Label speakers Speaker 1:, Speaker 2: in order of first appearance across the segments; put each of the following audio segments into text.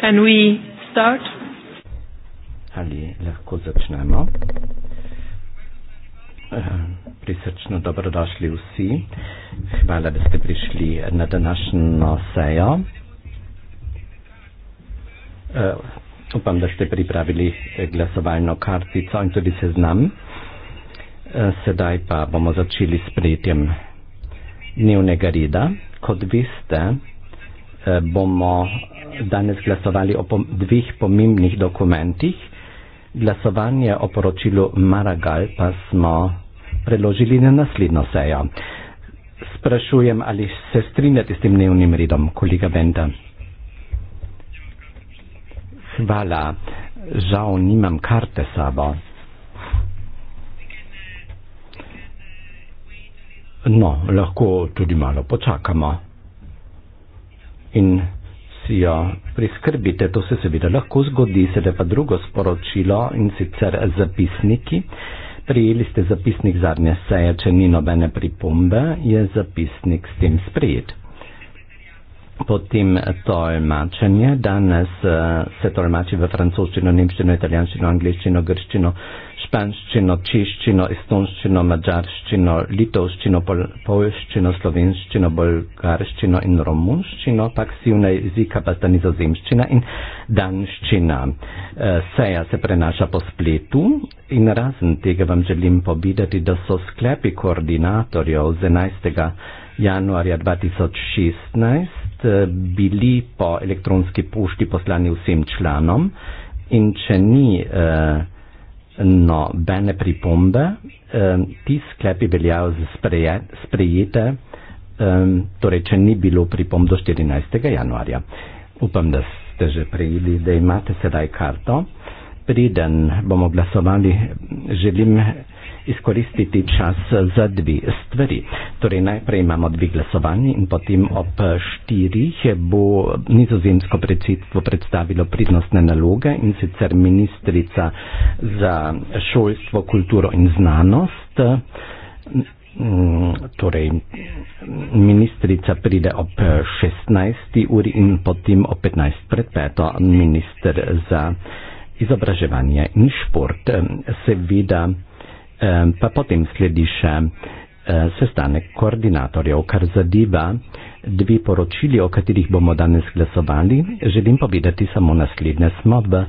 Speaker 1: Can we start?
Speaker 2: Ali lahko začnemo? Eh, prisrčno dobrodošli vsi. Hvala, da ste prišli na današnjo sejo. Uh, upam, da ste pripravili glasovalno kartico in tudi seznam. Uh, sedaj pa bomo začeli s prijetjem dnevnega reda. Kot veste, Eh, bomo danes glasovali o dveh pomembnih dokumentih. Glasovanje o poročilu Maragal pa smo preložili na naslednjo sejo. Sprašujem, ali se strinjate s tem dnevnim redom, kolega Benda. Hvala. Žal nimam karte sabo. No, lahko tudi malo počakamo in si jo priskrbite. To se seveda lahko zgodi, sedaj pa drugo sporočilo in sicer zapisniki. Prijeli ste zapisnik zadnje seje, če ni nobene pripombe, je zapisnik s tem sprejet potem tolmačenje. Danes uh, se tolmači v francoščino, nemščino, italijanščino, angliščino, grščino, španščino, češčino, estonščino, mađarščino, litovščino, pol, polščino, slovenščino, bolgarščino in romunščino, pak silna jezika pa sta nizozemščina in danščina. Uh, seja se prenaša po spletu in razen tega vam želim pobidati, da so sklepi koordinatorjev z 11. januarja 2016 Eh, bili po elektronski pošti poslani vsem članom in če ni eh, nobene pripombe, eh, ti sklepi veljajo za sprejete, sprejete eh, torej če ni bilo pripomb do 14. januarja. Upam, da ste že prejeli, da imate sedaj karto. Preden bomo glasovali, želim izkoristiti čas za dve stvari. Torej, najprej imamo dve glasovanji in potem ob štirih bo nizozemsko predsedstvo predstavilo pridnostne naloge in sicer ministrica za šolstvo, kulturo in znanost. Torej, ministrica pride ob 16. uri in potem ob 15. pred peto minister za izobraževanje in šport. Seveda, pa potem sledi še e, sestanek koordinatorjev, kar zadeva dve poročili, o katerih bomo danes glasovali. Želim povedati samo naslednje. Smo v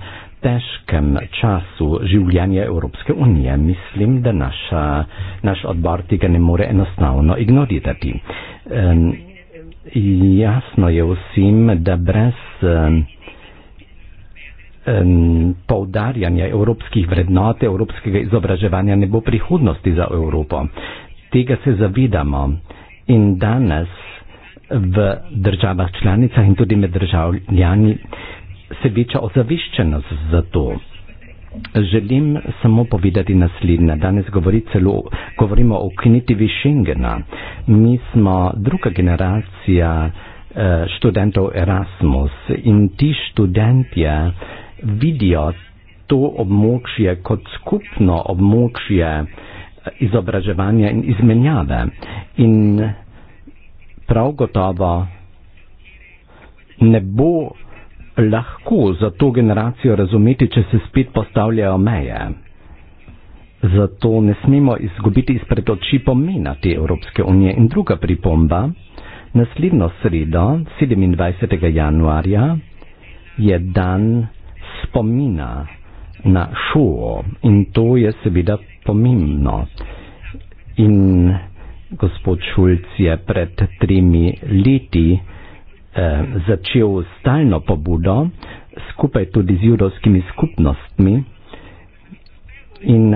Speaker 2: težkem času življenja Evropske unije. Mislim, da naša, naš odbor tega ne more enostavno ignorirati. Jasno je vsem, da brez poudarjanja evropskih vrednote, evropskega izobraževanja ne bo prihodnosti za Evropo. Tega se zavidamo in danes v državah članicah in tudi med državljani se veča ozaviščenost za to. Želim samo povedati naslednje. Danes govori celo, govorimo o ukinitvi Schengena. Mi smo druga generacija eh, študentov Erasmus in ti študentje vidijo to območje kot skupno območje izobraževanja in izmenjave. In prav gotovo ne bo lahko za to generacijo razumeti, če se spet postavljajo meje. Zato ne smemo izgubiti izpred oči pomena te Evropske unije. In druga pripomba, naslednjo sredo, 27. januarja, je dan spomina na šuo in to je seveda pomembno. In gospod Šulc je pred tremi leti eh, začel stalno pobudo skupaj tudi z judovskimi skupnostmi in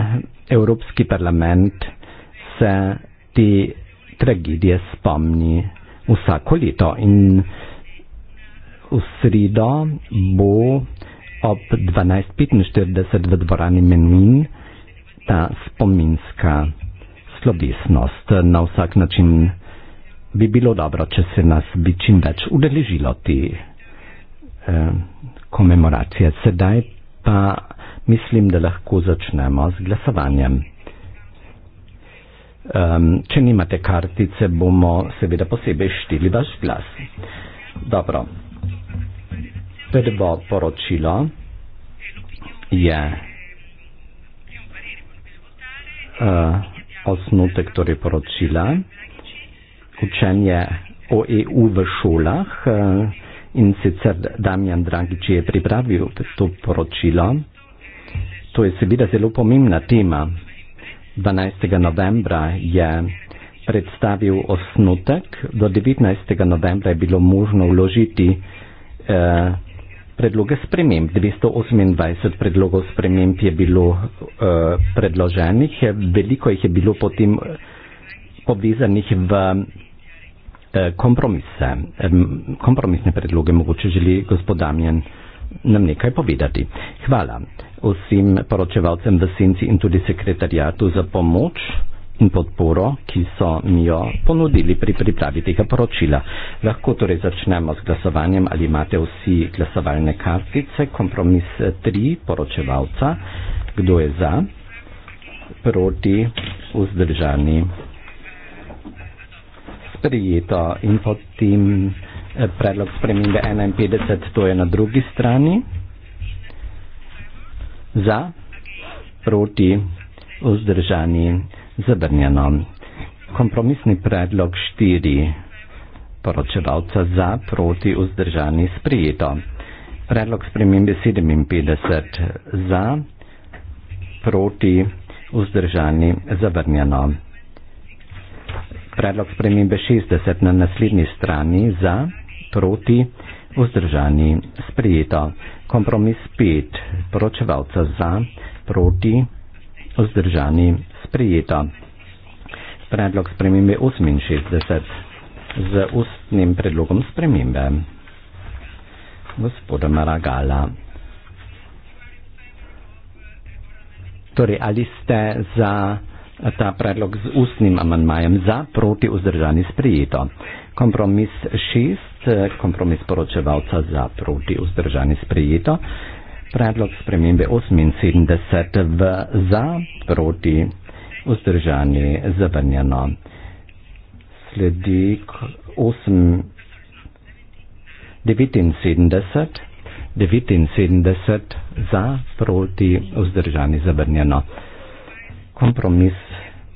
Speaker 2: Evropski parlament se te tragedije spomni vsako leto in v sredo bo ob 12.45 v dvorani Menuin ta spominska slovesnost. Na vsak način bi bilo dobro, če se nas bi čim več udeležilo te eh, komemoracije. Sedaj pa mislim, da lahko začnemo z glasovanjem. Um, če nimate kartice, bomo seveda posebej štili vaš glas. Dobro, prvo poročilo je uh, osnutek torej poročila, učenje o EU v šolah uh, in sicer Damjan Dragič je pripravil to poročilo. To je seveda zelo pomembna tema. 12. novembra je predstavil osnutek, do 19. novembra je bilo možno vložiti uh, predloge sprememb. 228 predlogov sprememb je bilo uh, predloženih, veliko jih je bilo potem povezanih eh, v uh, kompromise, um, kompromisne predloge, mogoče želi gospodamjen nam nekaj povedati. Hvala vsem poročevalcem v Senci in tudi sekretarijatu za pomoč in podporo, ki so mi jo ponudili pri pripravi tega poročila. Lahko torej začnemo z glasovanjem, ali imate vsi glasovalne kartice. Kompromis 3 eh, poročevalca. Kdo je za? Proti? Vzdržani? Sprijeto in potem eh, predlog spremembe 51, to je na drugi strani. Za? Proti? Vzdržani? zabrnjeno. Kompromisni predlog štiri poročevalca za, proti, vzdržani, sprijeto. Predlog spremembe 57 za, proti, vzdržani, zavrnjeno. Predlog spremembe 60 na naslednji strani za, proti, vzdržani, sprijeto. Kompromis 5 poročevalca za, proti, vzdržani, sprijeta. Predlog spremembe 68 z ustnim predlogom spremembe. Gospoda Maragala. Torej, ali ste za ta predlog z ustnim amandmajem za proti vzdržani sprijeto? Kompromis 6, kompromis poročevalca za proti vzdržani sprijeto. Predlog spremembe 78 v za proti vzdržani sprijeto vzdržani, zavrnjeno. Sledi 79, 79 za, proti, vzdržani, zavrnjeno. Kompromis,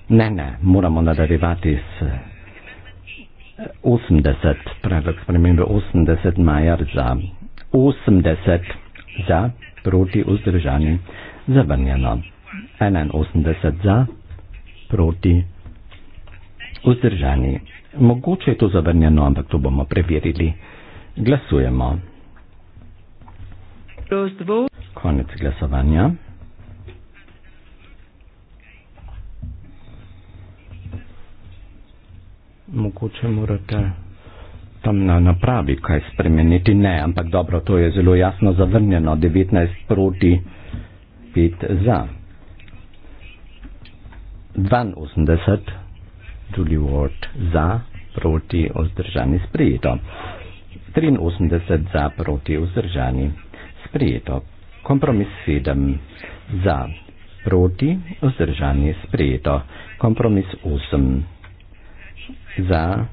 Speaker 2: ne, ne, moramo nadaljevati s 80, predlog spremembe 80 majar za, 80 za, proti, vzdržani, zavrnjeno. 81 za, proti. Vzdržani. Mogoče je to zavrnjeno, ampak to bomo preverili. Glasujemo. Konec glasovanja. Mogoče morate tam na napravi kaj spremeniti. Ne, ampak dobro, to je zelo jasno zavrnjeno. 19 proti 5 za. 82, tudi vod za, proti, vzdržani, sprejeto. 83 za, proti, vzdržani, sprejeto. Kompromis 7 za, proti, vzdržani, sprejeto. Kompromis 8 za,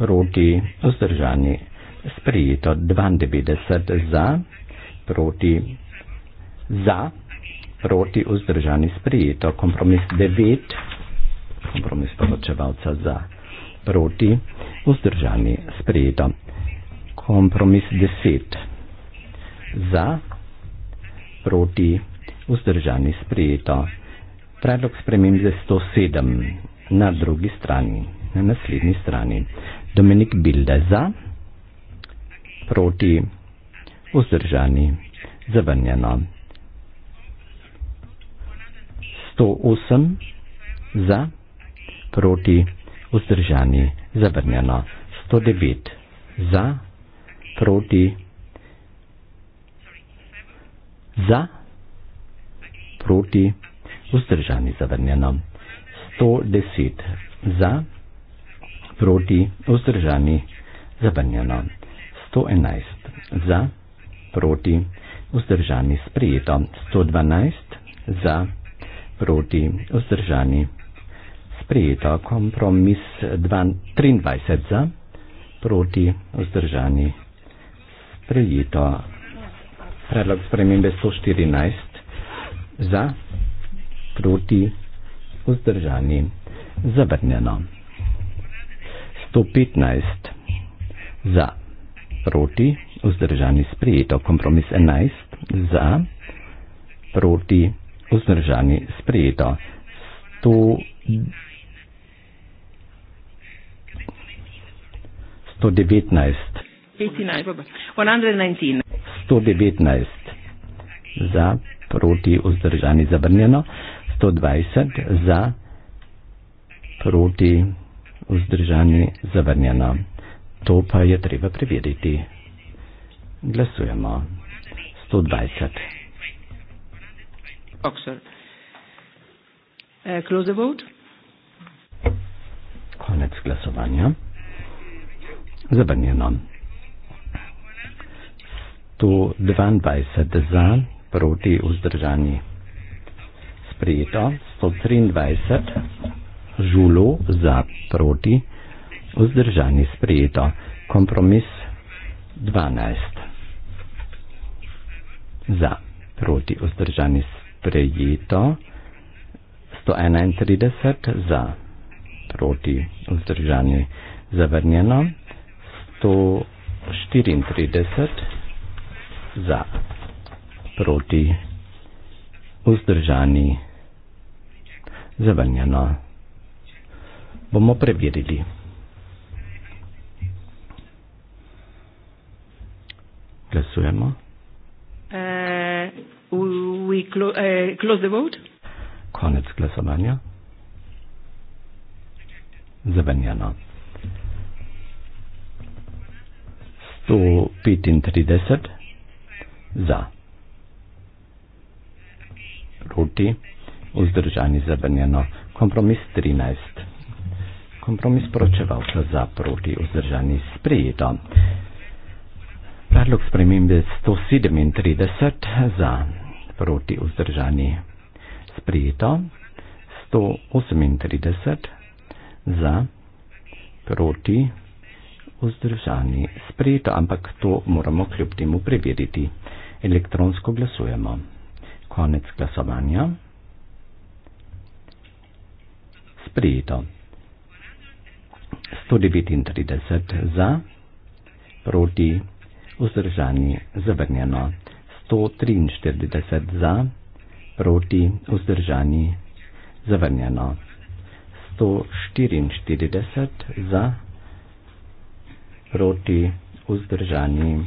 Speaker 2: proti, vzdržani, sprejeto. 92 za, proti, za, proti vzdržani sprijeto. Kompromis 9, kompromis poročevalca za proti vzdržani sprijeto. Kompromis 10 za proti vzdržani sprijeto. Predlog sprememb za 107 na drugi strani, na naslednji strani. Dominik Bilde za proti vzdržani zavrnjeno. 108 za, proti, vzdržani, zavrnjeno. 109 za, proti, za, proti, vzdržani, zavrnjeno. 110 za, proti, vzdržani, zavrnjeno. 111 za, proti, vzdržani, sprejeto. 112 za, proti, proti vzdržani. Sprejeta kompromis 23 za proti vzdržani. Sprejeta predlog spremembe 114 za proti vzdržani. Zabrnjeno. 115 za proti vzdržani. Sprejeta kompromis 11 za proti vzdržani vzdržani sprejeto. 100... 119.
Speaker 1: 119
Speaker 2: za, proti vzdržani zabrnjeno, 120 za, proti vzdržani zabrnjeno. To pa je treba preveriti. Glasujemo. 120. Boxer. Uh, close the vote. Koniec głosowania. Zabraniono. Tu 22 za, proti uzdržani. Sprejeto. 123 žulu za, proti uzdržani. Sprejeto. Kompromis 12 za, proti uzdržani sprejeto 131 za, proti vzdržanje zavrnjeno 134 za, proti vzdržanje zavrnjeno. Bomo preverili. Glasujemo.
Speaker 1: Uh, uh we clo uh, close the vote?
Speaker 2: Konec glasovanja. Zavrnjeno. 135 za. Proti. Vzdržani zavrnjeno. Kompromis 13. Kompromis poročevalca za proti vzdržani sprejeto. Predlog spremembe 137 za proti vzdržani. Sprijeto 138 za proti vzdržani. Sprijeto, ampak to moramo kljub temu preveriti. Elektronsko glasujemo. Konec glasovanja. Sprijeto 139 za proti vzdržani zavrnjeno. 143 za, proti vzdržani, zavrnjeno. 144 za, proti vzdržani,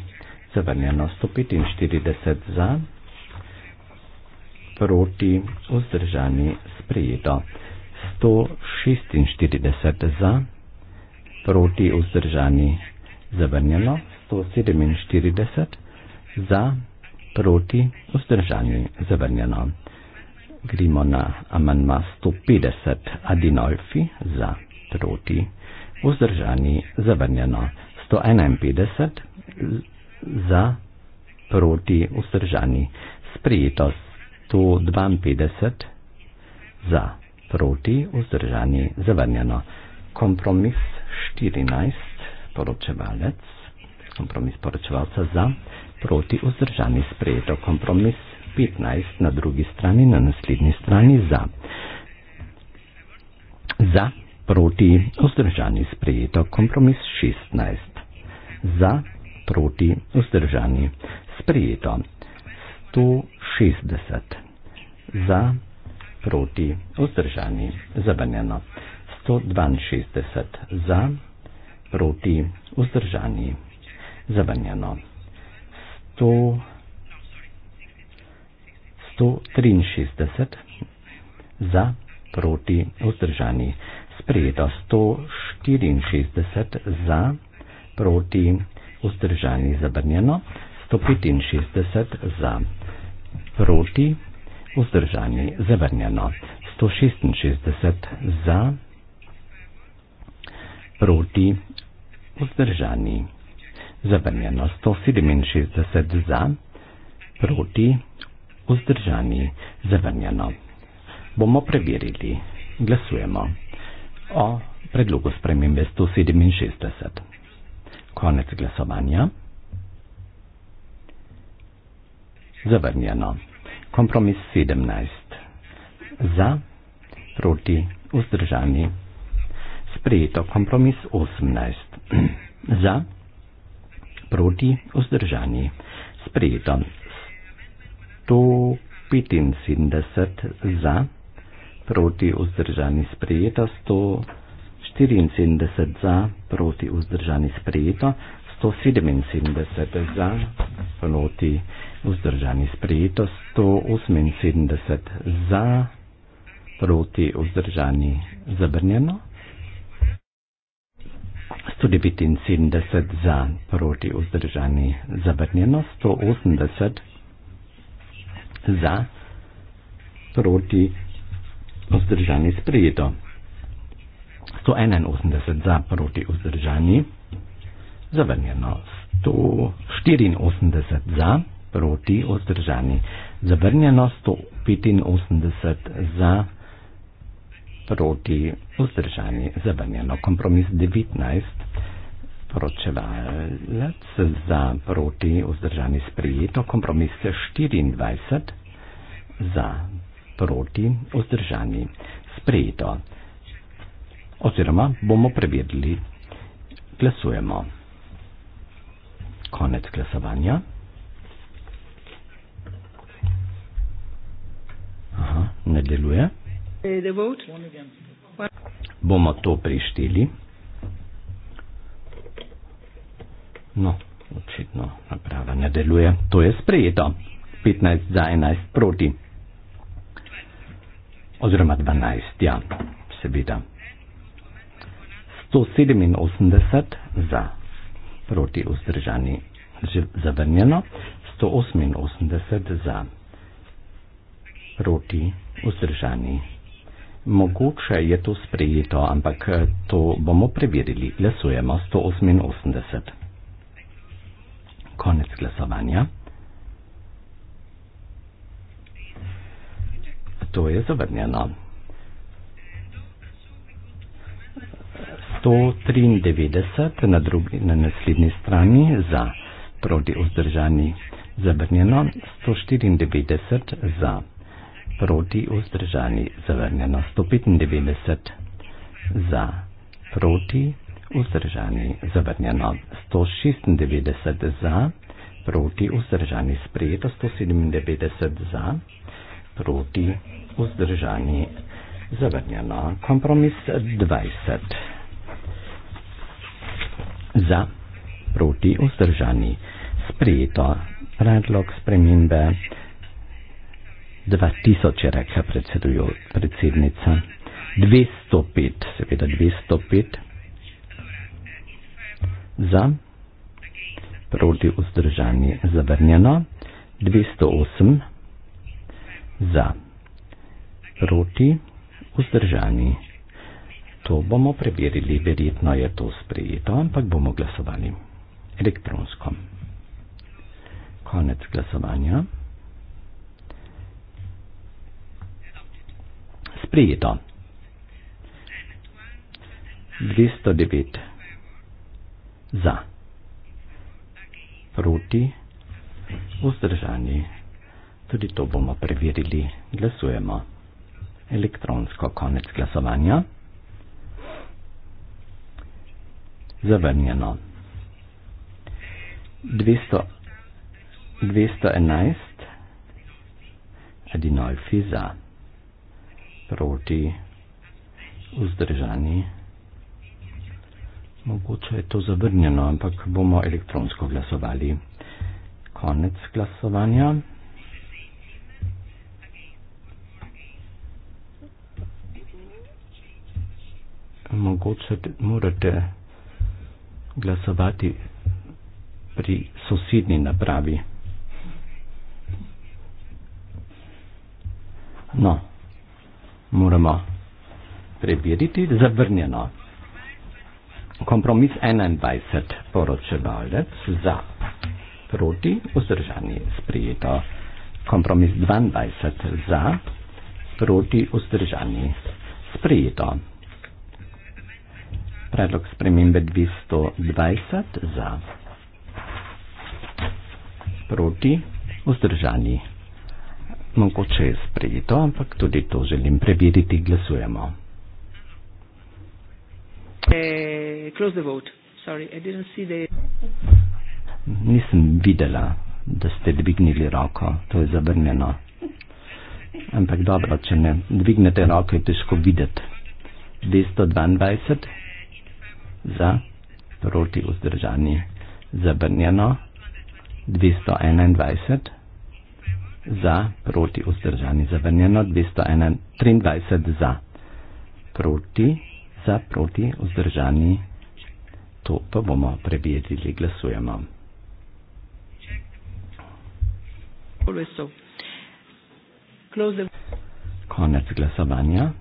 Speaker 2: zavrnjeno. 145 za, proti vzdržani, sprejeto. 146 za, proti vzdržani, zavrnjeno. 147 za, proti vzdržani, zavrnjeno proti vzdržanju zavrnjeno. Gremo na amanma 150 Adinolfi za proti vzdržanju zavrnjeno. 151 za proti vzdržanju sprijeto. 152 za proti vzdržanju zavrnjeno. Kompromis 14 poročevalec kompromis poročevalca za, proti vzdržani sprejeto kompromis 15 na drugi strani, na naslednji strani za. Za, proti vzdržani sprejeto kompromis 16. Za, proti vzdržani sprejeto 160. Za, proti vzdržani zabanjeno 162. Za, proti vzdržani zavrnjeno. 163 za proti vzdržani, sprejeto 164 za proti vzdržani, zabrnjeno 165 za proti vzdržani, zabrnjeno 166 za proti vzdržani zavrnjeno 167 za, proti vzdržani zavrnjeno. Bomo preverili. Glasujemo o predlogu spremembe 167. Konec glasovanja. Zavrnjeno. Kompromis 17. Za, proti, vzdržani. Sprejeto kompromis 18. Za, proti vzdržani. Sprejeto 175 za, proti vzdržani sprejeto 174 za, proti vzdržani sprejeto 177 za, proti vzdržani sprejeto 178 za, proti vzdržani zabrnjeno. 175 za proti vzdržani zavrnjeno, 180 za proti vzdržani sprejeto. 181 za proti vzdržani zavrnjeno, 184 za proti vzdržani zavrnjeno, 185 za proti vzdržani proti vzdržani zabranjeno. Kompromis 19 poročevalec za proti vzdržani sprijeto, kompromis 24 za proti vzdržani sprijeto. Oziroma bomo preverili, glasujemo. Konec glasovanja. Aha, ne deluje. Eh, Bomo to prišteli. No, očitno naprava ne deluje. To je sprejeto. 15 za 11 proti. Oziroma 12, ja, seveda. 187 za proti vzdržani že zavrnjeno. 188 za proti vzdržani Mogoče je to sprejeto, ampak eh, to bomo preverili. Glasujemo 188. Konec glasovanja. To je zavrnjeno. 193 na, drugi, na naslednji strani za proti vzdržani zavrnjeno. 194 za proti vzdržani, zavrnjeno 195, za proti vzdržani, zavrnjeno 196, za proti vzdržani, sprejeto 197, za proti vzdržani, zavrnjeno kompromis 20, za proti vzdržani, sprejeto predlog spremembe. 2000, je rekla predsednica. 205, seveda 205 za, proti vzdržanje zavrnjeno, 208 za, proti vzdržanje. To bomo preverili, verjetno je to sprejeto, ampak bomo glasovali elektronsko. Konec glasovanja. sprida. 209 za. Proti. Vzdržani. Tudi to bomo preverili. Glasujemo. Elektronsko konec glasovanja. Zavrnjeno. 200, 211. Adinolfi za sproti, vzdržani. Mogoče je to zavrnjeno, ampak bomo elektronsko glasovali. Konec glasovanja. Mogoče morate glasovati pri sosednji napravi. No moramo prebiriti, zavrnjeno. Kompromis 21, poročevalec za, proti, vzdržani, sprijeto. Kompromis 22, za, proti, vzdržani, sprijeto. Predlog spremembe 220, za, proti, vzdržani, sprijeto mogoče je sprejeto, ampak tudi to želim prebiriti. Glasujemo.
Speaker 1: Eh,
Speaker 2: Nisem videla, da ste dvignili roko, to je zabrnjeno. Ampak dobro, če ne dvignete roke, je težko videti. 222 za, proti vzdržani, zabrnjeno. 221 za, proti vzdržani, zavrnjeno 221 za, proti, za, proti vzdržani, to pa bomo prebijedili, glasujemo. Konec glasovanja.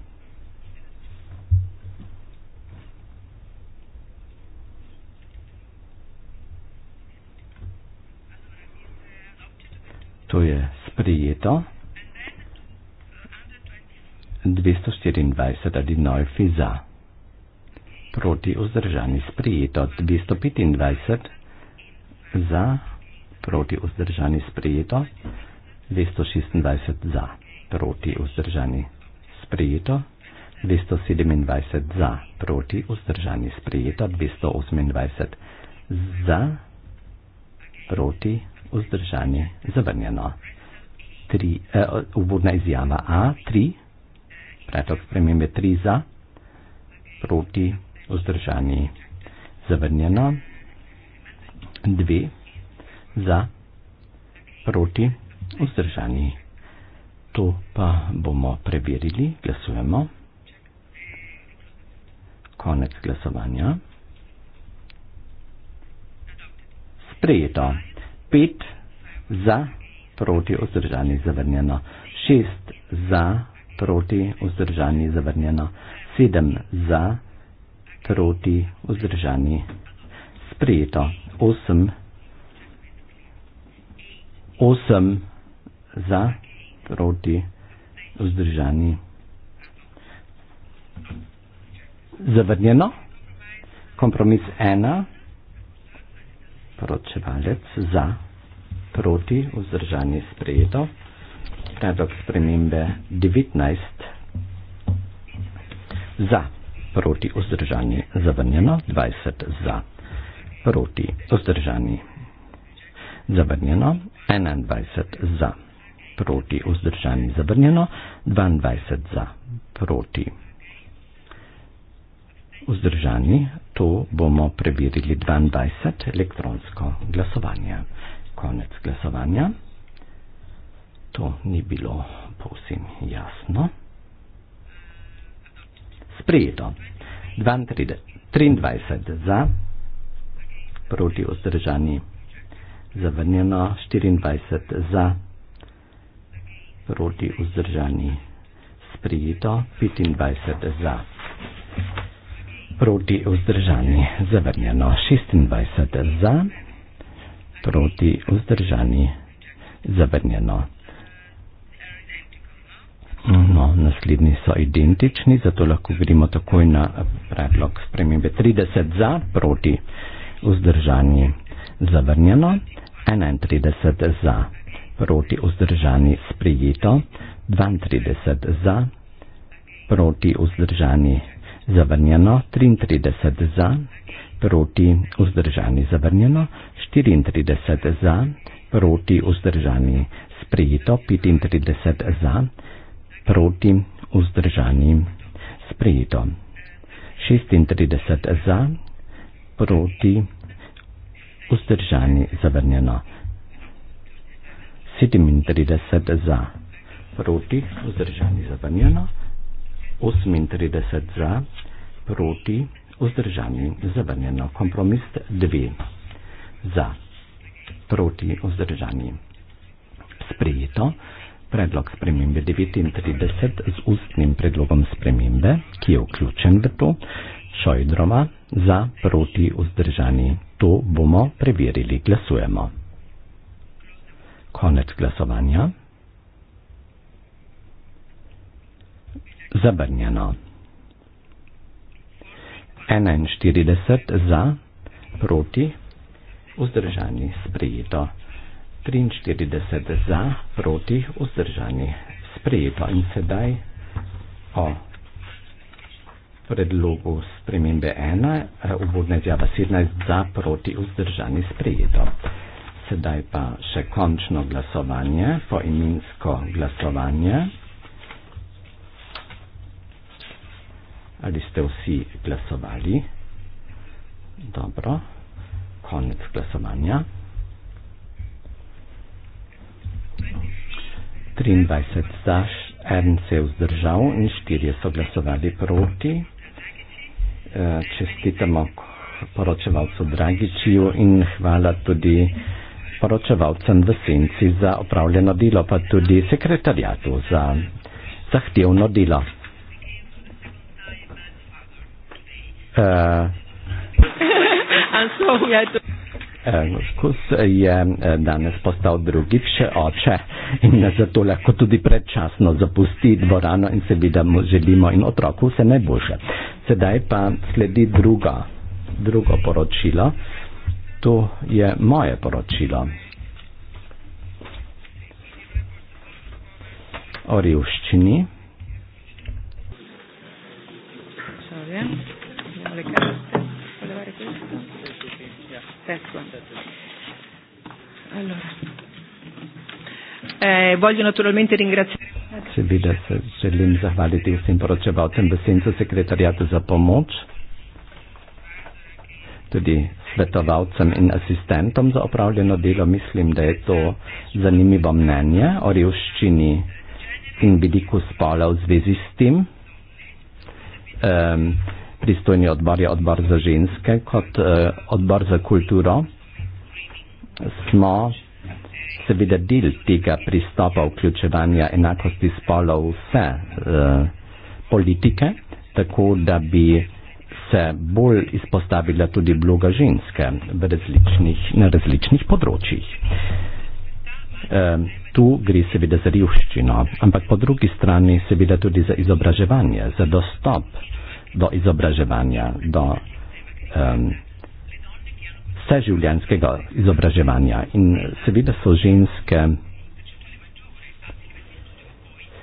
Speaker 2: To je sprijeto 224 ali nojfi za. Proti vzdržani sprijeto 225 za. Proti vzdržani sprijeto 226 za. Proti vzdržani sprijeto 227 za. Proti vzdržani sprijeto 228 za. Proti vzdržani zavrnjeno tri, eh, uvodna izjava A, tri, predlog spremembe tri za, proti, vzdržani, zavrnjeno, dve, za, proti, vzdržani. To pa bomo preverili, glasujemo. Konec glasovanja. Sprejeto. Pet za proti vzdržani zavrnjeno, 6 za proti vzdržani zavrnjeno, 7 za proti vzdržani sprejeto, 8, 8 za proti vzdržani zavrnjeno, kompromis 1, poročevalec za proti vzdržanje sprejeto. Predlog spremembe 19 za proti vzdržanje zavrnjeno, 20 za proti vzdržanje zavrnjeno, 21 za proti vzdržanje zavrnjeno, 22 za proti vzdržanje. To bomo preverili 22 elektronsko glasovanje konec glasovanja. To ni bilo povsem jasno. Sprijeto. 23, 23 za, proti vzdržani, zavrnjeno 24 za, proti vzdržani, sprijeto 25 za, proti vzdržani, zavrnjeno 26 za proti, vzdržani, zavrnjeno. No, naslednji so identični, zato lahko gremo takoj na predlog spremembe. 30 za, proti, vzdržani, zavrnjeno, 31 za, proti, vzdržani, sprejeto, 32 za, proti, vzdržani, zavrnjeno, 33 za, proti vzdržani zavrnjeno, 34 za, proti vzdržani sprejeto, 35 za, proti vzdržani sprejeto, 36 za, proti vzdržani zavrnjeno, 37 za, proti vzdržani zavrnjeno. Hmm. 38 za, proti, vzdržani, zavrnjeno. Kompromis 2 za, proti, vzdržani, sprejeto. Predlog spremembe 39 z ustnim predlogom spremembe, ki je vključen v to, Šojdrova za proti vzdržani. To bomo preverili. Glasujemo. Konec glasovanja. zabrnjeno. 41 za, proti, vzdržani, sprejeto. 43 za, proti, vzdržani, sprejeto. In sedaj o predlogu spremembe 1, eh, uvodna izjava 17 za, proti, vzdržani, sprejeto. Sedaj pa še končno glasovanje, poimensko glasovanje. Ali ste vsi glasovali? Dobro, konec glasovanja. 23 za, en se je vzdržal in štirje so glasovali proti. Eh, čestitamo poročevalcu Dragičiju in hvala tudi poročevalcem v Senci za opravljeno delo, pa tudi sekretarjatu za zahtevno delo. Ko je eh, danes postal drugi še oče in zato lahko tudi predčasno zapusti dvorano in seveda mu želimo in otroku vse najboljše. Sedaj pa sledi drugo, drugo poročilo. To je moje poročilo. O revščini.
Speaker 1: Zdravljen. Perfetto. Allora. Eh, voglio naturalmente ringraziare.
Speaker 2: Seveda se želim zahvaliti vsem poročevalcem besedcu sekretarijata za pomoč, tudi svetovalcem in asistentom za opravljeno delo. Mislim, da je to zanimivo mnenje o revščini in vidiku spola v zvezi s tem. Um, pristojni odbor je odbor za ženske, kot eh, odbor za kulturo, smo seveda del tega pristopa vključevanja enakosti spolov vse eh, politike, tako da bi se bolj izpostavila tudi vloga ženske v različnih, na različnih področjih. E, tu gre seveda za revščino, ampak po drugi strani seveda tudi za izobraževanje, za dostop do izobraževanja, do um, vseživljanskega izobraževanja. In seveda so ženske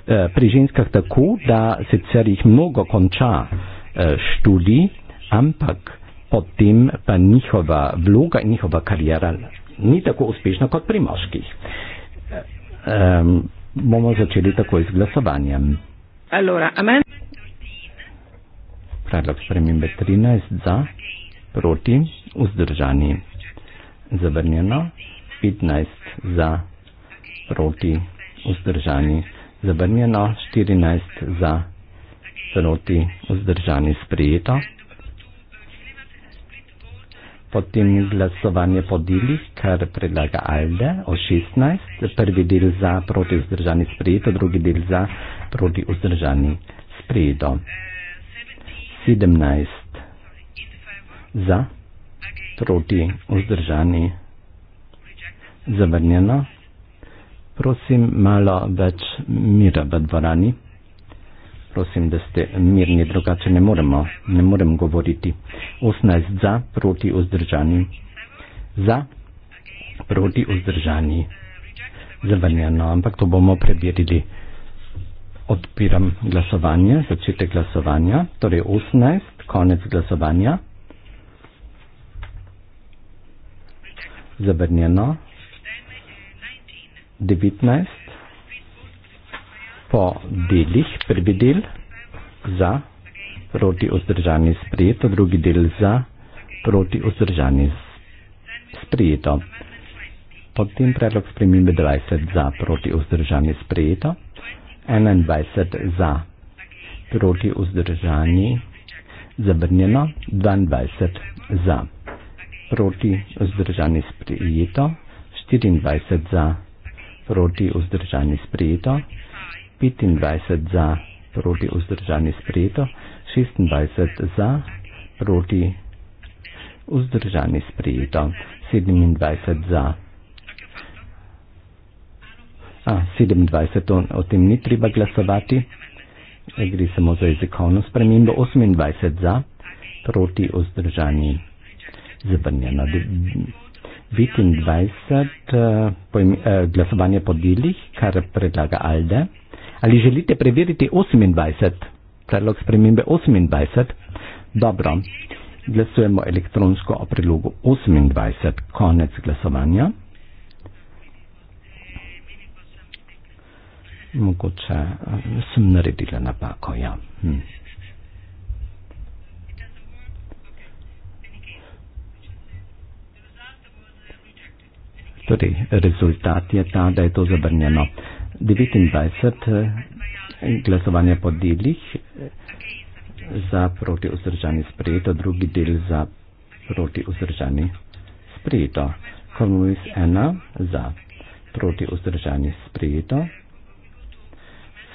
Speaker 2: eh, pri ženskah tako, da sicer jih mnogo konča eh, študij, ampak potem pa njihova vloga in njihova karjera ni tako uspešna kot pri moških. Um, bomo začeli tako z glasovanjem.
Speaker 1: Allora, amen
Speaker 2: predlog spremembe 13 za, proti, vzdržani. Zavrnjeno 15 za, proti, vzdržani. Zavrnjeno 14 za, proti, vzdržani. Sprijeto. Potem glasovanje po delih, kar predlaga Alde o 16. Prvi del za proti vzdržani sprejeto, drugi del za proti vzdržani sprejeto. 17 za, proti, vzdržani, zavrnjeno. Prosim, malo več mira v dvorani. Prosim, da ste mirni, drugače ne moremo, ne morem govoriti. 18 za, proti, vzdržani, za, proti, vzdržani, zavrnjeno, ampak to bomo preverili odpiram glasovanje, začetek glasovanja, torej 18, konec glasovanja. Zabrnjeno. 19. Po delih, prvi del za, proti vzdržani sprejeto, drugi del za, proti vzdržani sprejeto. Potem predlog spremembe 20 za, proti vzdržani sprejeto. 21 za, proti vzdržani zabrnjeno, 22 za, proti vzdržani sprijeto, 24 za, proti vzdržani sprijeto, 25 za, proti vzdržani sprijeto, 26 za, proti vzdržani sprijeto, 27 za, proti vzdržani sprijeto. A, 27, o, o tem ni treba glasovati, gre samo za jezikovno spremembo. 28 za, proti ozdržanji zabrnjeno. 29 glasovanje po delih, kar predlaga Alde. Ali želite preveriti 28, predlog spremembe 28? Dobro, glasujemo elektronsko o prilogu 28, konec glasovanja. 묻고 차 숨나리 딜라나 바코야 Torej, rezultat je ta, da je to zabrnjeno. 29 eh, glasovanja po delih eh, za proti vzdržani sprejeto, drugi del za proti vzdržani sprejeto. Kompromis 1 za proti vzdržani sprejeto,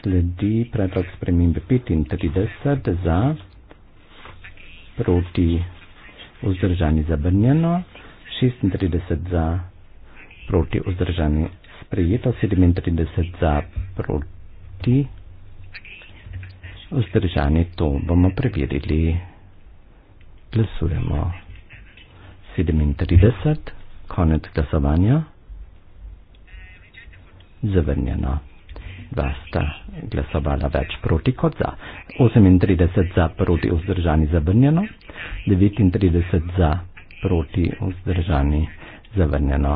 Speaker 2: sledi predlog spremembe 35 za proti vzdržani zabrnjeno, 36 za proti vzdržani sprejeto, 37 za proti vzdržani to bomo preverili. Glasujemo 37, konec glasovanja, zavrnjeno dva sta glasovala več proti kot za. 38 za proti vzdržani zavrnjeno, 39 za proti vzdržani zavrnjeno,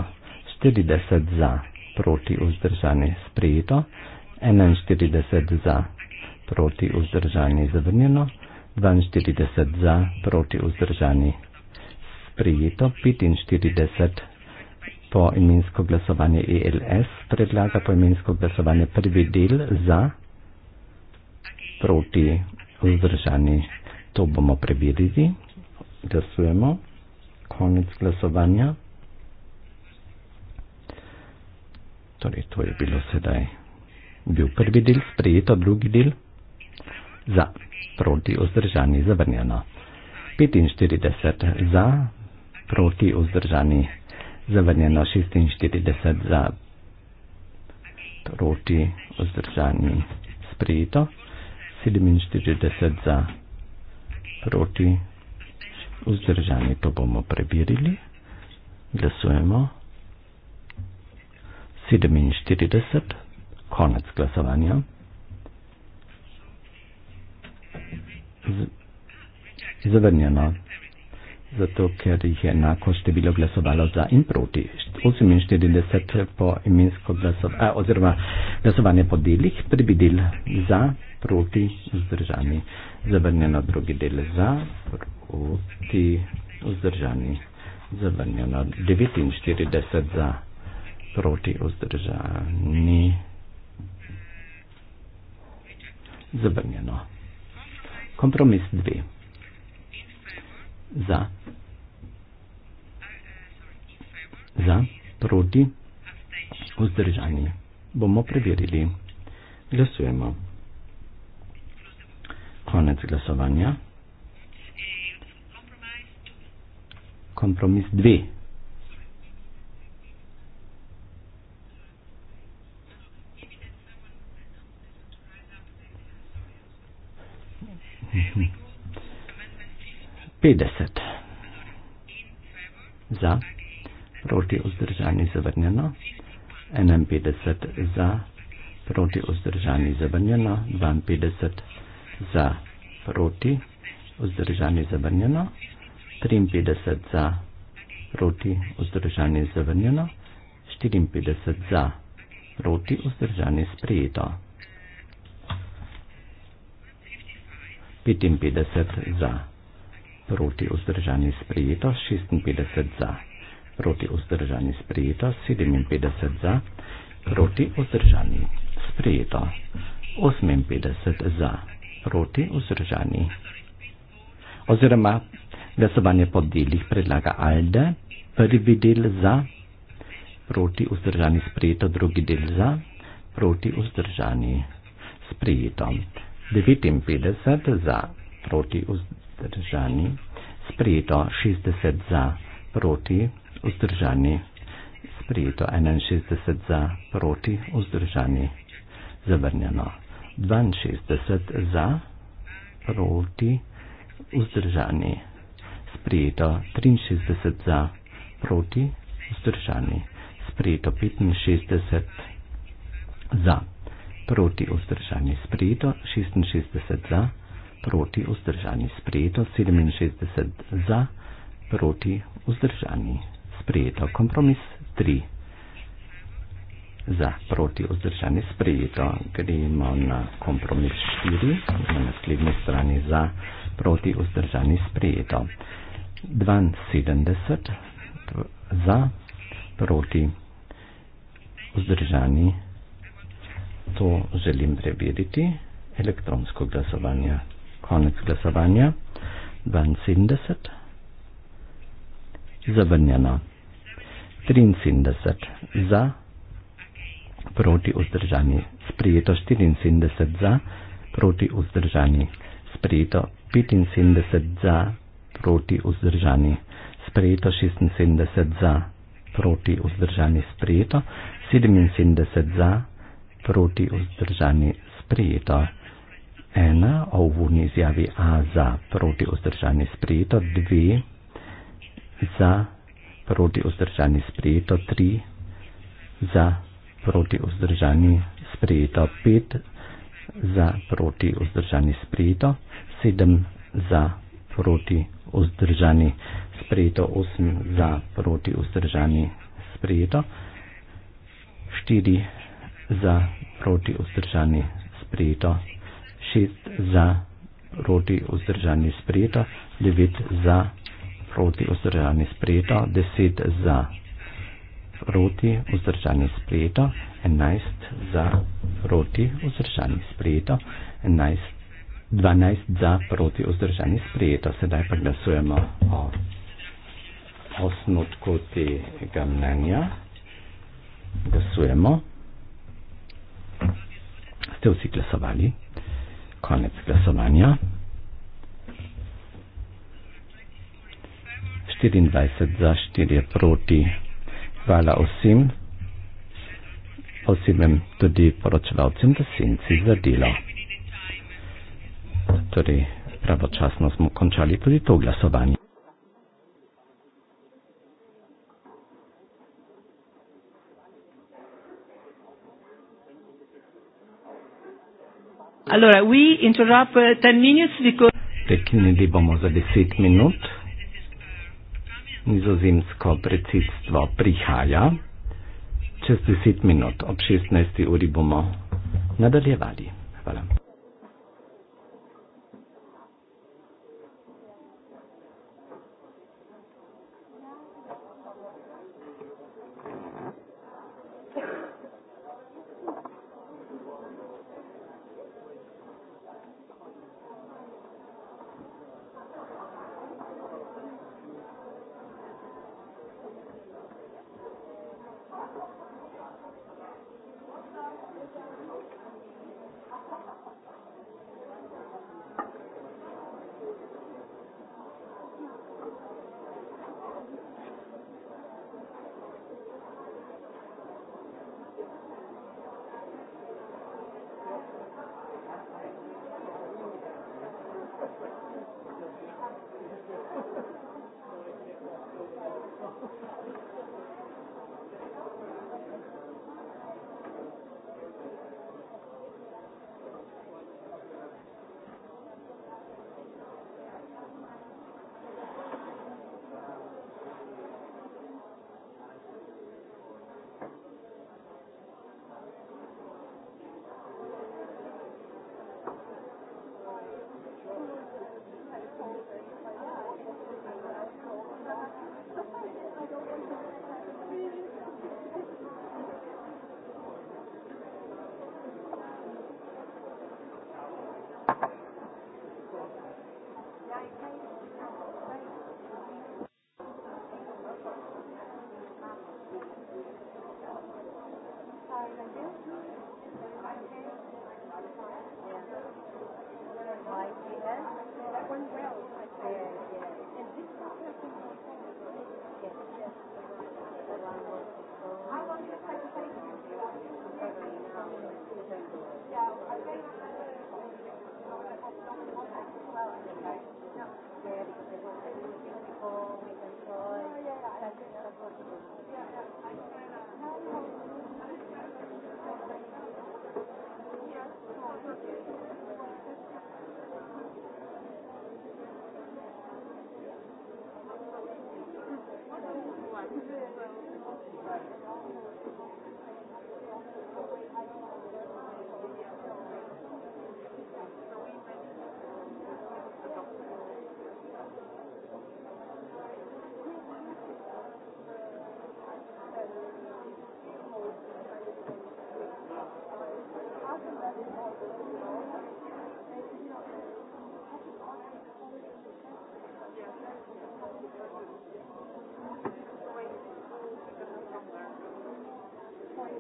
Speaker 2: 40 za proti vzdržani sprejeto, 41 za proti vzdržani zavrnjeno, 42 za proti vzdržani sprejeto, 45 za po imensko glasovanje ELS predlaga po imensko glasovanje prvi del za proti vzdržani. To bomo preverili. Glasujemo. Konec glasovanja. Torej, to je bilo sedaj. Bil prvi del sprejeto, drugi del za proti vzdržani zavrnjeno. 45 za proti vzdržani zavrnjeno zavrnjeno 46 za proti vzdržani sprejeto, 47 za proti vzdržani, to bomo prebirili, glasujemo, 47, konec glasovanja, zavrnjeno 46 zato ker jih je enako število glasovalo za in proti. 48 po imensko glasovanje, oziroma glasovanje po delih, prvi del za, proti, vzdržani. Zavrnjeno drugi del za, proti, vzdržani. Zavrnjeno 49 za, proti, vzdržani. Zavrnjeno. Kompromis 2 za, za, proti, vzdržani. Bomo preverili. Glasujemo. Konec glasovanja. Kompromis 2. 50. Za. Proti vzdržani zavrnjeno. 51 za. Proti vzdržani zavrnjeno. 52 za. Proti vzdržani zavrnjeno. 53 za. Proti vzdržani zavrnjeno. 54 za. Proti vzdržani sprejeto. 55 za proti vzdržanju sprejeto 56 za, proti vzdržanju sprejeto 57 za, proti vzdržanju sprejeto 58 za, proti vzdržanju. Oziroma glasovanje po delih predlaga Alde, prvi del za, proti vzdržanju sprejeto, drugi del za, proti vzdržanju sprejeto. 59 za, proti vzdržanju vzdržani, sprejeto 60 za, proti vzdržani, sprejeto 61 za, proti vzdržani, zavrnjeno 62 za, proti vzdržani, sprejeto 63 za, proti vzdržani, sprejeto 65 za, proti vzdržani, sprejeto 66 za, proti vzdržani proti vzdržani sprejeto, 67 za proti vzdržani sprejeto, kompromis 3 za proti vzdržani sprejeto, gremo na kompromis 4 na naslednji strani za proti vzdržani sprejeto, 72 za proti vzdržani to želim preveriti, elektronsko glasovanje konec glasovanja 72 zavrnjeno 73 za proti vzdržani sprijeto 74 za proti vzdržani sprijeto 75 za proti vzdržani sprijeto 76 za proti vzdržani sprijeto 77 za proti vzdržani sprijeto ena o uvodni izjavi A za proti vzdržanje sprejeto, dve za proti vzdržanje sprejeto, tri za proti vzdržanje sprejeto, pet za proti vzdržanje sprejeto, sedem za proti vzdržanje sprejeto, osem za proti vzdržanje sprejeto, štiri za proti vzdržanje sprejeto, šest za proti vzdržanje sprejeto, devet za proti vzdržanje sprejeto, deset za proti vzdržanje sprejeto, enajst za proti vzdržanje sprejeto, enajst, dvanajst za proti vzdržanje sprejeto. Sedaj pa glasujemo o osnutku tega mnenja. Glasujemo. Ste vsi glasovali? konec glasovanja. 24 za 4 proti. Hvala vsem osebem, tudi poročevalcem, da senci za delo. Torej, pravočasno smo končali tudi to glasovanje.
Speaker 3: Allora, we
Speaker 1: interrupt uh, 10 minutes because...
Speaker 2: Prekinili bomo za 10 minut. Nizozemsko predsedstvo prihaja. Čez 10 minut, ob 16. uri bomo nadaljevali. Hvala.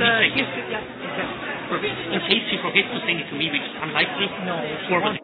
Speaker 4: uh, yes, yes, yes. Perfect. In case you forget to send it to me, which is unlikely. No. Forward.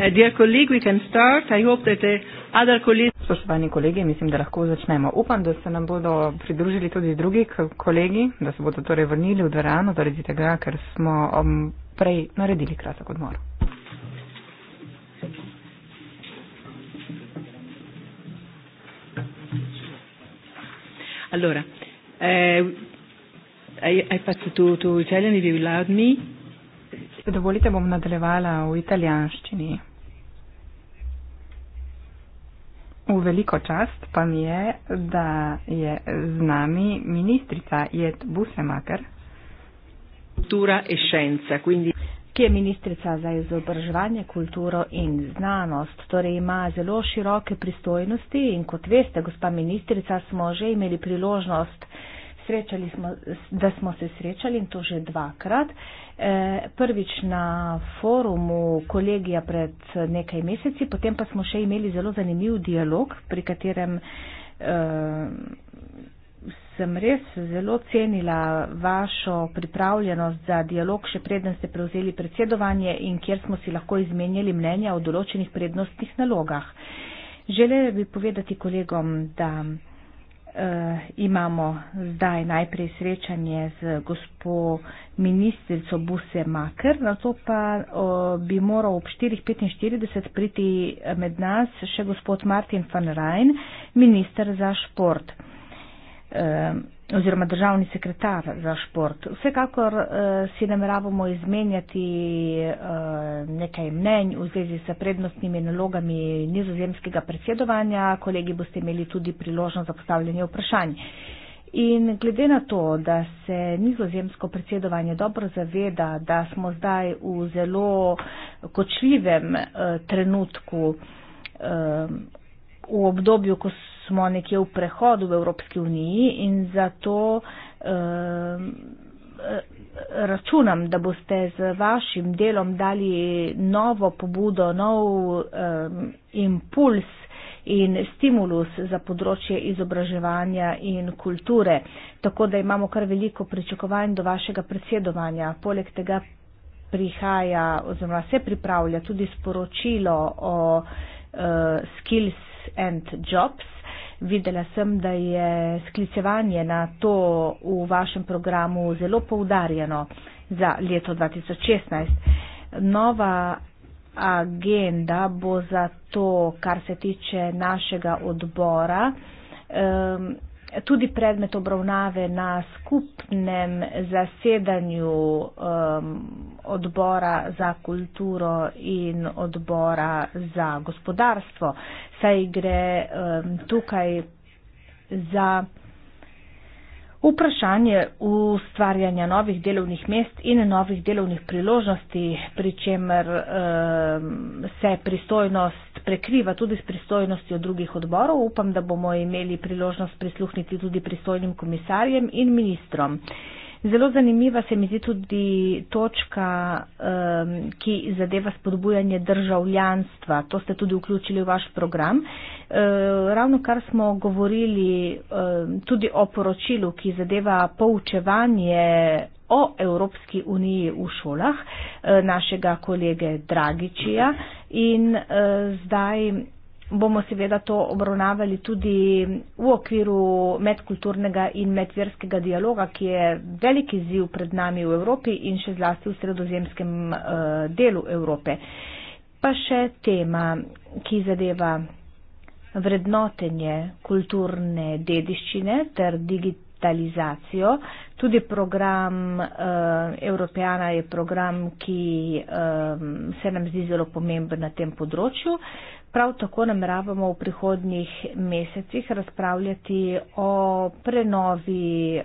Speaker 1: Uh, uh, Spoštovani kolegi, mislim, da lahko začnemo. Upam, da se nam bodo pridružili tudi drugi kolegi, da se bodo torej vrnili v dvorano, da redite ga, ker smo um, prej naredili kratek odmor. Allora, eh, hai fatto tu, tu italiano, devi allowed me? Se dovolite, bom nadaljevala v italijanščini. veliko čast pa mi je, da je z nami
Speaker 3: ministrica Jed Busemaker. Kultura ešenca, quindi... Ki je ministrica za izobraževanje, kulturo in znanost, torej ima zelo široke pristojnosti in kot veste, gospa ministrica, smo že imeli priložnost srečali smo, da smo se srečali in to že dvakrat. E, prvič na forumu kolegija pred nekaj meseci, potem pa smo še imeli zelo zanimiv dialog, pri katerem e, sem res zelo cenila vašo pripravljenost za dialog, še preden ste prevzeli predsedovanje in kjer smo si lahko izmenjali mnenja o določenih prednostnih nalogah. Želela bi povedati kolegom, da uh, imamo zdaj najprej srečanje z gospo ministrico Buse Makr, na to pa uh, bi moral ob 4.45 priti med nas še gospod Martin van Rijn, minister za šport. Uh, Eh, oziroma državni sekretar za šport. Vsekakor eh, si nameravamo izmenjati eh, nekaj mnenj v zvezi s prednostnimi nalogami nizozemskega predsedovanja. Kolegi boste imeli tudi priložnost za postavljanje vprašanj. In glede na to, da se nizozemsko predsedovanje dobro zaveda, da smo zdaj v zelo kočljivem eh, trenutku eh, v obdobju, ko smo nekje v prehodu v Evropski uniji in zato ehm, eh, računam, da boste z vašim delom dali novo pobudo, nov ehm, impuls in stimulus za področje izobraževanja in kulture. Tako da imamo kar veliko pričakovanj do vašega predsedovanja. Poleg tega prihaja oziroma se pripravlja tudi sporočilo o uh, Skills and Jobs, Videla sem, da je sklicevanje na to v vašem programu zelo poudarjeno za leto 2016. Nova agenda bo za to, kar se tiče našega odbora. Um, tudi predmet obravnave na skupnem zasedanju um, odbora za kulturo in odbora za gospodarstvo, saj gre um, tukaj za Vprašanje ustvarjanja novih delovnih mest in novih delovnih priložnosti, pri čemer eh, se pristojnost prekriva tudi s pristojnostjo drugih odborov, upam, da bomo imeli priložnost prisluhniti tudi pristojnim komisarjem in ministrom. Eh, Zelo zanimiva se mi zdi tudi točka, um, ki zadeva spodbujanje državljanstva. To ste tudi vključili v vaš program. Uh, ravno kar smo govorili um, tudi o poročilu, ki zadeva poučevanje o Evropski uniji v šolah uh, našega kolege Dragičija in uh, zdaj bomo seveda to obravnavali tudi v okviru medkulturnega in medverskega dialoga, ki je veliki ziv pred nami v Evropi in še zlasti v sredozemskem eh, delu Evrope. Pa še tema, ki zadeva vrednotenje kulturne dediščine ter digitalizacijo. Tudi program uh, Evropejana je program, ki um, se nam zdi zelo pomemben na tem področju. Uh, Prav tako nameravamo v prihodnjih mesecih razpravljati o prenovi eh,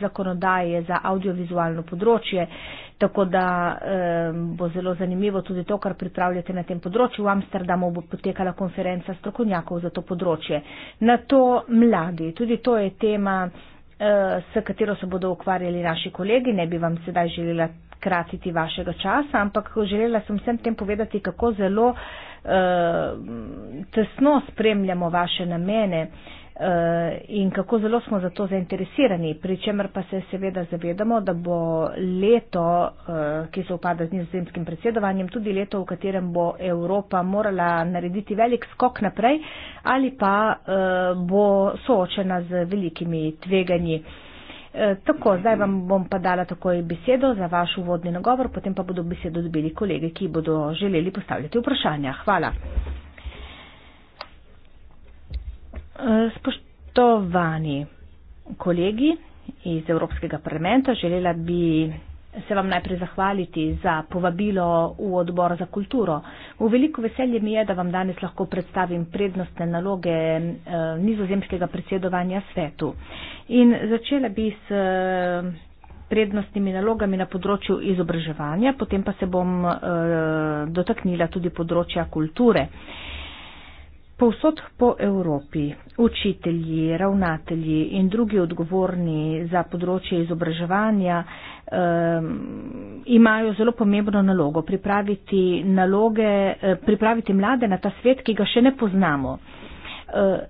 Speaker 3: zakonodaje za audiovizualno področje, tako da eh, bo zelo zanimivo tudi to, kar pripravljate na tem področju. V Amsterdamu bo potekala konferenca strokovnjakov za to področje. Na to mladi, tudi to je tema, eh, s katero se bodo ukvarjali naši kolegi, ne bi vam sedaj želela kratiti vašega časa, ampak želela sem vsem tem povedati, kako zelo Eh, tesno spremljamo vaše namene eh, in kako zelo smo za to zainteresirani, pri čemer pa se seveda zavedamo, da bo leto, eh, ki se upada z nizozemskim predsedovanjem, tudi leto, v katerem bo Evropa morala narediti velik skok naprej ali pa bo soočena z velikimi tveganji. Eh, tako, zdaj vam bom pa dala takoj besedo za vaš uvodni nagovor, potem pa bodo besedo dobili kolege, ki bodo želeli postavljati vprašanja. Hvala. Eh, spoštovani kolegi iz Evropskega parlamenta, želela bi se vam najprej zahvaliti za povabilo v odbor za kulturo. V veliko veselje mi je, da vam danes lahko predstavim prednostne naloge eh, nizozemskega predsedovanja svetu. In začela bi s eh, prednostnimi nalogami na področju izobraževanja, potem pa se bom eh, dotaknila tudi področja kulture. Povsod po Evropi učitelji, ravnatelji in drugi odgovorni za področje izobraževanja um, imajo zelo pomembno nalogo pripraviti, naloge, eh, pripraviti mlade na ta svet, ki ga še ne poznamo. Eh,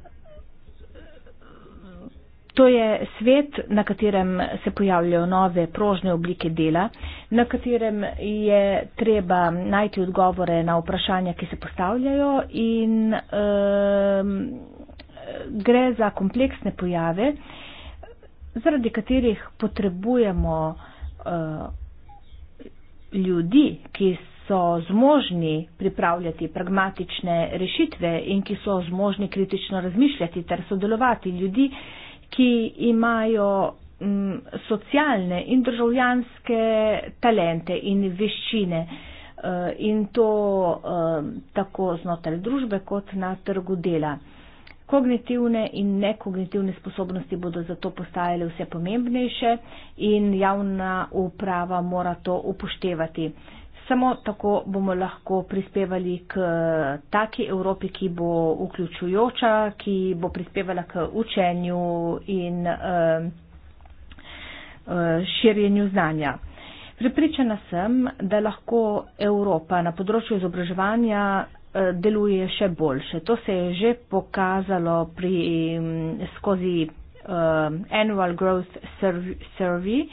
Speaker 3: to je svet, na katerem se pojavljajo nove prožne oblike dela, na katerem je treba najti odgovore na vprašanja, ki se postavljajo in um, gre za kompleksne pojave, zaradi katerih potrebujemo uh, Eh, ljudi, ki so zmožni pripravljati pragmatične rešitve in ki so zmožni kritično razmišljati ter sodelovati, ljudi, ki imajo m, mm, socialne in državljanske talente in veščine uh, in to uh, tako znotraj družbe kot na trgu dela. Kognitivne in nekognitivne sposobnosti bodo zato postajale vse pomembnejše in javna uprava mora to upoštevati. Samo tako bomo lahko prispevali k taki Evropi, ki bo vključujoča, ki bo prispevala k učenju in eh, eh, širjenju znanja. Pripričana sem, da lahko Evropa na področju izobraževanja Eh, deluje še boljše. To se je že pokazalo pri, mm, skozi uh, Annual Growth Survey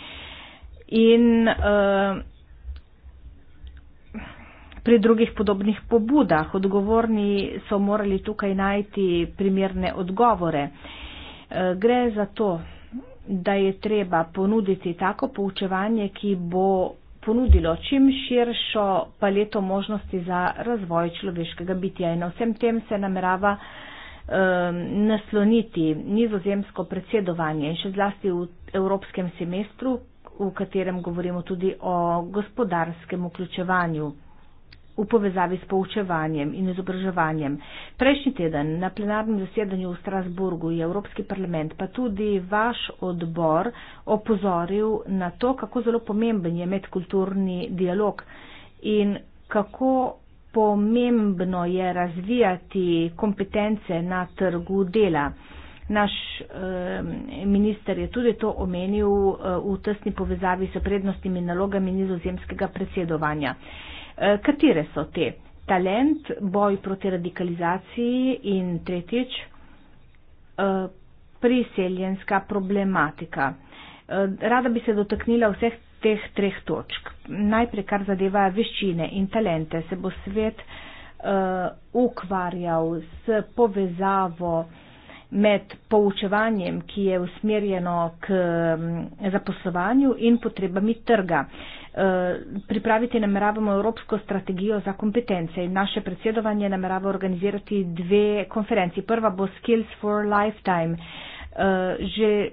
Speaker 3: in uh, pri drugih podobnih pobudah. Odgovorni so morali tukaj najti primerne odgovore. Uh, gre za to, da je treba ponuditi tako poučevanje, ki bo ponudilo čim širšo paleto možnosti za razvoj človeškega bitja. In na vsem tem se namerava um, nasloniti nizozemsko predsedovanje in še zlasti v evropskem semestru, v katerem govorimo tudi o gospodarskem vključevanju v povezavi s poučevanjem in izobraževanjem. Prejšnji teden na plenarnem zasedanju v Strasburgu je Evropski parlament pa tudi vaš odbor opozoril na to, kako zelo pomemben je medkulturni dialog in kako pomembno je razvijati kompetence na trgu dela. Naš eh, minister je tudi to omenil eh, v tesni povezavi s prednostnimi nalogami nizozemskega predsedovanja. Eh, Eh, katere so te? Talent, boj proti radikalizaciji in tretjič, eh, priseljenska problematika. Eh, rada bi se dotaknila vseh teh treh točk. Najprej, kar zadeva veščine in talente, se bo svet ukvarjal s povezavo med poučevanjem, ki je usmerjeno k mm, zaposlovanju in potrebami trga. Uh, Eh, pripraviti nameravamo evropsko strategijo za kompetence in naše predsedovanje namerava organizirati dve konferenci. Prva bo Skills for Lifetime. Eh, že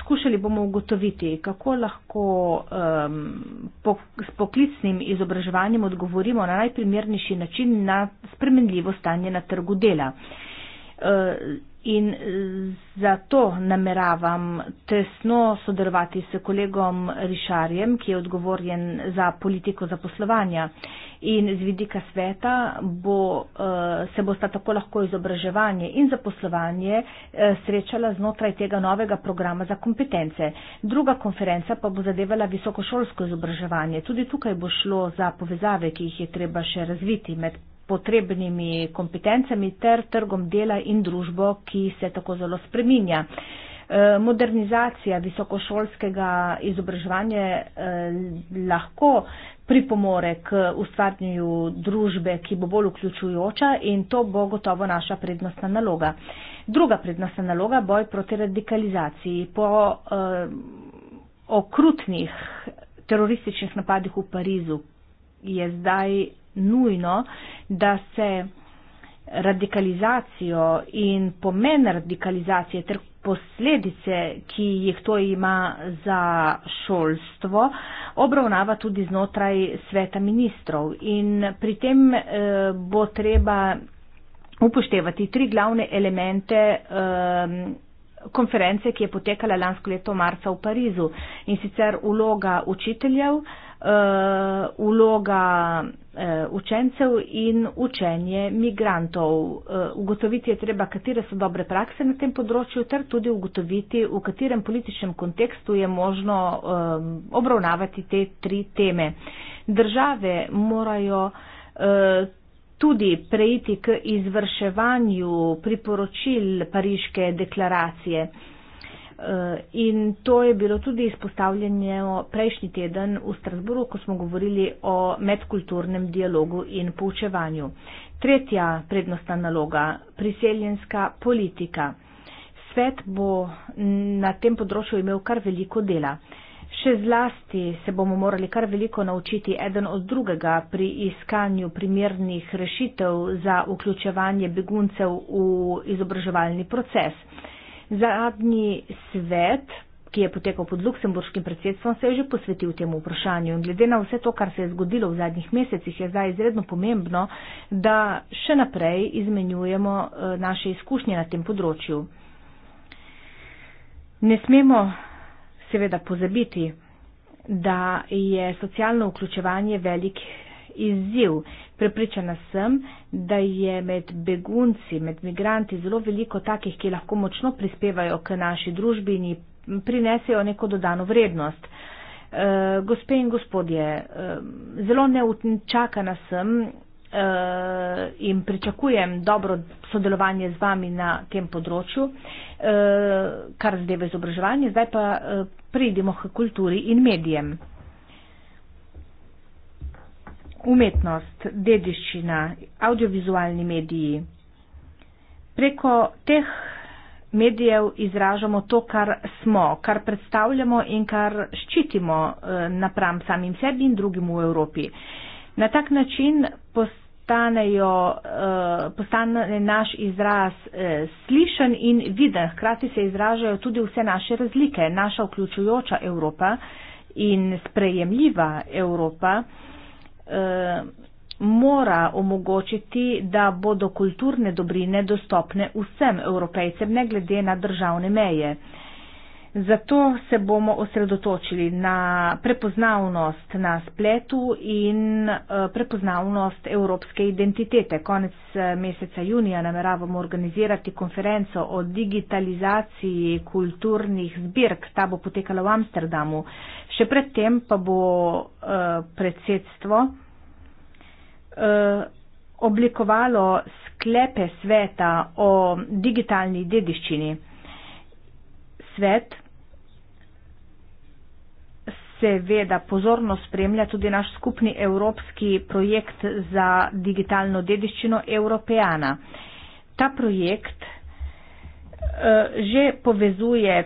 Speaker 3: skušali bomo ugotoviti, kako lahko um, po, s poklicnim izobraževanjem odgovorimo na najprimernejši način na spremenljivo stanje na trgu dela. Uh, in zato nameravam tesno sodelovati s kolegom Rišarjem, ki je odgovorjen za politiko zaposlovanja. In z vidika sveta bo, eh, se bo sta tako lahko izobraževanje in zaposlovanje eh, srečala znotraj tega novega programa za kompetence. Druga konferenca pa bo zadevala visokošolsko izobraževanje. Tudi tukaj bo šlo za povezave, ki jih je treba še razviti med potrebnimi kompetencami ter trgom dela in družbo, ki se tako zelo spreminja. E, modernizacija visokošolskega izobraževanja e, lahko pripomore k ustvarjanju družbe, ki bo bolj vključujoča in to bo gotovo naša prednostna naloga. Druga prednostna naloga je boj proti radikalizaciji. Po e, okrutnih terorističnih napadih v Parizu je zdaj nujno, da se radikalizacijo in pomen radikalizacije ter posledice, ki jih to ima za šolstvo, obravnava tudi znotraj sveta ministrov. In pri tem eh, bo treba upoštevati tri glavne elemente eh, konference, ki je potekala lansko leto marca v Parizu. In sicer vloga učiteljev, eh, vloga Eh, učencev in učenje migrantov. Eh, ugotoviti je treba, katere so dobre prakse na tem področju, ter tudi ugotoviti, v katerem političnem kontekstu je možno eh, obravnavati te tri teme. Države morajo tudi preiti k izvrševanju priporočil Pariške deklaracije. Eh, in to je bilo tudi izpostavljeno prejšnji teden v Strasburu, ko smo govorili o medkulturnem dialogu in poučevanju. Tretja prednostna naloga - priseljenska politika. Svet bo na tem področju imel kar veliko dela. Še zlasti se bomo morali kar veliko naučiti eden od drugega pri iskanju primernih rešitev za vključevanje beguncev v izobraževalni proces. Zadnji svet, ki je potekal pod luksemburškim predsedstvom, se je že posvetil temu vprašanju. In glede na vse to, kar se je zgodilo v zadnjih mesecih, je zdaj izredno pomembno, da še naprej izmenjujemo eh, naše izkušnje na tem področju. Ne smemo seveda pozabiti, da je socialno vključevanje velik izziv. Prepričana sem, da je med begunci, med migranti zelo veliko takih, ki lahko močno prispevajo k naši družbi in prinesejo neko dodano vrednost. E, gospe in gospodje, eh, zelo neučakana sem e, in pričakujem dobro sodelovanje z vami na tem področju, e, kar zdaj v izobraževanje, zdaj pa pridimo k kulturi in medijem umetnost, dediščina, audiovizualni mediji. Preko teh medijev izražamo to, kar smo, kar predstavljamo in kar ščitimo eh, napram samim sebi in drugim v Evropi. Na tak način postanejo, eh, postane naš izraz eh, slišen in viden, hkrati se izražajo tudi vse naše razlike, naša vključujoča Evropa in sprejemljiva Evropa. Eh, mora omogočiti, da bodo kulturne dobrine dostopne vsem evropejcem, ne glede na državne meje. Zato se bomo osredotočili na prepoznavnost na spletu in eh, prepoznavnost evropske identitete. Konec eh, meseca junija nameravamo organizirati konferenco o digitalizaciji kulturnih zbirk. Ta bo potekala v Amsterdamu. Še predtem pa bo uh, predsedstvo uh, oblikovalo sklepe sveta o digitalni dediščini. Svet seveda pozorno spremlja tudi naš skupni evropski projekt za digitalno dediščino Evropejana. Ta projekt Eh, že povezuje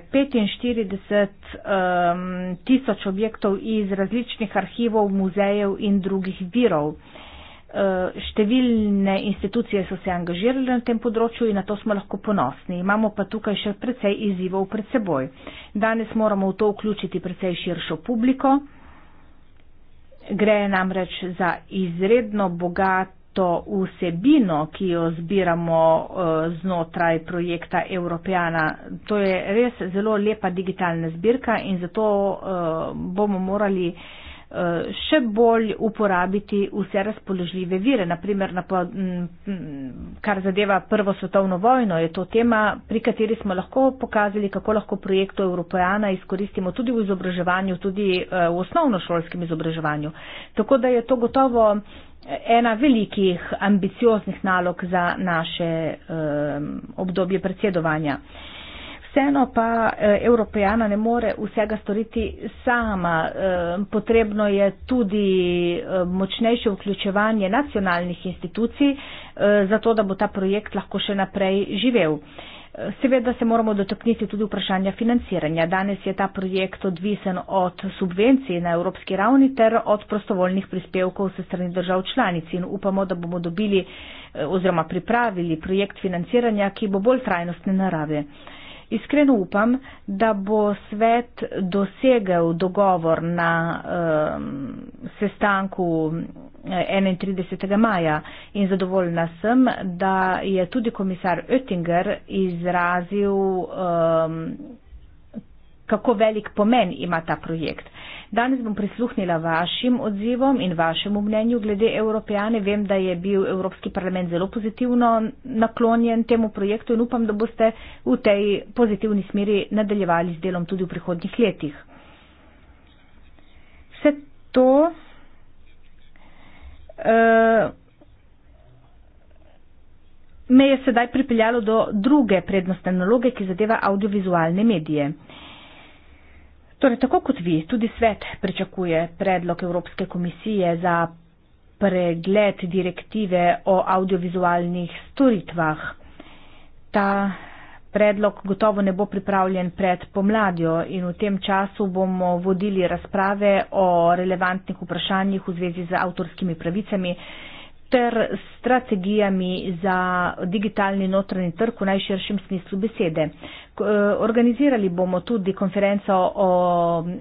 Speaker 3: 45 um, tisoč objektov iz različnih arhivov, muzejev in drugih virov. Eh, številne institucije so se angažirale na tem področju in na to smo lahko ponosni. Imamo pa tukaj še precej izzivov pred seboj. Danes moramo v to vključiti precej širšo publiko. Gre namreč za izredno bogat to vsebino, ki jo zbiramo eh, znotraj projekta Evropejana. To je res zelo lepa digitalna zbirka in zato eh, bomo morali eh, še bolj uporabiti vse razpoložljive vire. Naprimer, na po, kar zadeva Prvo svetovno vojno, je to tema, pri kateri smo lahko pokazali, kako lahko projekto Evropejana izkoristimo tudi v izobraževanju, tudi v osnovnošolskem izobraževanju. Tako da je to gotovo uh, ena velikih ambicioznih nalog za naše um, obdobje predsedovanja. Vseeno pa eh, Evropejana ne more vsega storiti sama. Eh, potrebno je tudi eh, močnejše vključevanje nacionalnih institucij, eh, zato da bo ta projekt lahko še naprej živel. Eh, Seveda se moramo dotakniti tudi vprašanja financiranja. Danes je ta projekt odvisen od subvencij na evropski ravni ter od prostovoljnih prispevkov se strani držav članic in upamo, da bomo dobili eh, oziroma pripravili projekt financiranja, ki bo bolj trajnostne narave. Iskreno upam, da bo svet dosegel dogovor na um, sestanku 31. maja in zadovoljna sem, da je tudi komisar Oettinger izrazil, um, kako velik pomen ima ta projekt. Danes bom prisluhnila vašim odzivom in vašemu mnenju glede Evropejane. Vem, da je bil Evropski parlament zelo pozitivno naklonjen temu projektu in upam, da boste v tej pozitivni smeri nadaljevali z delom tudi v prihodnjih letih. Vse to Eh, me je sedaj pripeljalo do druge prednostne naloge, ki zadeva audiovizualne medije. Torej, tako kot vi, tudi svet pričakuje predlog Evropske komisije za pregled direktive o audiovizualnih storitvah. Ta predlog gotovo ne bo pripravljen pred pomladjo in v tem času bomo vodili razprave o relevantnih vprašanjih v zvezi z avtorskimi pravicami ter strategijami za digitalni notranji trg v najširšem smislu besede. Eh, organizirali bomo tudi konferenco o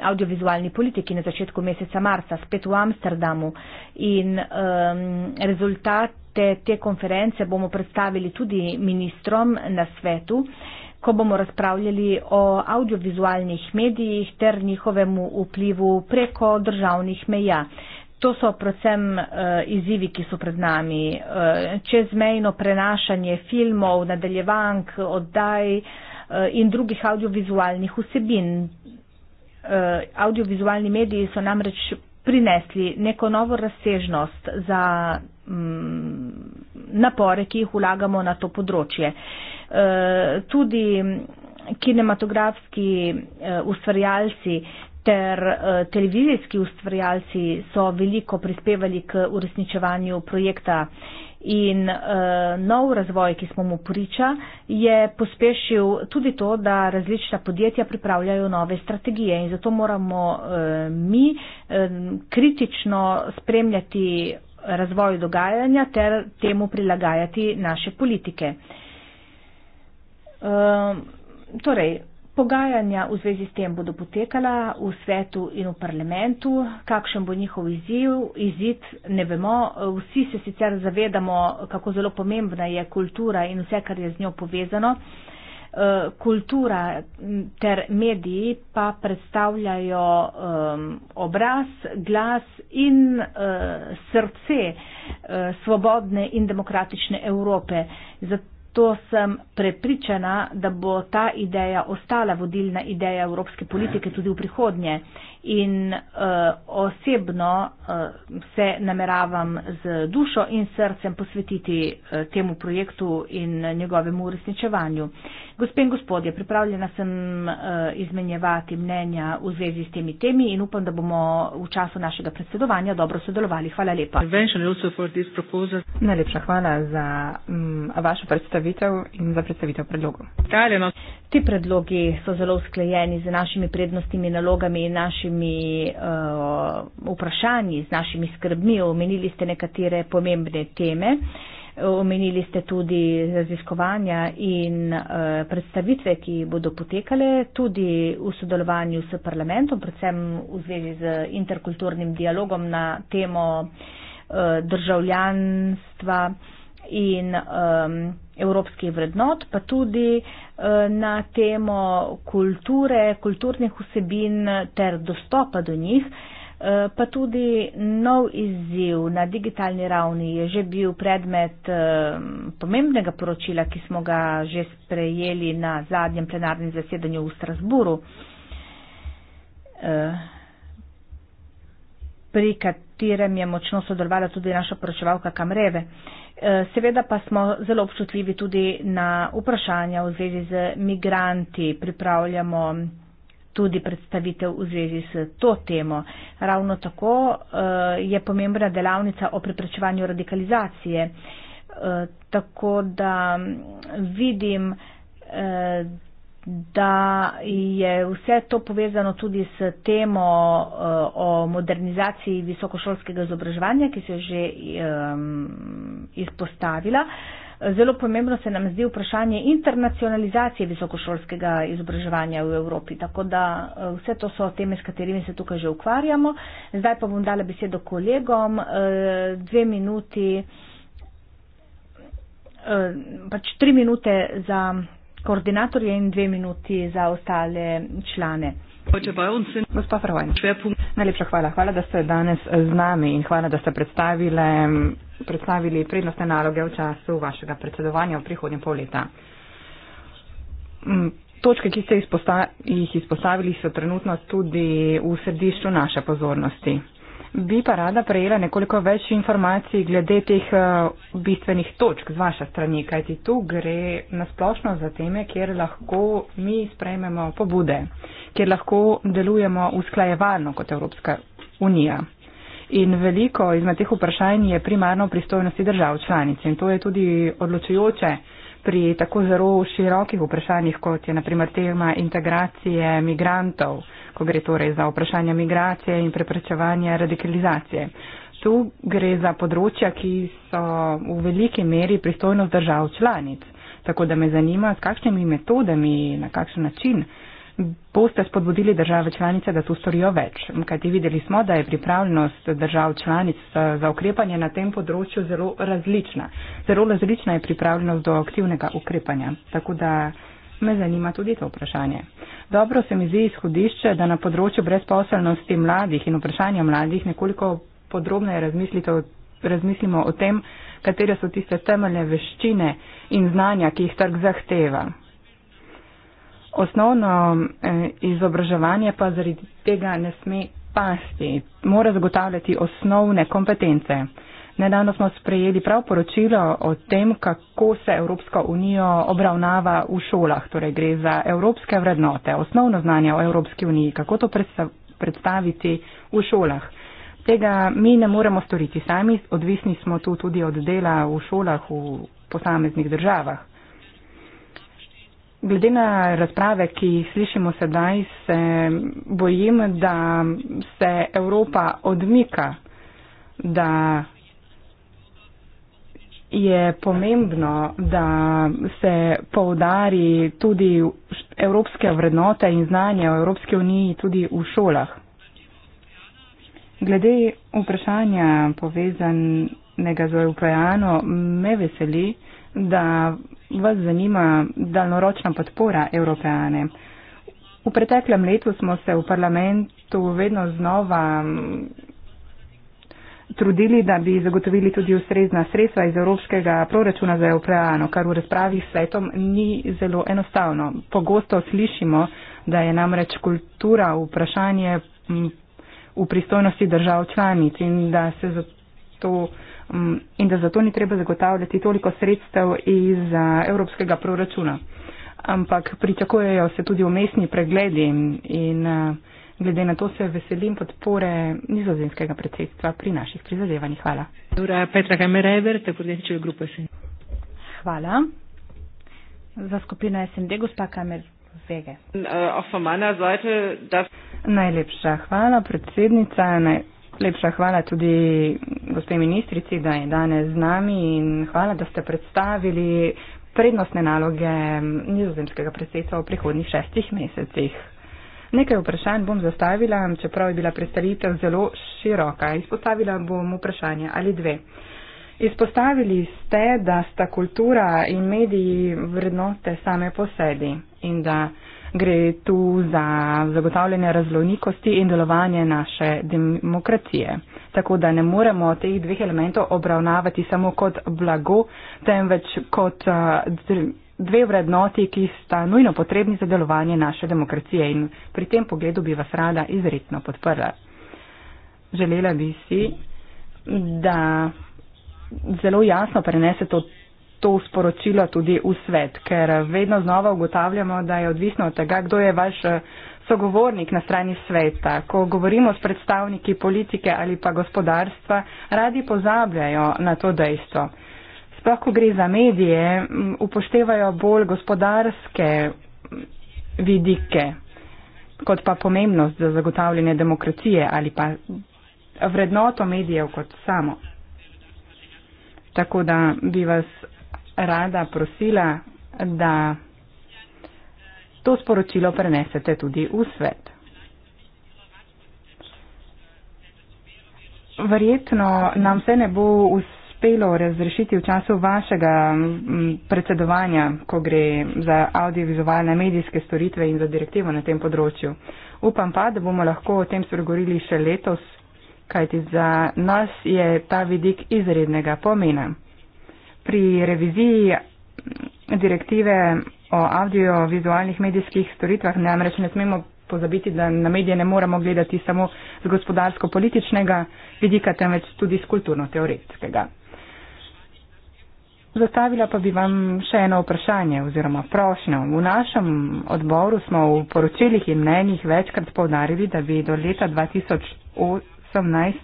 Speaker 3: audiovizualni politiki na začetku meseca marca, spet v Amsterdamu in um, rezultate te konference bomo predstavili tudi ministrom na svetu ko bomo razpravljali o audiovizualnih medijih ter njihovemu vplivu preko državnih meja. To so predvsem uh, izzivi, ki so pred nami. Uh, čezmejno prenašanje filmov, nadaljevank, oddaj uh, in drugih audiovizualnih vsebin. Uh, audiovizualni mediji so namreč prinesli neko novo razsežnost za um, napore, ki jih vlagamo na to področje. Uh, tudi kinematografski uh, ustvarjalci ter eh, televizijski ustvarjalci so veliko prispevali k uresničevanju projekta. In uh, nov razvoj, ki smo mu priča, je pospešil tudi to, da različna podjetja pripravljajo nove strategije. In zato moramo uh, mi um, kritično spremljati razvoj dogajanja ter temu prilagajati naše politike. Uh, torej, Pogajanja v zvezi s tem bodo potekala v svetu in v parlamentu. Kakšen bo njihov izziv, izid, ne vemo. Vsi se sicer zavedamo, kako zelo pomembna je kultura in vse, kar je z njo povezano. Eh, kultura ter mediji pa predstavljajo obraz, glas in eh, srce eh, svobodne in demokratične Evrope. Zato zato sem prepričana, da bo ta ideja ostala vodilna ideja evropske politike tudi v prihodnje in uh, osebno uh, se nameravam z dušo in srcem posvetiti uh, temu projektu in njegovemu uresničevanju. Gospe in gospodje, pripravljena sem uh, izmenjevati mnenja v zvezi s temi temi in upam, da bomo v času našega predsedovanja dobro sodelovali. Hvala lepa.
Speaker 1: Najlepša hvala za um, vašo predstavitev in za predstavitev predlogov.
Speaker 3: Ti predlogi so zelo usklejeni z našimi prednostimi nalogami in našim našimi uh, vprašanji, z našimi skrbmi. Omenili ste nekatere pomembne teme, omenili ste tudi raziskovanja in uh, predstavitve, ki bodo potekale tudi v sodelovanju s parlamentom, predvsem v zvezi z interkulturnim dialogom na temo uh, državljanstva in um, evropskih vrednot, pa tudi uh, na temo kulture, kulturnih vsebin ter dostopa do njih. Uh, pa tudi nov izziv na digitalni ravni je že bil predmet um, pomembnega poročila, ki smo ga že sprejeli na zadnjem plenarnem zasedanju v Strasburu, uh, pri katerem je močno sodelovala tudi naša poročevalka Kamreve. Eh, seveda pa smo zelo občutljivi tudi na vprašanja v zvezi z migranti. Pripravljamo tudi predstavitev v zvezi s to temo. Ravno tako eh, je pomembna delavnica o preprečevanju radikalizacije. Eh, tako da vidim, da je vse to povezano tudi s temo eh, o modernizaciji visokošolskega izobraževanja, ki se je že izpostavila. Zelo pomembno se nam zdi vprašanje internacionalizacije visokošolskega izobraževanja v Evropi. Tako da eh, vse to so teme, s katerimi se tukaj že ukvarjamo. Zdaj pa bom dala besedo kolegom. Eh, dve minuti, pač tri minute za koordinatorje in dve minuti za ostale člane.
Speaker 1: Gospa Frvajn, najlepša hvala. Hvala, da ste danes z nami in hvala, da ste predstavile, predstavili prednostne naloge v času vašega predsedovanja v prihodnjem pol leta. Mm, točke, ki ste jih izpostavili, so trenutno tudi v središču naše pozornosti. Bi pa rada prejela nekoliko več informacij glede teh uh, bistvenih točk z vaše strani, kajti tu gre nasplošno za teme, kjer lahko mi sprejmemo pobude, kjer lahko delujemo usklajevalno kot Evropska unija. In veliko izmed teh vprašanj je primarno v pristojnosti držav članic in to je tudi odločujoče pri tako zelo širokih vprašanjih, kot je naprimer tema integracije migrantov ko gre torej za vprašanje migracije in preprečevanje radikalizacije. Tu gre za področja, ki so v veliki meri pristojnost držav članic. Tako da me zanima, s kakšnimi metodami, na kakšen način boste spodbudili države članice, da tu storijo več. Kajti videli smo, da je pripravljenost držav članic eh, za ukrepanje na tem področju zelo različna. Zelo različna je pripravljenost do aktivnega ukrepanja. Tako da me zanima tudi to vprašanje. Dobro se mi zdi izhodišče, da na področju brezposelnosti mladih in vprašanja mladih nekoliko podrobneje razmislimo o tem, katere so tiste temeljne veščine in znanja, ki jih trg zahteva. Osnovno eh, izobraževanje pa zaradi tega ne sme pasti, mora zagotavljati osnovne kompetence. Nedavno smo sprejeli prav poročilo o tem, kako se Evropska unija obravnava v šolah, torej gre za evropske vrednote, osnovno znanje o Evropski uniji, kako to predstaviti v šolah. Tega mi ne moremo storiti sami, odvisni smo tu tudi od dela v šolah v posameznih državah. Glede na razprave, ki jih slišimo sedaj, se bojim, da se Evropa odmika, da je pomembno, da se poudari tudi evropske vrednote in znanje o Evropski uniji tudi v šolah. Glede vprašanja povezanega z Ukrajano, me veseli, da vas zanima daljnoročna podpora Evropejane. V preteklem letu smo se v parlamentu vedno znova trudili, da bi zagotovili tudi ustrezna sredstva iz evropskega proračuna za Ukrajino, kar v razpravi s svetom ni zelo enostavno. Pogosto slišimo, da je namreč kultura vprašanje v pristojnosti držav članic in da se zato, in da zato ni treba zagotavljati toliko sredstev iz evropskega proračuna. Ampak pričakujejo se tudi umestni pregledi in, in Glede na to se veselim podpore nizozemskega predsedstva pri naših prizadevanjih. Hvala.
Speaker 3: Hvala. Za skupino SND gospa Kamer eh, Vege.
Speaker 1: Najlepša hvala, predsednica. Najlepša hvala tudi gospe ministrici, da je danes z nami in hvala, da ste predstavili prednostne naloge nizozemskega predsedstva v prihodnjih šestih mesecih. Nekaj vprašanj bom zastavila, čeprav je bila predstavitev zelo široka. Izpostavila bom vprašanje ali dve. Izpostavili ste, da sta kultura in mediji vrednote same po sebi in da gre tu za zagotavljanje razlovnikosti in delovanje naše demokracije. Tako da ne moremo teh dveh elementov obravnavati samo kot blago, temveč kot. Uh, dve vrednoti, ki sta nujno potrebni za delovanje naše demokracije in pri tem pogledu bi vas rada izredno podprla. Želela bi si, da zelo jasno prenese to, to sporočilo tudi v svet, ker vedno znova ugotavljamo, da je odvisno od tega, kdo je vaš eh, sogovornik na strani sveta. Ko govorimo s predstavniki politike ali pa gospodarstva, radi pozabljajo na to dejstvo sploh, ko gre za medije, upoštevajo bolj gospodarske vidike kot pa pomembnost za zagotavljanje demokracije ali pa vrednoto medijev kot samo. Tako da bi vas rada prosila, da to sporočilo prenesete tudi v svet. Verjetno nam vse ne bo uspelo uspelo razrešiti v času vašega predsedovanja, ko gre za audiovizualne medijske storitve in za direktivo na tem področju. Upam pa, da bomo lahko o tem spregovorili še letos, kajti za nas je ta vidik izrednega pomena. Pri reviziji direktive o audiovizualnih medijskih storitvah namreč ne smemo pozabiti, da na medije ne moramo gledati samo z gospodarsko-političnega vidika, temveč tudi z kulturno-teoretskega. Zastavila pa bi vam še eno vprašanje oziroma prošnjo. V našem odboru smo v poročilih in mnenjih večkrat povdarili, da bi do leta 2018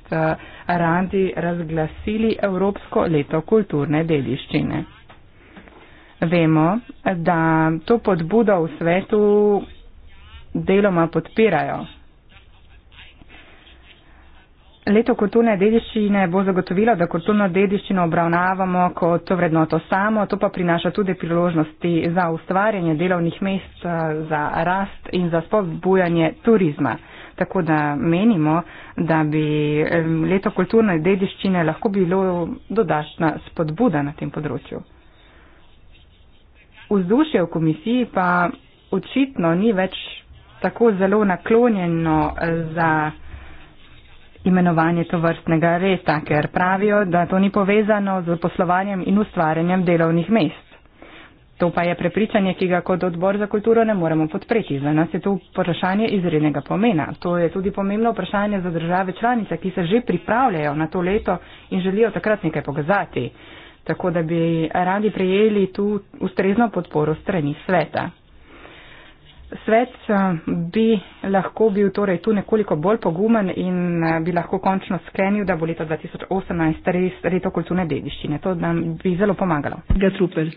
Speaker 1: eh, radi razglasili Evropsko leto kulturne dediščine. Vemo, da to podbudo v svetu deloma podpirajo Leto kulturne dediščine bo zagotovilo, da kulturno dediščino obravnavamo kot to vrednoto samo, to pa prinaša tudi priložnosti za ustvarjanje delovnih mest, eh, za rast in za spodbujanje turizma. Tako da menimo, da bi leto kulturne dediščine lahko bilo dodatna spodbuda na tem področju. Vzdušje v komisiji pa očitno ni več tako zelo naklonjeno za imenovanje tovrstnega resta, ker pravijo, da to ni povezano z poslovanjem in ustvarjanjem delovnih mest. To pa je prepričanje, ki ga kot odbor za kulturo ne moremo podpreti. Za nas je to vprašanje izrednega pomena. To je tudi pomembno vprašanje za države članice, ki se že pripravljajo na to leto in želijo takrat nekaj pokazati. Tako da bi radi prejeli tu ustrezno podporo strani sveta. Svet eh, bi lahko bil torej tu nekoliko bolj pogumen in eh, bi lahko končno sklenil, da bo leta 2018 res leto kulturne dediščine. To nam bi zelo pomagalo. Helga Trupel.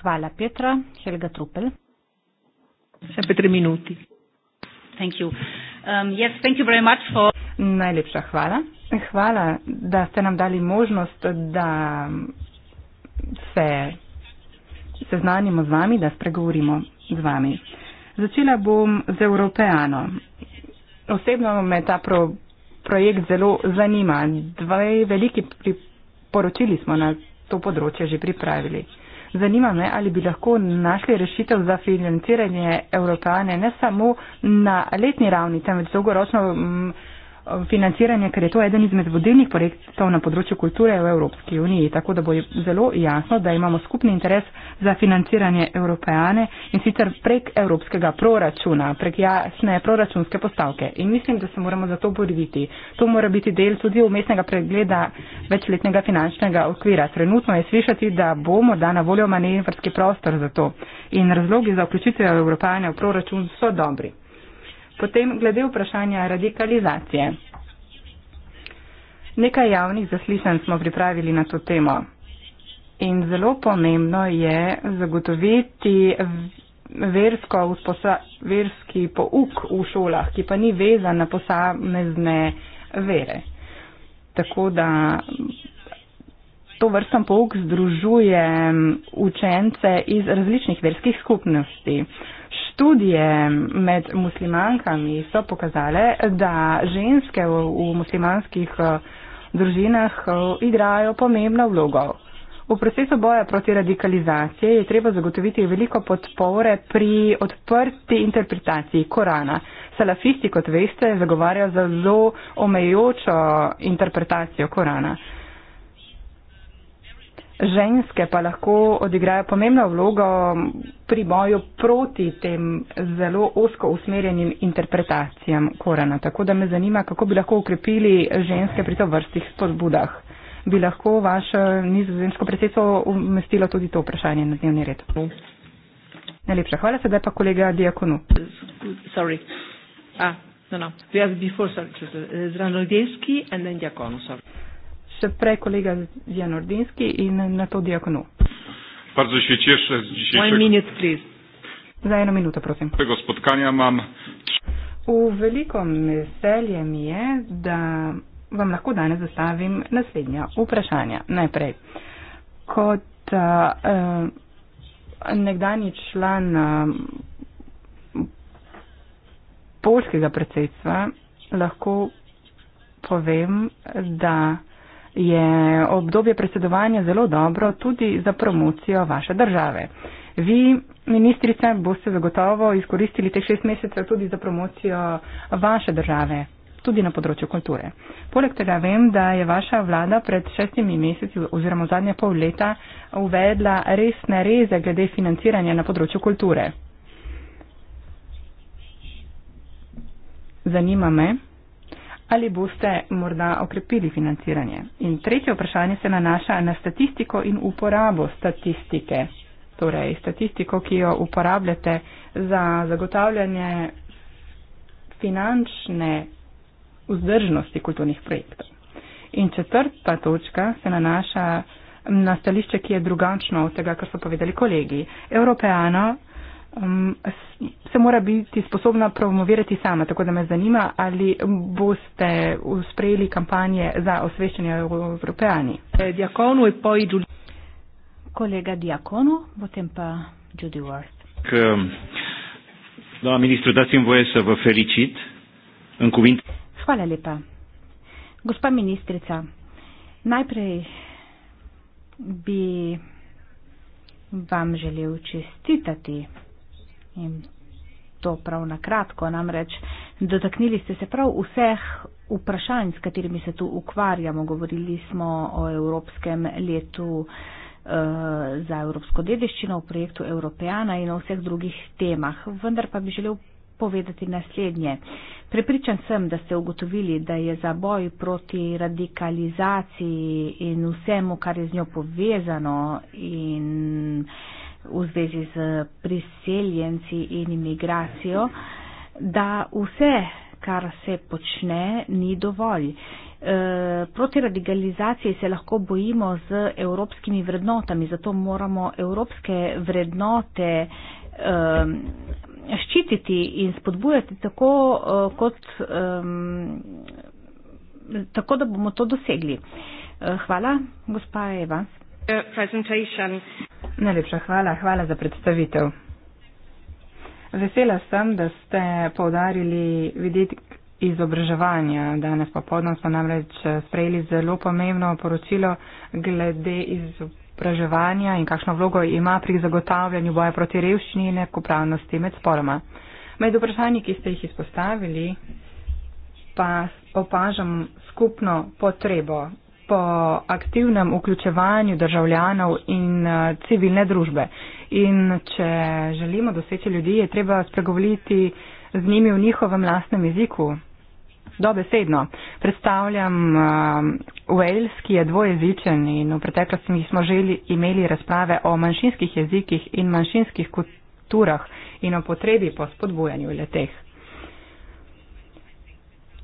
Speaker 1: Hvala Petra. Helga Trupel. Še pet minuti. Thank you.
Speaker 3: Um, yes, thank you very much for...
Speaker 1: Najlepša hvala. Hvala, da ste nam dali možnost, da se seznanimo z vami, da spregovorimo z vami. Začela bom z Europeano. Osebno me ta pro, projekt zelo zanima. Dve veliki priporočili smo na to področje že pripravili. Zanima me, ali bi lahko našli rešitev za financiranje Evropane ne samo na letni ravni, temveč dolgoročno. Mm, financiranje, ker je to eden izmed vodilnih projektov na področju kulture v Evropski uniji, tako da bo zelo jasno, da imamo skupni interes za financiranje evropejane in sicer prek evropskega proračuna, prek jasne proračunske postavke. In mislim, da se moramo za to boriti. To mora biti del tudi umestnega pregleda večletnega finančnega okvira. Trenutno je slišati, da bomo da na voljo manevrski prostor za to. In razlogi za vključitev evropejane v proračun so dobri potem glede vprašanja radikalizacije. Nekaj javnih zaslišanj smo pripravili na to temo in zelo pomembno je zagotoviti versko, usposa, verski pouk v šolah, ki pa ni vezan na posamezne vere. Tako da to vrstom pouk združuje učence iz različnih verskih skupnosti. Študije med muslimankami so pokazale, da ženske v, v muslimanskih eh, družinah eh, igrajo pomembno vlogo. V procesu boja proti radikalizaciji je treba zagotoviti veliko podpore pri odprti interpretaciji Korana. Salafisti, kot veste, zagovarjajo zelo omejočo interpretacijo Korana. Ženske pa lahko odigrajo pomembno vlogo pri boju proti tem zelo osko usmerjenim interpretacijam Korana. Tako da me zanima, kako bi lahko ukrepili ženske pri to vrstih spodbudah. Bi lahko vaše nizozemsko predsedstvo umestilo tudi to vprašanje na dnevni red? Najlepša hvala, sedaj pa kolega Diakonu. Sorry. Ah, no, no. Before, sorry. Zranodelski in then Diakonu, sorry. Še prej kolega Jan Ordinski in na to diakonu.
Speaker 5: Bardzo się cieszę z dzisiejszego...
Speaker 1: One minute, please. Za jedną minutę, proszę. ...tego spotkania mam... U wielką myślę mi je, da wam lahko danes zastavim naslednja vprašanja. Najprej, kot uh, nekdani član uh, polskega predsedstva lahko povem, da je obdobje predsedovanja zelo dobro tudi za promocijo vaše države. Vi, ministrica, boste zagotovo izkoristili teh šest mesecev tudi za promocijo vaše države, tudi na področju kulture. Poleg tega vem, da je vaša vlada pred šestimi meseci oziroma zadnja pol leta uvedla resne reze glede financiranja na področju kulture. Zanima me ali boste morda okrepili financiranje? In tretje vprašanje se nanaša na statistiko in uporabo statistike, torej statistiko, ki jo uporabljate za zagotavljanje finančne vzdržnosti kulturnih projektov. In četrta točka se nanaša na stališče, ki je drugačno od tega, kar so povedali kolegi. Europeano um, se mora biti sposobna promovirati sama. Tako da me zanima, ali boste usprejeli kampanje za osveščanje evropejani.
Speaker 3: Eh, e Kolega Diakonu, potem pa Judy Worth.
Speaker 2: K, da, ministru, da sem voje se v feličit.
Speaker 3: Hvala lepa. Gospa ministrica, najprej bi vam želel čestitati in to prav na kratko namreč, dotaknili ste se prav vseh vprašanj, s katerimi se tu ukvarjamo. Govorili smo o Evropskem letu eh, za evropsko dediščino v projektu Evropejana in o vseh drugih temah. Vendar pa bi želel povedati naslednje. Prepričan sem, da ste ugotovili, da je za boj proti radikalizaciji in vsemu, kar je z njo povezano in uh, v zvezi z priseljenci in imigracijo, da vse, kar se počne, ni dovolj. E, proti radikalizaciji se lahko bojimo z evropskimi vrednotami, zato moramo evropske vrednote e, ščititi in spodbujati tako, e, kot, e, tako, da bomo to dosegli. E, hvala, gospa Eva. Presentation. Najlepša hvala, hvala za
Speaker 1: predstavitev. Vesela sem, da ste povdarili vidik izobraževanja. Danes popodno smo namreč sprejeli zelo pomembno poročilo glede izobraževanja in kakšno vlogo ima pri zagotavljanju boja proti revščini in nekopravnosti med spoloma. Med vprašanji, ki ste jih izpostavili, pa opažam skupno potrebo po aktivnem vključevanju državljanov in eh, civilne družbe. In če želimo doseči ljudi, je treba spregovoriti z njimi v njihovem lastnem jeziku. Dobesedno. Predstavljam uh, Wales, ki je dvojezičen in v preteklosti smo že imeli razprave o manjšinskih jezikih in manjšinskih kulturah in o potrebi po spodbujanju leteh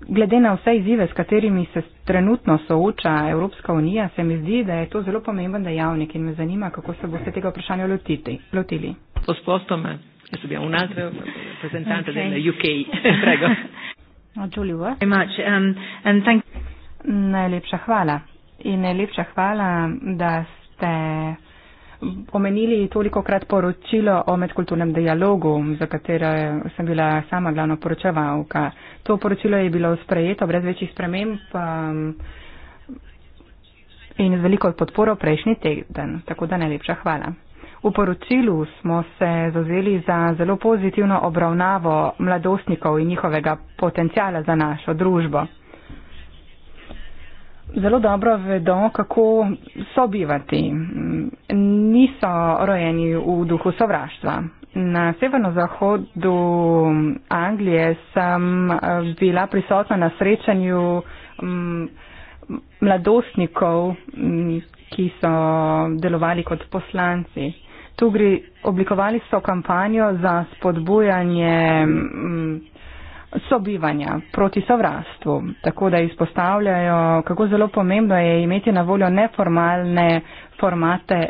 Speaker 1: glede na vse izzive, s katerimi se trenutno sooča Evropska unija, se mi zdi, da je to zelo pomemben dejavnik in me zanima, kako se boste tega vprašanja lotiti, lotili. Postopoma, jaz sem bila v nas, reprezentantka za UK. Najlepša hvala. In najlepša hvala, da ste omenili toliko krat poročilo o medkulturnem dialogu, za katero sem bila sama glavna poročevalka. To poročilo je bilo sprejeto brez večjih sprememb um, in z veliko podporo prejšnji teden, tako da najlepša hvala. V poročilu smo se zazeli za zelo pozitivno obravnavo mladostnikov in njihovega potencijala za našo družbo zelo dobro vedo, kako sobivati. Niso rojeni v duhu sovraštva. Na severno-zahodu Anglije sem eh, bila prisotna na srečanju mm, mladostnikov, mm, ki so delovali kot poslanci. Tu gre, oblikovali so kampanjo za spodbujanje. Mm, sobivanja, proti sovrastvu. Tako da izpostavljajo, kako zelo pomembno je imeti na voljo neformalne formate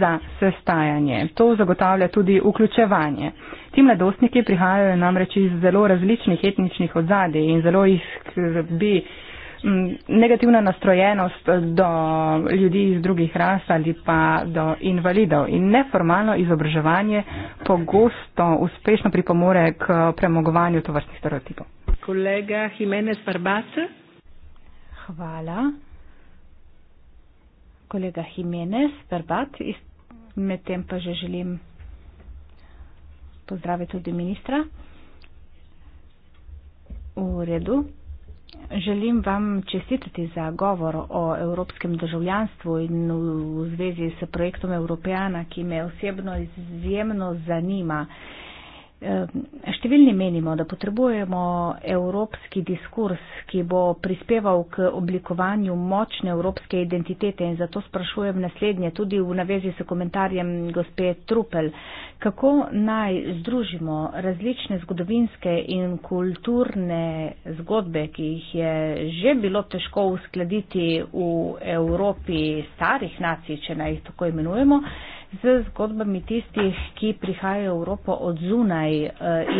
Speaker 1: za sestajanje. To zagotavlja tudi vključevanje. Ti mladostniki prihajajo namreč iz zelo različnih etničnih odzadij in zelo jih bi negativna nastrojenost do ljudi iz drugih ras ali pa do invalidov. In neformalno izobraževanje pogosto uspešno pripomore k premogovanju tovrstnih stereotipov.
Speaker 3: Kolega Jimenez Barbat. Hvala. Kolega Jimenez Barbat, medtem pa že želim pozdraviti tudi ministra. V redu. Želim vam čestitati za govor o evropskem državljanstvu in v zvezi s projektom Evropejana, ki me osebno izjemno zanima. Eh, številni menimo, da potrebujemo evropski diskurs, ki bo prispeval k oblikovanju močne evropske identitete in zato sprašujem naslednje, tudi v navezi s komentarjem gospe Trupel, kako naj združimo različne zgodovinske in kulturne zgodbe, ki jih je že bilo težko uskladiti v Evropi starih nacij, če naj jih tako imenujemo z zgodbami tistih, ki prihajajo v Evropo od zunaj eh,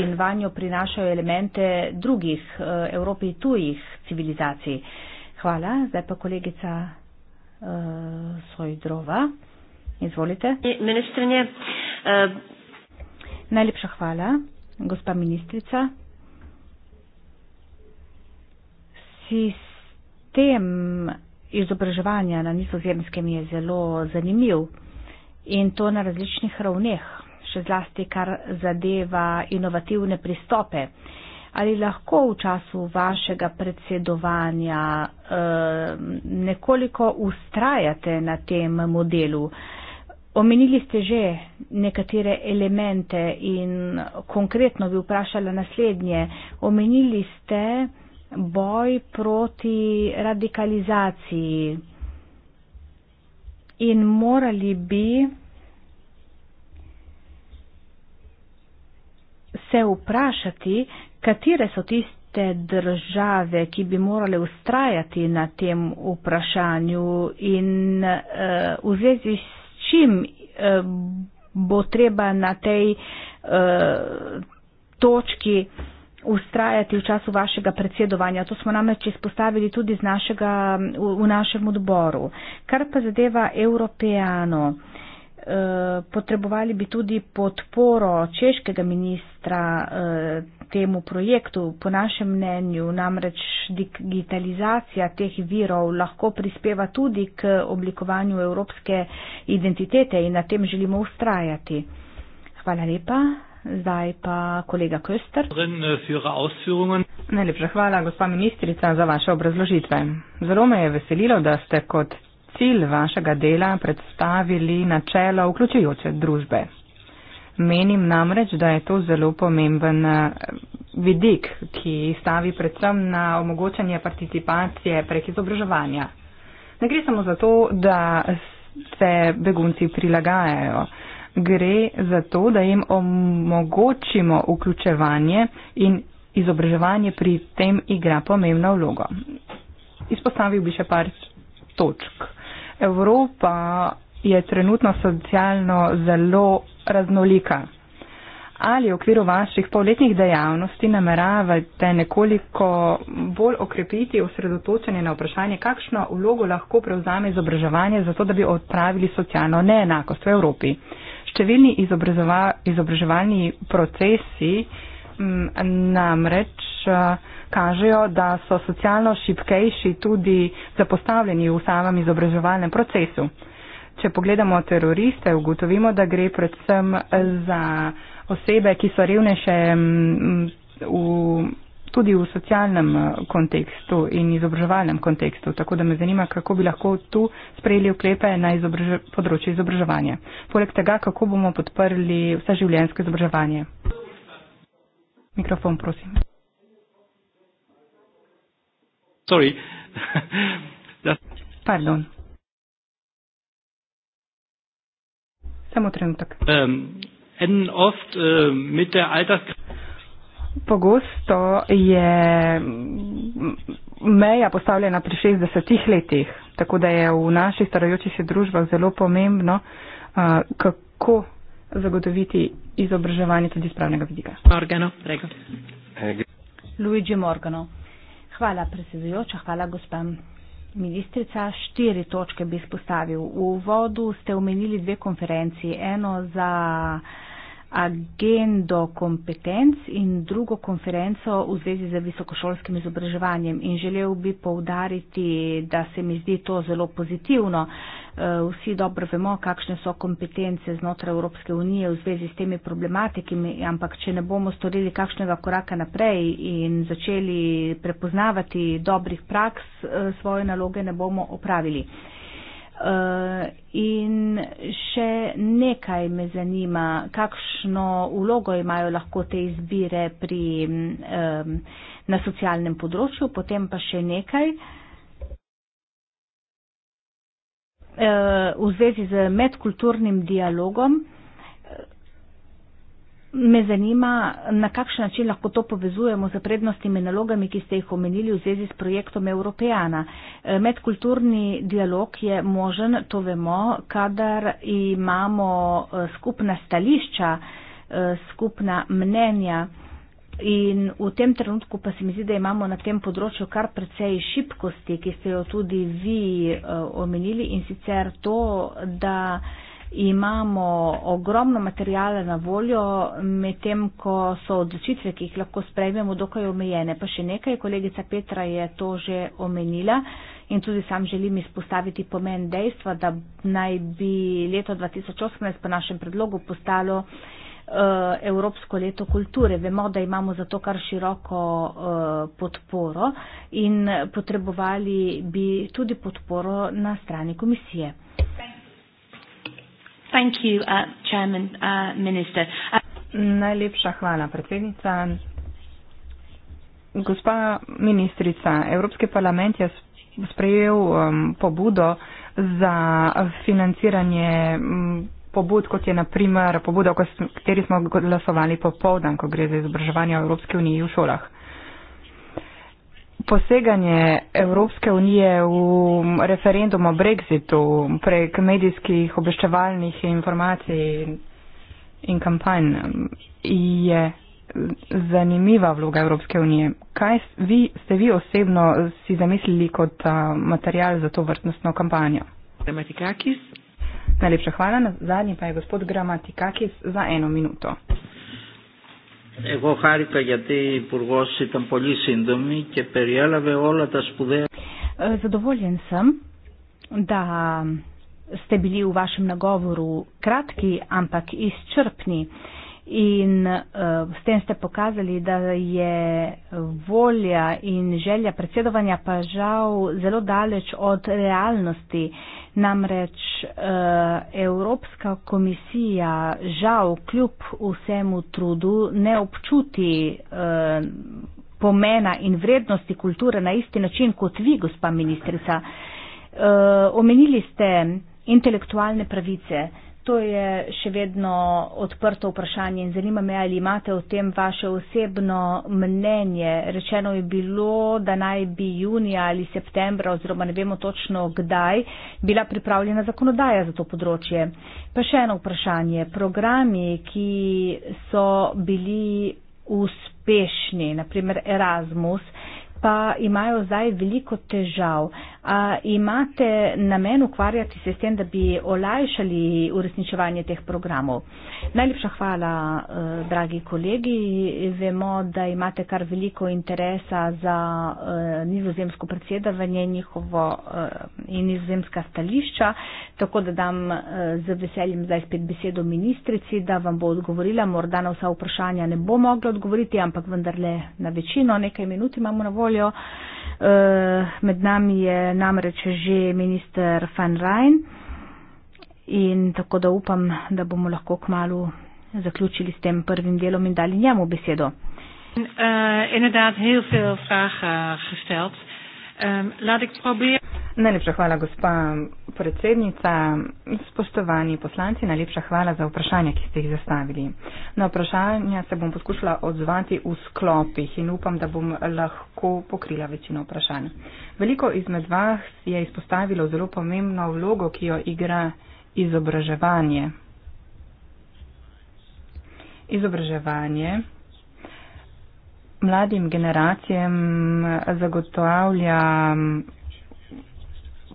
Speaker 3: in vanjo prinašajo elemente drugih eh, Evropi tujih civilizacij. Hvala. Zdaj pa kolegica uh, Sojdrova. Izvolite. Ministrinje. Uh... Najlepša hvala, gospa ministrica. Sistem izobraževanja na nizozemskem je zelo zanimiv in to na različnih ravneh, še zlasti kar zadeva inovativne pristope. Ali lahko v času vašega predsedovanja eh, nekoliko ustrajate na tem modelu? Omenili ste že nekatere elemente in konkretno bi vprašala naslednje. Omenili ste boj proti radikalizaciji in morali bi se vprašati, katere so tiste države, ki bi morale ustrajati na tem vprašanju in uh, v zvezi s čim uh, bo treba na tej uh, točki uh, ustrajati v času vašega predsedovanja. To smo namreč izpostavili tudi našega, v, v našem odboru. Kar pa zadeva Evropejano, e, potrebovali bi tudi podporo češkega ministra e, temu projektu. Po našem mnenju namreč digitalizacija teh virov lahko prispeva tudi k oblikovanju evropske identitete in na tem želimo ustrajati. Hvala lepa zdaj pa kolega Köster.
Speaker 2: Eh,
Speaker 1: Najlepša hvala, gospa ministrica, za vaše obrazložitve. Zelo me je veselilo, da ste kot cilj vašega dela predstavili načelo vključujoče družbe. Menim namreč, da je to zelo pomemben eh, vidik, ki stavi predvsem na omogočanje participacije prek izobraževanja. Ne gre samo za to, da se begunci prilagajajo gre za to, da jim omogočimo vključevanje in izobraževanje pri tem igra pomembno vlogo. Izpostavil bi še par točk. Evropa je trenutno socialno zelo raznolika. Ali v okviru vaših polletnih dejavnosti nameravate nekoliko bolj okrepiti osredotočenje na vprašanje, kakšno vlogo lahko prevzame izobraževanje za to, da bi odpravili socialno neenakost v Evropi? Uh, številni izobraževalni procesi m, mm, namreč eh, kažejo, da so socialno šipkejši tudi zapostavljeni v samem izobraževalnem procesu. Če pogledamo teroriste, ugotovimo, da gre predvsem za osebe, ki so revnejše mm, v tudi v socialnem eh, kontekstu in izobraževalnem kontekstu. Tako da me zanima, kako bi lahko tu sprejeli ukrepe na izobrže, področju izobraževanja. Poleg tega, kako bomo podprli vse življenjsko izobraževanje. Mikrofon, prosim.
Speaker 2: Sorry.
Speaker 1: Pardon. Samo trenutek.
Speaker 2: Um, ähm, en oft uh, mit der Alters...
Speaker 1: Pogosto je meja postavljena pri 60 letih, tako da je v naših starajočih se družbah zelo pomembno, kako zagotoviti
Speaker 3: izobraževanje tudi iz pravnega vidika. Morgano, prego. Luigi Morgano. Hvala, predsedujoča, hvala, gospa ministrica. Štiri točke bi spostavil. V vodu ste omenili dve konferenci. Eno za agendo kompetenc in drugo konferenco v zvezi z visokošolskim izobraževanjem. In želel bi povdariti, da se mi zdi to zelo pozitivno. Eh, vsi dobro vemo, kakšne so kompetence znotraj Evropske unije v zvezi s temi problematikami, ampak če ne bomo storili kakšnega koraka naprej in začeli prepoznavati dobrih praks, eh, svoje naloge ne bomo opravili. Eh, in še nekaj me zanima, kakšno ulogo imajo lahko te izbire pri, um, na socialnem področju, potem pa še nekaj. Uh, v zvezi z medkulturnim dialogom, Me zanima, na kakšen način lahko to povezujemo z prednostimi nalogami, ki ste jih omenili v zvezi s projektom Evropejana. E, medkulturni dialog je možen, to vemo, kadar imamo e, skupna stališča, e, skupna mnenja. In v tem trenutku pa se mi zdi, da imamo na tem področju kar precej šibkosti, ki ste jo tudi vi omenili in sicer to, da imamo ogromno materijala na voljo, medtem ko so odločitve, ki jih lahko sprejmemo, dokaj omejene. Pa še nekaj, kolegica Petra je to že omenila in tudi sam želim izpostaviti pomen dejstva, da naj bi leto 2018 po našem predlogu postalo eh, Evropsko leto kulture. Vemo, da imamo za to kar široko eh, podporo in potrebovali bi tudi podporo na strani komisije. Thank you, uh, chairman, uh, minister.
Speaker 1: Uh, Najlepša hvala, predsednica. Gospa ministrica, Evropski parlament je sprejel um, pobudo za financiranje um, pobud, kot je naprimer pobuda, o kateri smo glasovali popovdan, ko gre za izobraževanje v Evropski uniji v šolah poseganje Evropske unije v referendum o Brexitu prek medijskih obveščevalnih informacij in kampanj je zanimiva vloga Evropske unije. Kaj vi, ste vi osebno si zamislili kot material za to vrtnostno kampanjo? Gramatikakis. Najlepša hvala. Zadnji pa je gospod Gramatikakis za eno
Speaker 2: minuto. Εγώ χάρηκα γιατί ο Υπουργό ήταν πολύ σύντομη και περιέλαβε όλα τα σπουδαία.
Speaker 3: Задоволен съм да сте били у вашем наговору кратки, ампак изчерпни in uh, s tem ste pokazali, da je volja in želja predsedovanja pa žal zelo daleč od realnosti. Namreč uh, Evropska komisija žal kljub vsemu trudu ne občuti uh, pomena in vrednosti kulture na isti način kot vi, gospa ministrica. Uh, omenili ste intelektualne pravice. Uh, to je še vedno odprto vprašanje in zanima me, ali imate o tem vaše osebno mnenje. Rečeno je bilo, da naj bi junija ali septembra oziroma ne vemo točno kdaj bila pripravljena zakonodaja za to področje. Pa še eno vprašanje. Programi, ki so bili uspešni, naprimer Erasmus, pa imajo zdaj veliko težav. A imate namen ukvarjati se s tem, da bi olajšali uresničevanje teh programov? Najlepša hvala, eh, dragi kolegi. Vemo, da imate kar veliko interesa za eh, nizozemsko predsedovanje njihovo eh, in nizozemska stališča, tako da dam z veseljem zdaj spet besedo ministrici, da vam bo odgovorila. Morda na vsa vprašanja ne bo mogla odgovoriti, ampak vendarle na večino, nekaj minut imamo na voljo. Eh, med nami je namreč že minister Van Rijn in tako da upam, da bomo lahko k malu zaključili s tem prvim delom in dali njemu besedo.
Speaker 1: Uh, inderdaad, heel veel vragen gesteld. Um, laat ik proberen.
Speaker 3: Najlepša hvala, gospa
Speaker 1: predsednica. Spoštovani poslanci, najlepša hvala za vprašanja, ki ste jih zastavili. Na vprašanja se bom poskušala odzvati v sklopih in upam, da bom lahko pokrila večino vprašanj. Veliko izmed vas je izpostavilo zelo pomembno vlogo, ki jo igra izobraževanje. Izobraževanje mladim generacijam zagotavlja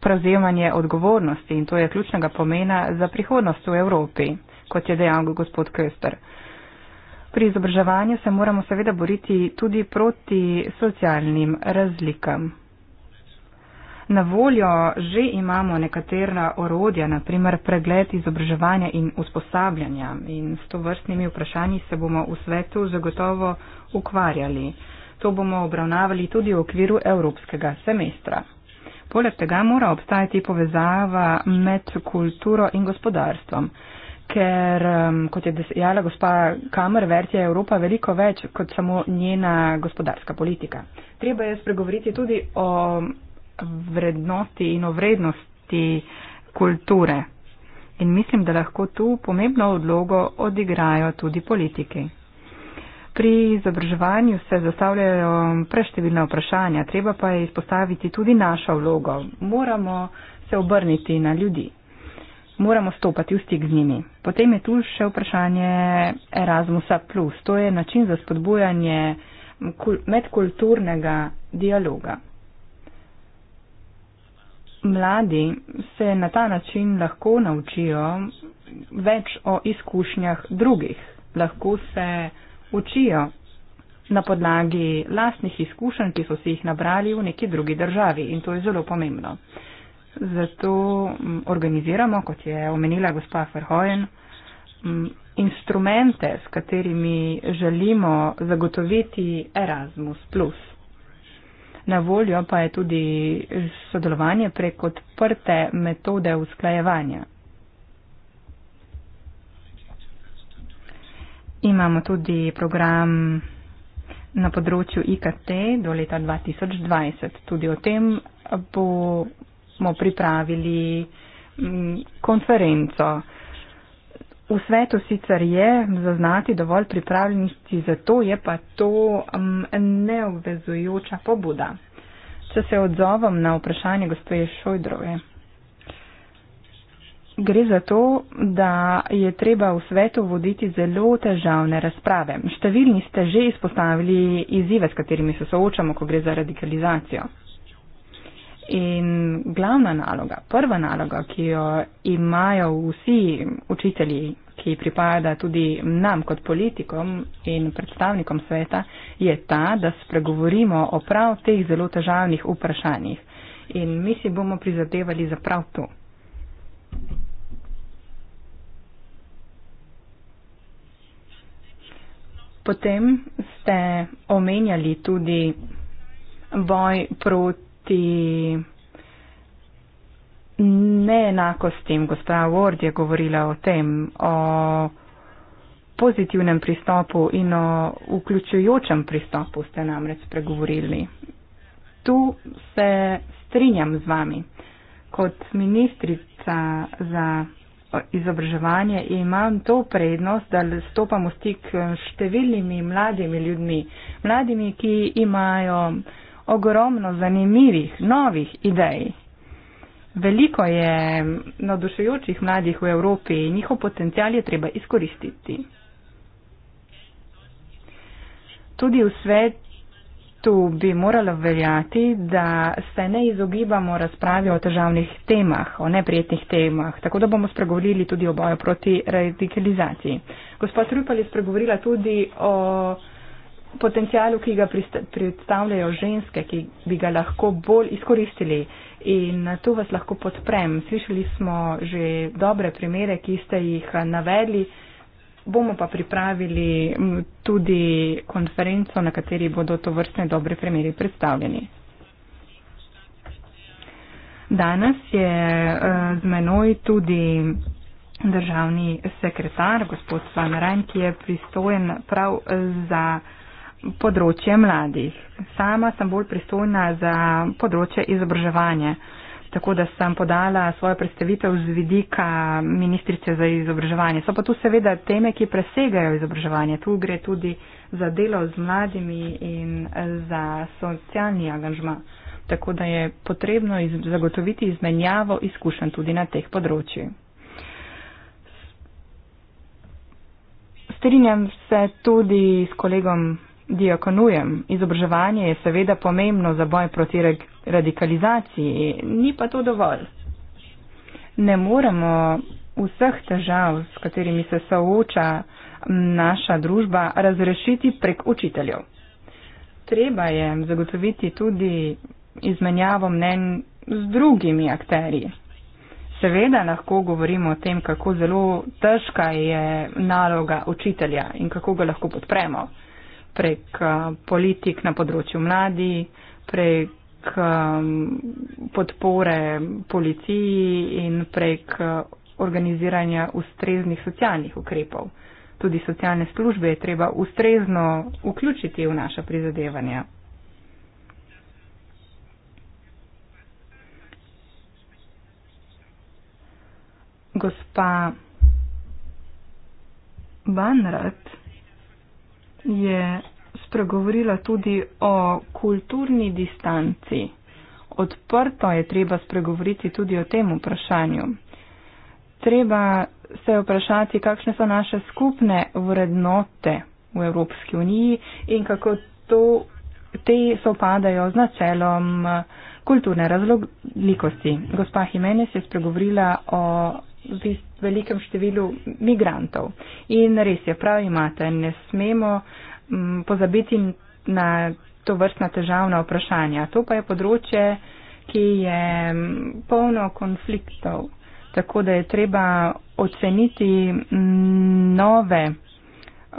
Speaker 1: prevzemanje odgovornosti in to je ključnega pomena za prihodnost v Evropi, kot je dejal gospod Köster. Pri izobraževanju se moramo seveda boriti tudi proti socialnim razlikam. Na voljo že imamo nekatera orodja, naprimer pregled izobraževanja in usposabljanja in s to vrstnimi vprašanji se bomo v svetu zagotovo ukvarjali. To bomo obravnavali tudi v okviru evropskega semestra. Poleg tega mora obstajati povezava med kulturo in gospodarstvom, ker, um, kot je dejala gospa Kamer, vrti je Evropa veliko več kot samo njena gospodarska politika. Treba je spregovoriti tudi o vrednosti in o vrednosti kulture. In mislim, da lahko tu pomembno odlogo odigrajo tudi politiki. Pri izobraževanju se zastavljajo preštevilna vprašanja, treba pa je izpostaviti tudi našo vlogo. Moramo se obrniti na ljudi, moramo stopati v stik z njimi. Potem je tu še vprašanje Erasmusa, to je način za spodbujanje medkulturnega dialoga. Mladi se na ta način lahko naučijo več o izkušnjah drugih. Lahko se učijo na podlagi lastnih izkušenj, ki so si jih nabrali v neki drugi državi in to je zelo pomembno. Zato organiziramo, kot je omenila gospa Ferhojen, instrumente, s katerimi želimo zagotoviti Erasmus. Na voljo pa je tudi sodelovanje prek odprte metode usklajevanja. Imamo tudi program na področju IKT do leta 2020. Tudi o tem bomo pripravili mm, konferenco. V svetu sicer je zaznati dovolj pripravljenosti, zato je pa to mm, neobvezujoča pobuda. Če se odzovem na vprašanje gospe Šojdrove. Gre za to, da je treba v svetu voditi zelo težavne razprave. Številni ste že izpostavili izzive, s katerimi se soočamo, ko gre za radikalizacijo. In glavna naloga, prva naloga, ki jo imajo vsi učitelji, ki pripada tudi nam kot politikom in predstavnikom sveta, je ta, da spregovorimo o prav teh zelo težavnih vprašanjih. In mi si bomo prizadevali za prav to. Thank you. Potem ste omenjali tudi boj proti neenakostim. Gospa Ward je govorila o tem, o pozitivnem pristopu in o vključujočem pristopu ste namreč spregovorili. Tu se strinjam z vami. Kot ministrica za izobraževanje in imam to prednost, da stopam v stik številnimi mladimi ljudmi, mladimi, ki imajo ogromno zanimivih, novih idej. Veliko je nadušujočih mladih v Evropi in njihov potencial je treba izkoristiti. Tudi v svet Tu bi moralo veljati, da se ne izogibamo razpravi o težavnih temah, o neprijetnih temah, tako da bomo spregovorili tudi o boju proti radikalizaciji. Gospod Rupal je spregovorila tudi o potencijalu, ki ga predstavljajo ženske, ki bi ga lahko bolj izkoristili in tu vas lahko podprem. Slišali smo že dobre primere, ki ste jih navedli. Bomo pa pripravili tudi konferenco, na kateri bodo to vrstne dobre primeri predstavljeni. Danes je e, z menoj tudi državni sekretar, gospod Svan Rajn, ki je pristojen prav za področje mladih. Sama sem bolj pristojna za področje izobraževanja tako da sem podala svojo predstavitev z vidika ministrice za izobraževanje. So pa tu seveda teme, ki presegajo izobraževanje. Tu gre tudi za delo z mladimi in za socialni angažma. Tako da je potrebno iz zagotoviti izmenjavo izkušenj tudi na teh področjih. Strinjam se tudi s kolegom diakonujem. Izobraževanje je seveda pomembno za boj proti radikalizaciji, ni pa to dovolj. Ne moremo vseh težav, s katerimi se sooča naša družba, razrešiti prek učiteljev. Treba je zagotoviti tudi izmenjavo mnen z drugimi akterji. Seveda lahko govorimo o tem, kako zelo težka je naloga učitelja in kako ga lahko podpremo prek eh, politik na področju mladi, prek eh, podpore policiji in prek eh, organiziranja ustreznih socialnih ukrepov. Tudi socialne službe je treba ustrezno vključiti v naša prizadevanja. Gospa Banrat, je spregovorila tudi o kulturni distanci. Odprto je treba spregovoriti tudi o tem vprašanju. Treba se vprašati, kakšne so naše skupne vrednote v Evropski uniji in kako to, te sopadajo z načelom kulturne razlogljikosti. Gospa Jimenez je spregovorila o v velikem številu migrantov. In res je, prav imate, ne smemo m, pozabiti na to vrstna težavna vprašanja. To pa je področje, ki je polno konfliktov, tako da je treba oceniti nove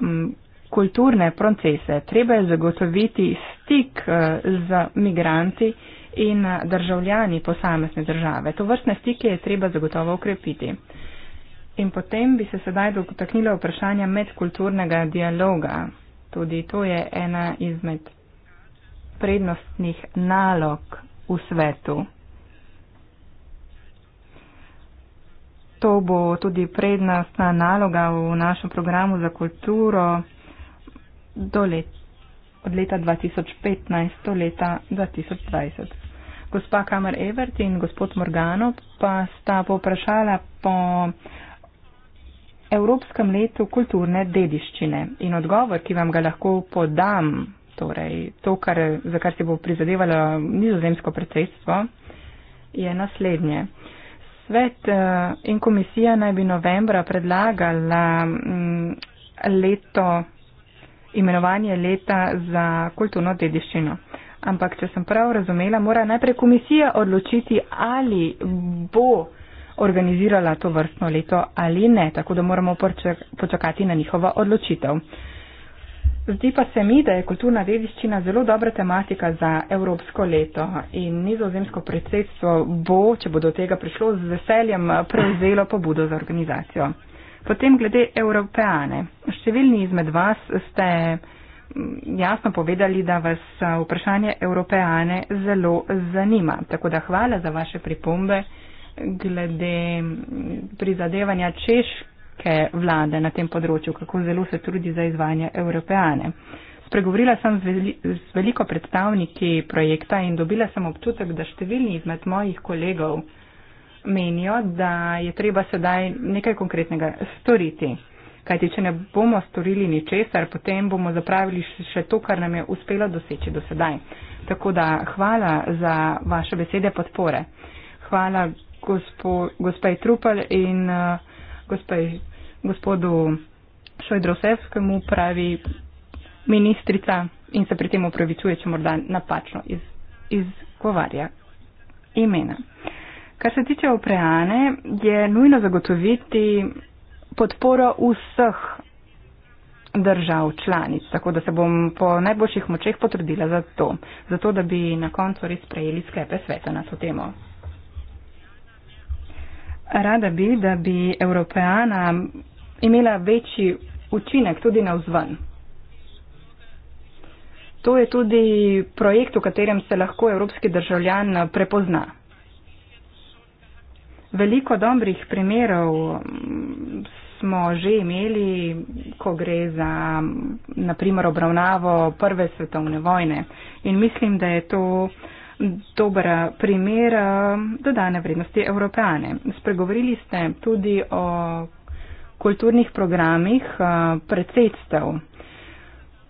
Speaker 1: m, kulturne procese. Treba je zagotoviti stik eh, z migranti, in državljani posamezne države. To vrstne stike je treba zagotovo ukrepiti. In potem bi se sedaj dotaknila vprašanja medkulturnega dialoga. Tudi to je ena izmed prednostnih nalog v svetu. To bo tudi prednostna naloga v našem programu za kulturo let, od leta 2015 do leta 2020 gospa Kamer Evert in gospod Morgano pa sta povprašala po Evropskem letu kulturne dediščine. In odgovor, ki vam ga lahko podam, torej to, kar, za kar se bo prizadevalo nizozemsko predsedstvo, je naslednje. Svet eh, in komisija naj bi novembra predlagala mm, leto, imenovanje leta za kulturno dediščino. Ampak, če sem prav razumela, mora najprej komisija odločiti, ali bo organizirala to vrstno leto ali ne. Tako da moramo počakati na njihovo odločitev. Zdi pa se mi, da je kulturna dediščina zelo dobra tematika za evropsko leto in nizozemsko predsedstvo bo, če bo do tega prišlo, z veseljem prevzelo pobudo za organizacijo. Potem glede evropejane. Številni izmed vas ste jasno povedali, da vas vprašanje Evropejane zelo zanima. Tako da hvala za vaše pripombe glede prizadevanja češke vlade na tem področju, kako zelo se trudi za izvajanje Evropejane. Spregovorila sem z veliko predstavniki projekta in dobila sem občutek, da številni izmed mojih kolegov menijo, da je treba sedaj nekaj konkretnega storiti kajti če ne bomo storili ničesar, potem bomo zapravili še to, kar nam je uspelo doseči do sedaj. Tako da hvala za vaše besede podpore. Hvala gospo, gospej Trupel in eh, gospej, gospodu Šojdrosevskemu pravi ministrica in se pri tem upravičuje, če morda napačno iz, izgovarja imena. Kar se tiče opreane, je nujno zagotoviti podporo vseh držav članic, tako da se bom po najboljših močeh potrudila za to, zato da bi na koncu res prejeli sklepe sveta na to temo. Rada bi, da bi Evropejana imela večji učinek tudi na vzven. To je tudi projekt, v katerem se lahko evropski državljan prepozna. Veliko dobrih primerov smo že imeli, ko gre za naprimer obravnavo Prve svetovne vojne. In mislim, da je to dober primer eh, dodane vrednosti evropejane. Spregovorili ste tudi o kulturnih programih eh, predsedstev.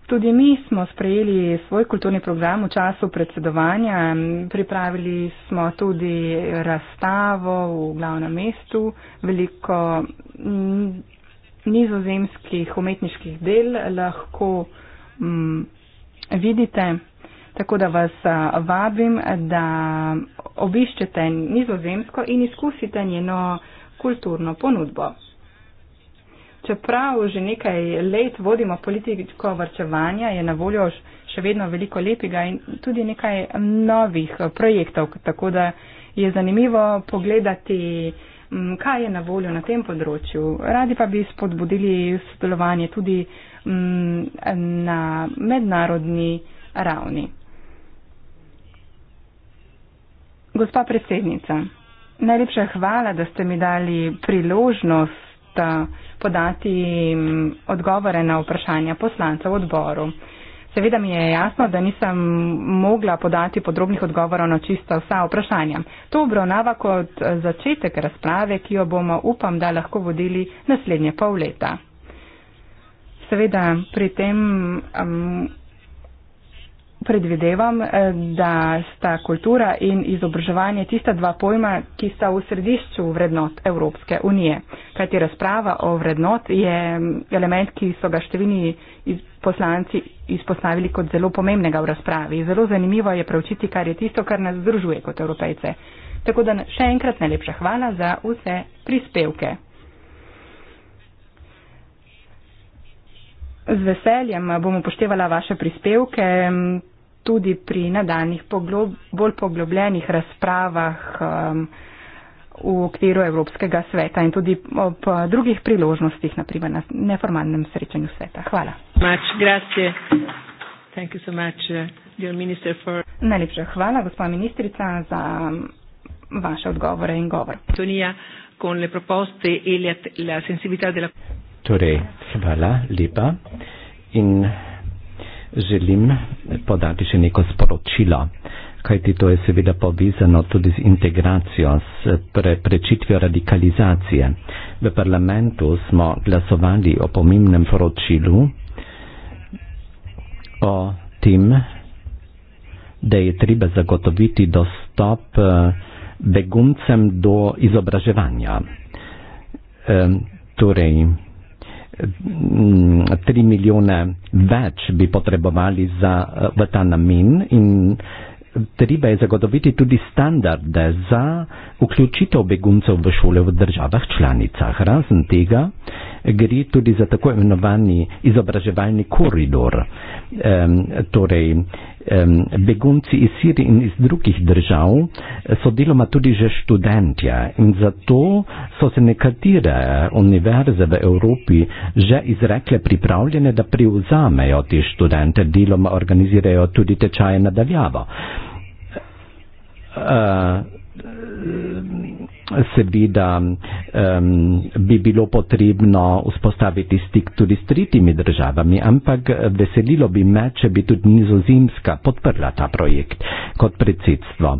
Speaker 1: Tudi mi smo sprejeli svoj kulturni program v času predsedovanja, pripravili smo tudi razstavo v glavnem mestu, veliko nizozemskih umetniških del lahko m, mm, vidite, tako da vas vabim, da obiščete nizozemsko in izkusite njeno kulturno ponudbo. Čeprav že nekaj let vodimo politiko vrčevanja, je na voljo še vedno veliko lepega in tudi nekaj novih projektov, tako da je zanimivo pogledati, kaj je na voljo na tem področju. Radi pa bi spodbudili sodelovanje tudi na mednarodni ravni. Gospa predsednica, najlepša hvala, da ste mi dali priložnost podati mm, odgovore na vprašanja poslancev v odboru. Seveda mi je jasno, da nisem mogla podati podrobnih odgovorov na čisto vsa vprašanja. To obravnava kot eh, začetek razprave, ki jo bomo, upam, da lahko vodili naslednje pol leta. Seveda pri tem. Um, predvidevam, eh, da sta kultura in izobraževanje tista dva pojma, ki sta v središču vrednot Evropske unije. Kajti razprava o vrednot je mm, element, ki so ga številni poslanci izpostavili kot zelo pomembnega v razpravi. Zelo zanimivo je preučiti, kar je tisto, kar nas združuje kot evropejce. Tako da še enkrat najlepša hvala za vse prispevke. Z veseljem bom upoštevala vaše prispevke. Mm, tudi pri nadaljnih poglo bolj poglobljenih razpravah um, v okviru Evropskega sveta in tudi ob eh, drugih priložnostih, naprimer na neformalnem srečanju sveta. Hvala. So much, uh, for... Najlepša hvala, gospod ministrica, za um, vaše odgovore in govor. E
Speaker 2: torej, hvala lepa. In želim podati še neko sporočilo, kajti to je seveda povezano tudi z integracijo, s preprečitvijo radikalizacije. V parlamentu smo glasovali o pomembnem poročilu, o tem, da je treba zagotoviti dostop eh, beguncem do izobraževanja. E, torej, 3 milijone več bi potrebovali za, v ta namen in treba je zagotoviti tudi standarde za vključitev beguncev v šole v državah članicah. Razen tega gre tudi za tako imenovani izobraževalni koridor. Um, torej, um, begunci iz Sirije in iz drugih držav so deloma tudi že študentje in zato so se nekatere univerze v Evropi že izrekle pripravljene, da privzamejo te študente, deloma organizirajo tudi tečaje nadaljavo. Uh, seveda um, bi bilo potrebno vzpostaviti stik tudi s tretjimi državami, ampak veselilo bi me, če bi tudi nizozemska podprla ta projekt kot predsedstvo.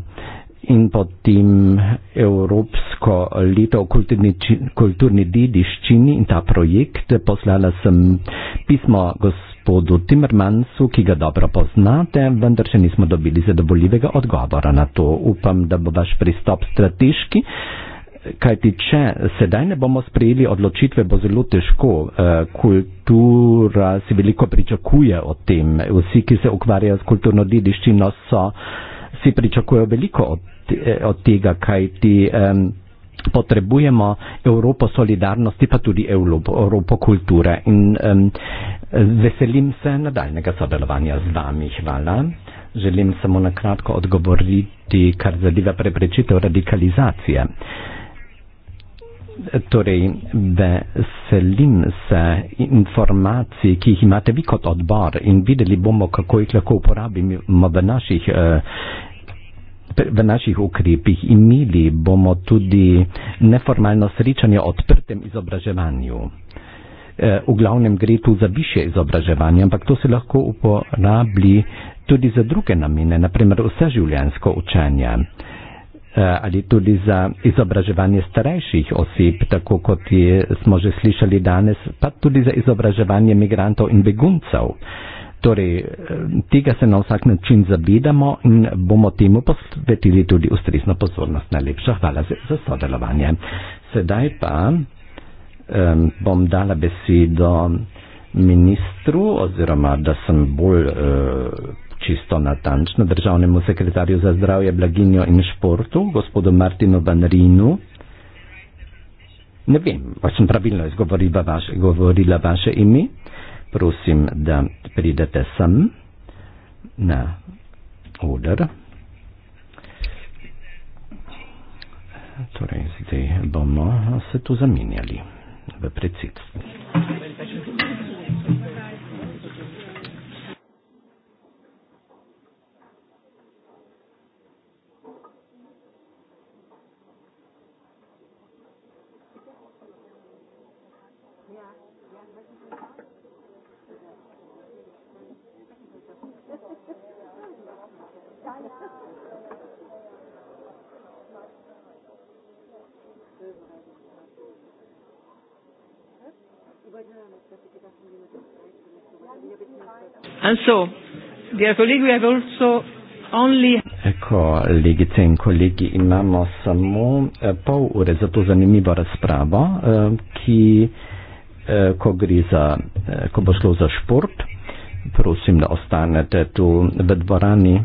Speaker 2: In potem Evropsko leto o kulturni, kulturni dediščini in ta projekt poslala sem pismo gospodinu gospodu Timmermansu, ki ga dobro poznate, vendar še nismo dobili zadovoljivega odgovora na to. Upam, da bo vaš pristop strateški. Kajti, če sedaj ne bomo sprejeli odločitve, bo zelo težko. Eh, kultura si veliko pričakuje o tem. Vsi, ki se ukvarjajo s kulturno dediščino, so, si pričakujejo veliko od, eh, od tega, kajti. Um, potrebujemo Evropo solidarnosti, pa tudi Evropo, Evropo kulture. In um, veselim se nadaljnega sodelovanja z vami. Hvala. Želim samo na kratko odgovoriti, kar zadeva preprečitev radikalizacije. Torej, veselim se informacij, ki jih imate vi kot odbor in videli bomo, kako jih lahko uporabimo v naših. Uh, v naših ukrepih imeli bomo tudi neformalno srečanje o odprtem izobraževanju. E, v glavnem gre tu za više izobraževanje, ampak to se lahko uporabi tudi za druge namene, naprimer vseživljansko učenje e, ali tudi za izobraževanje starejših oseb, tako kot je, smo že slišali danes, pa tudi za izobraževanje migrantov in beguncev. Torej, eh, tega se na vsak način zavedamo in bomo temu posvetili tudi ustrezno pozornost. Najlepša hvala za sodelovanje. Sedaj pa um, bom dala besedo ministru, oziroma da sem bolj uh, čisto natančen, državnemu sekretarju za zdravje, blaginjo in športu, gospodu Martinu Banrinu. Ne vem, pa sem pravilno izgovorila vaše, vaše ime prosim da pridete sem na odr. Torej, zdaj bomo se tu zamenjali v predsedstvu.
Speaker 4: And so,
Speaker 1: dear colleague, we have also only...
Speaker 2: Ecco, eh, legite in colleghi, imamo samo eh, pol ure za to zanimivo razpravo, eh, ki, eh, ko, gre za, eh, ko bo šlo za šport, prosim, da ostanete tu v dvorani.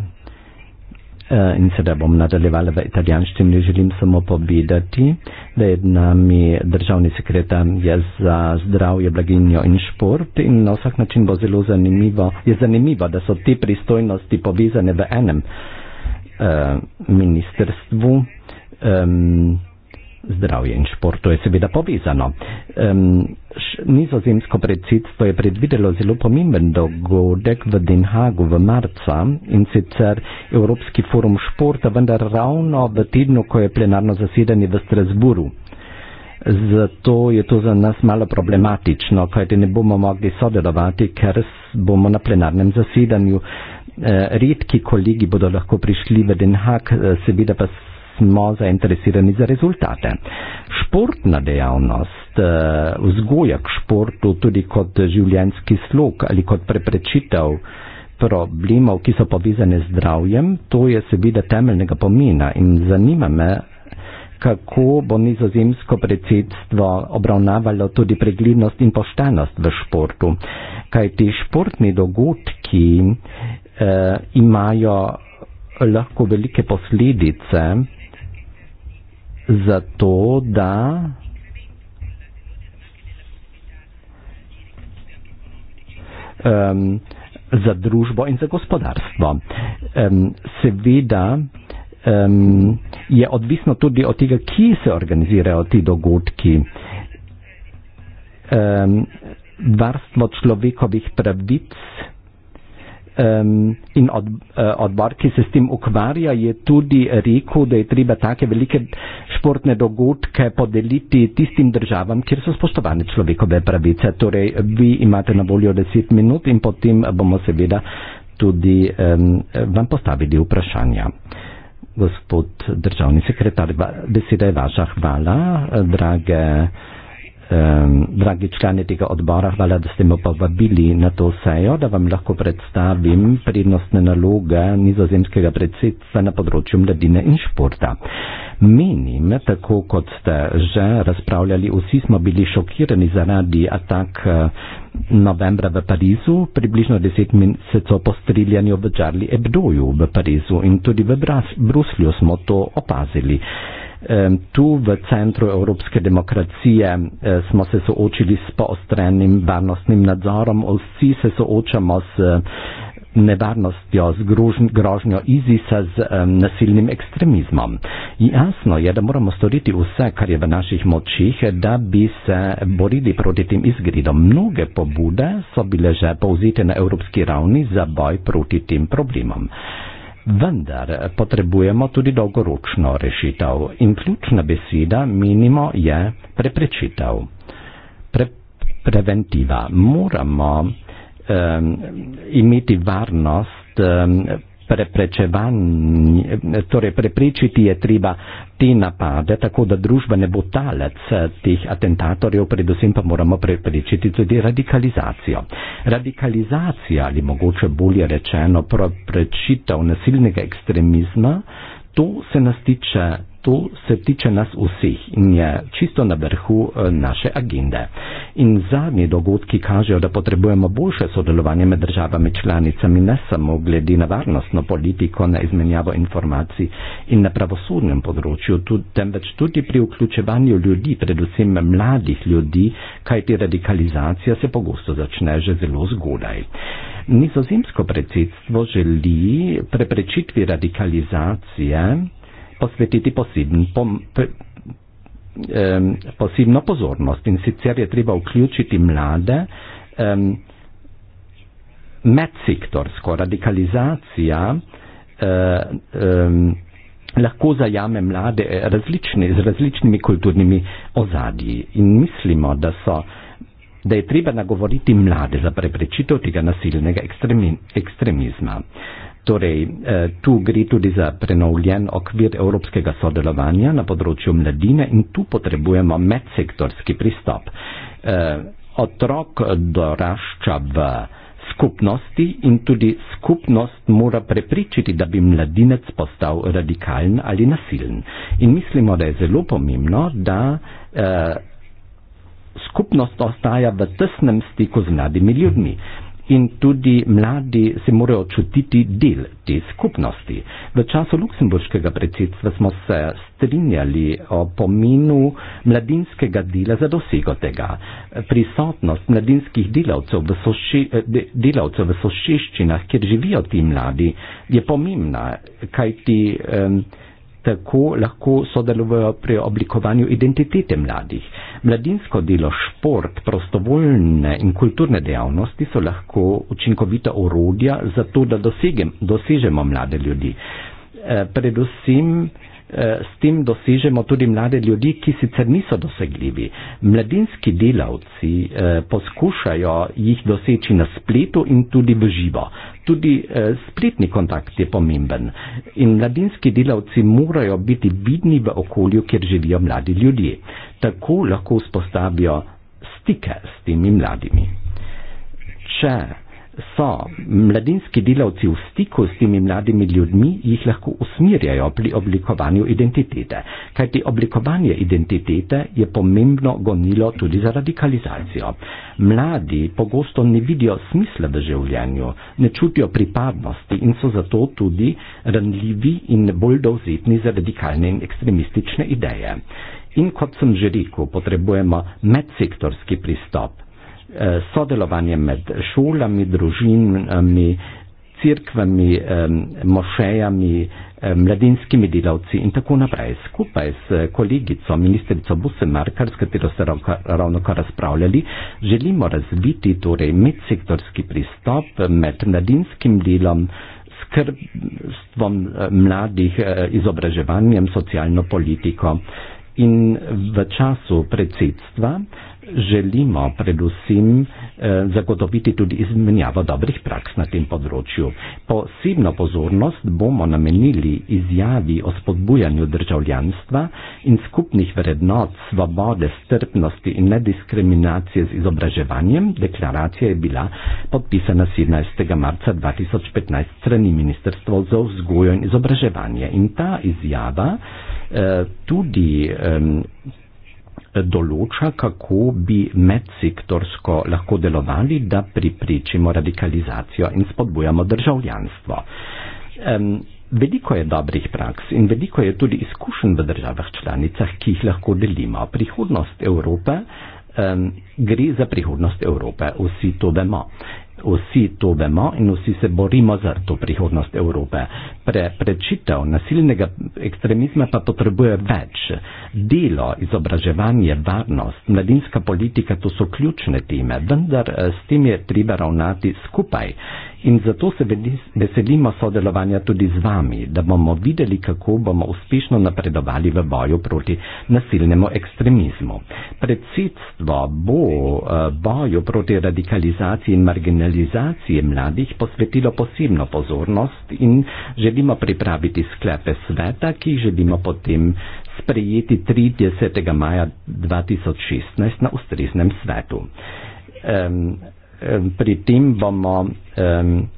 Speaker 2: Eh, in sedaj bom nadaljevala v italijanščini, želim samo povedati, da je nami državni sekretar je za zdravje, blaginjo in šport in na vsak način bo zelo zanimivo, je zanimivo, da so te pristojnosti povezane v enem uh, ministrstvu. Um, Zdravje in šport je seveda povezano. Um, nizozemsko predsedstvo je predvidelo zelo pomemben dogodek v Den Haagu v marcu in sicer Evropski forum športa, vendar ravno v tednu, ko je plenarno zasedanje v Strasburu. Zato je to za nas malo problematično, kajti ne bomo mogli sodelovati, ker bomo na plenarnem zasedanju. Eh, redki kolegi bodo lahko prišli v Den Haag, eh, seveda pa smo zainteresirani za rezultate. Športna dejavnost, eh, vzgoja k športu tudi kot življenski slog ali kot preprečitev problemov, ki so povezane z zdravjem, to je seveda temeljnega pomena in zanima me, kako bo nizozemsko predsedstvo obravnavalo tudi preglednost in poštenost v športu, kaj ti športni dogodki eh, imajo lahko velike posledice zato, da um, za družbo in za gospodarstvo. Um, seveda um, je odvisno tudi od tega, ki se organizirajo ti dogodki. Um, varstvo človekovih pravic um, in od, e, odbor, ki se s tem ukvarja, je tudi rekel, da je treba take velike športne dogodke podeliti tistim državam, kjer so spoštovane človekove pravice. Torej, vi imate na voljo 10 minut in potem bomo seveda tudi um, vam postavili vprašanja. Gospod državni sekretar, beseda je vaša. Hvala, drage eh, dragi člani tega odbora, hvala, da ste me povabili na to sejo, da vam lahko predstavim prednostne naloge nizozemskega predsedstva na področju mladine in športa. Menim, tako kot ste že razpravljali, vsi smo bili šokirani zaradi atak eh, novembra v Parizu, približno deset mesecev po streljanju v Džarli Ebdoju v Parizu in tudi v Bruslju smo to opazili. Tu v centru evropske demokracije eh, smo se soočili s poostrenim varnostnim nadzorom, vsi se soočamo s eh, nevarnostjo, z grožnjo izisa, z nasilnim ekstremizmom. Jasno je, da moramo storiti vse, kar je v naših močih, da bi se borili proti tem izgredom. Mnoge pobude so bile že povzite na evropski ravni za boj proti tem problemom vendar potrebujemo tudi dolgoročno rešitev in ključna beseda menimo je preprečitev. Pre preventiva. Moramo um, imeti varnost um, torej prepričiti je treba te napade, tako da družba ne bo talec eh, teh atentatorjev, predvsem pa moramo prepričiti tudi radikalizacijo. Radikalizacija ali mogoče bolje rečeno preprečitev nasilnega ekstremizma, to se nas tiče to se tiče nas vseh in je čisto na vrhu eh, naše agende. In zadnji dogodki kažejo, da potrebujemo boljše sodelovanje med državami članicami, ne samo glede na varnostno politiko, na izmenjavo informacij in na pravosodnem področju, tudi, temveč tudi pri vključevanju ljudi, predvsem mladih ljudi, kajti radikalizacija se pogosto začne že zelo zgodaj. Nizozemsko predsedstvo želi preprečitvi radikalizacije posvetiti posebno, po, pre, um, posebno pozornost in sicer je treba vključiti mlade. Um, medsektorsko radikalizacija um, lahko zajame mlade eh, različne, z različnimi kulturnimi ozadji in mislimo, da so da je treba nagovoriti mlade za preprečitev tega nasilnega ekstremi, ekstremizma. Torej, eh, tu gre tudi za prenovljen okvir evropskega sodelovanja na področju mladine in tu potrebujemo medsektorski pristop. Eh, otrok dorašča v skupnosti in tudi skupnost mora prepričiti, da bi mladinec postal radikalen ali nasilen. In mislimo, da je zelo pomembno, da eh, skupnost ostaja v tesnem stiku z mladimi ljudmi. Eh, in tudi mladi se morajo čutiti del te skupnosti. V času luksemburškega predsedstva smo se strinjali o pomenu mladinskega dela za dosego tega. Prisotnost mladinskih delavcev v, soši, delavcev v sošiščinah, kjer živijo ti mladi, je pomembna, kajti. Eh, tako lahko sodelujejo pri oblikovanju identitete mladih. Mladinsko delo, šport, prostovoljne in kulturne dejavnosti so lahko učinkovita orodja za to, da dosegem, dosežemo mlade ljudi. Eh, predvsem Eh, s tem dosežemo tudi mlade ljudi, ki sicer niso dosegljivi. Mladinski delavci eh, poskušajo jih doseči na spletu in tudi v živo. Tudi eh, spletni kontakt je pomemben. In mladinski delavci morajo biti vidni v okolju, kjer živijo mladi ljudje. Tako lahko vzpostavijo stike s temi mladimi. Če so mladinski delavci v stiku s temi mladimi ljudmi, jih lahko usmirjajo pri oblikovanju identitete. Kajti oblikovanje identitete je pomembno gonilo tudi za radikalizacijo. Mladi pogosto ne vidijo smisla v življenju, ne čutijo pripadnosti in so zato tudi ranljivi in bolj dovzetni za radikalne in ekstremistične ideje. In kot sem že rekel, potrebujemo medsektorski pristop, Eh, sodelovanje med šolami, družinami, crkvami, mošejami, mladinskimi delavci in tako naprej. Skupaj s kolegico ministrico Busemarkar, s katero ste ravno kar razpravljali, želimo razviti torej medsektorski pristop med mladinskim delom, skrbstvom eh, mladih, eh, izobraževanjem, socialno politiko in v času predsedstva želimo predvsem eh, zagotoviti tudi izmenjavo dobrih praks na tem področju. Posebno pozornost bomo namenili izjavi o spodbujanju državljanstva in skupnih vrednot svobode, strpnosti in nediskriminacije z izobraževanjem. Deklaracija je bila podpisana 17. marca 2015 strani Ministrstva za vzgojo in izobraževanje. In ta izjava eh, tudi. Eh, določa, kako bi medsektorsko lahko delovali, da pripričimo radikalizacijo in spodbujamo državljanstvo. Um, veliko je dobrih praks in veliko je tudi izkušenj v državah članicah, ki jih lahko delimo. Prihodnost Evrope um, gre za prihodnost Evrope, vsi to vemo. Vsi to vemo in vsi se borimo za to prihodnost Evrope. Pre, prečitev nasilnega ekstremizma pa potrebuje več. Delo, izobraževanje, varnost, mladinska politika, to so ključne teme, vendar eh, s tem je treba ravnati skupaj. In zato se veselimo sodelovanja tudi z vami, da bomo videli, kako bomo uspešno napredovali v boju proti nasilnemu ekstremizmu. Predsedstvo bo eh, boju proti radikalizaciji in marginalizaciji mladih posvetilo posebno pozornost in želimo pripraviti sklepe sveta, ki jih želimo potem sprejeti 30. maja 2016 na ustreznem svetu. Um, pri tem bomo um,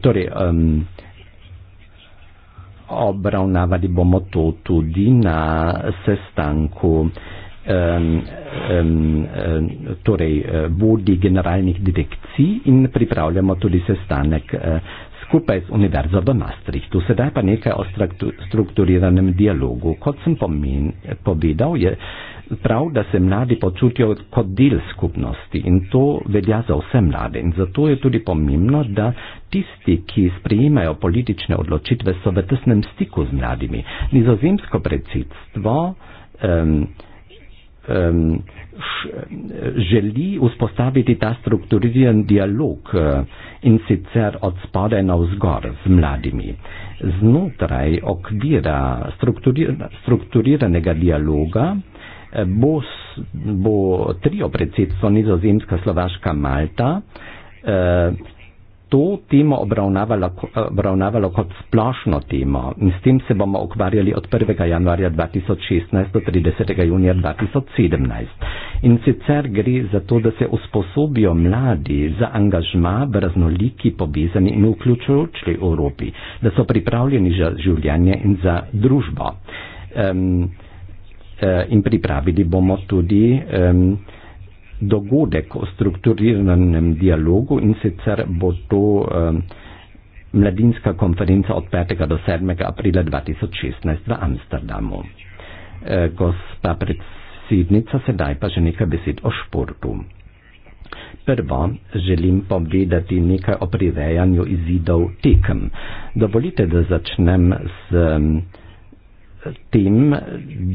Speaker 2: torej, um, obravnavali bomo to tudi na sestanku um, um, torej, eh, vodi generalnih direkcij in pripravljamo tudi sestanek uh, skupaj z Univerzo v Maastrichtu. Sedaj pa nekaj o strukturiranem dialogu. Kot sem pomen, povedal, je prav, da se mladi počutijo kot del skupnosti in to velja za vse mlade. In zato je tudi pomembno, da tisti, ki sprejemajo politične odločitve, so v tesnem stiku z mladimi. Nizozemsko predsedstvo um, um, želi vzpostaviti ta strukturiran dialog eh, in sicer od spodaj na vzgor z mladimi. Znotraj okvira strukturiranega dialoga Eh, bo, bo trio predsedstvo Nizozemska, Slovaška, Malta eh, to temo obravnavalo, eh, obravnavalo kot splošno temo in s tem se bomo ukvarjali od 1. januarja 2016 do 30. junija 2017. In sicer gre za to, da se usposobijo mladi za angažma v raznoliki povezani in vključujoči Evropi, da so pripravljeni za življenje in za družbo. Um, eh, in pripravili bomo tudi eh, dogodek o strukturiranem dialogu in sicer bo to eh, mladinska konferenca od 5. do 7. aprila 2016 v Amsterdamu. Eh, gospa predsednica, sedaj pa že nekaj besed o športu. Prvo želim povedati nekaj o prirejanju izidov tekem. Dovolite, da začnem s. Eh, tem,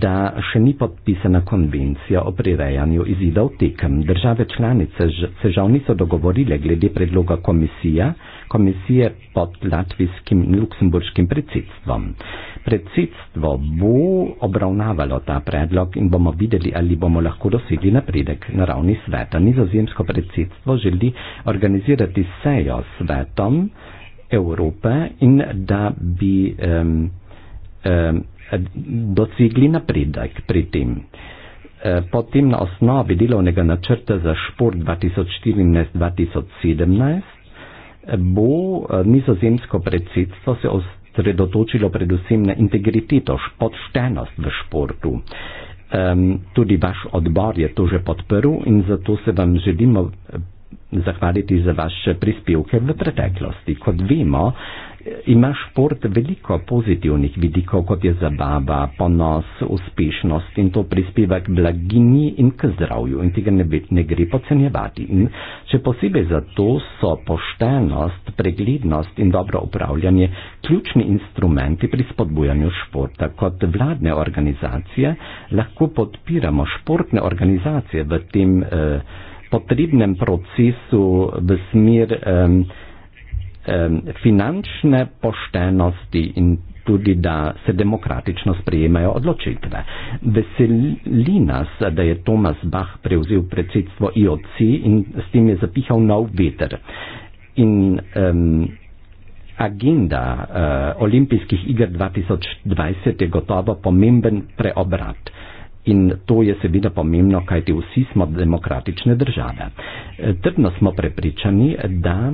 Speaker 2: da še ni podpisana konvencija o prirejanju izidov tekem. Države članice se žal niso dogovorile glede predloga komisija, komisije pod latvijskim in luksemburškim predsedstvom. Predsedstvo bo obravnavalo ta predlog in bomo videli, ali bomo lahko dosegli napredek na ravni sveta. Nizozemsko predsedstvo želi organizirati sejo s svetom Evrope in da bi. Um, um, dosegli napredek pri tem. Eh, potem na osnovi delovnega načrta za šport 2014-2017 bo eh, nizozemsko predsedstvo se osredotočilo predvsem na integriteto, poštenost v športu. Tudi vaš odbor je to že podprl in zato se vam želimo eh, zahvaliti za vaše prispevke v preteklosti. Kot vemo, ima šport veliko pozitivnih vidikov, kot je zabava, ponos, uspešnost in to prispeva k blaginji in k zdravju in tega ne, ne gre pocenjevati. In če posebej zato so poštenost, preglednost in dobro upravljanje ključni instrumenti pri spodbujanju športa. Kot vladne organizacije lahko podpiramo športne organizacije v tem eh, potrebnem procesu v smer. Eh, finančne poštenosti in tudi, da se demokratično sprejemajo odločitve. Veseli nas, da je Tomas Bach prevzel predsedstvo IOC in s tem je zapihal nov veter. In um, agenda uh, olimpijskih iger 2020 je gotovo pomemben preobrat. In to je seveda pomembno, kajti vsi smo demokratične države. Trdno smo prepričani, da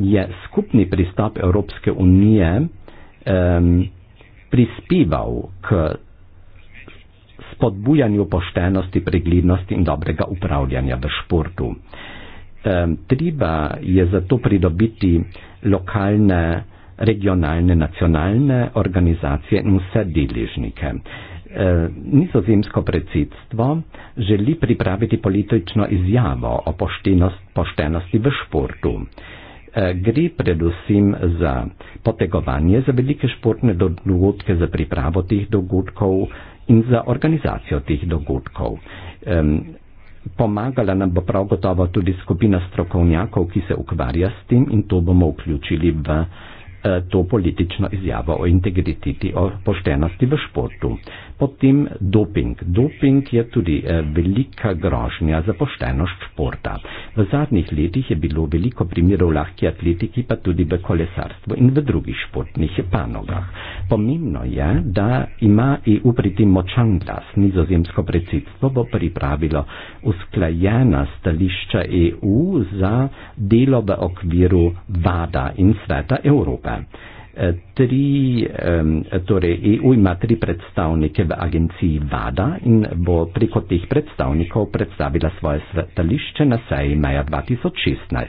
Speaker 2: je skupni pristop Evropske unije prispeval k spodbujanju poštenosti, preglednosti in dobrega upravljanja v športu. Treba je zato pridobiti lokalne, regionalne, nacionalne organizacije in vse deležnike. Nizozemsko predsedstvo želi pripraviti politično izjavo o poštenosti v športu. Eh, gre predvsem za potegovanje za velike športne dogodke, za pripravo teh dogodkov in za organizacijo teh dogodkov. Um, pomagala nam bo prav gotovo tudi skupina strokovnjakov, ki se ukvarja s tem in to bomo vključili v uh, to politično izjavo o integriteti, o poštenosti v športu. Uh, potem doping. Doping je tudi eh, velika grožnja za poštenost športa. V zadnjih letih je bilo veliko primerov lahke atletiki, pa tudi v kolesarstvu in v drugih športnih panogah. Pomembno je, da ima EU pri tem močan glas. Nizozemsko predsedstvo bo pripravilo usklajena stališča EU za delo v okviru VADA in Sveta Evrope tri, torej EU ima tri predstavnike v agenciji VADA in bo preko teh predstavnikov predstavila svoje stališče na seji maja 2016.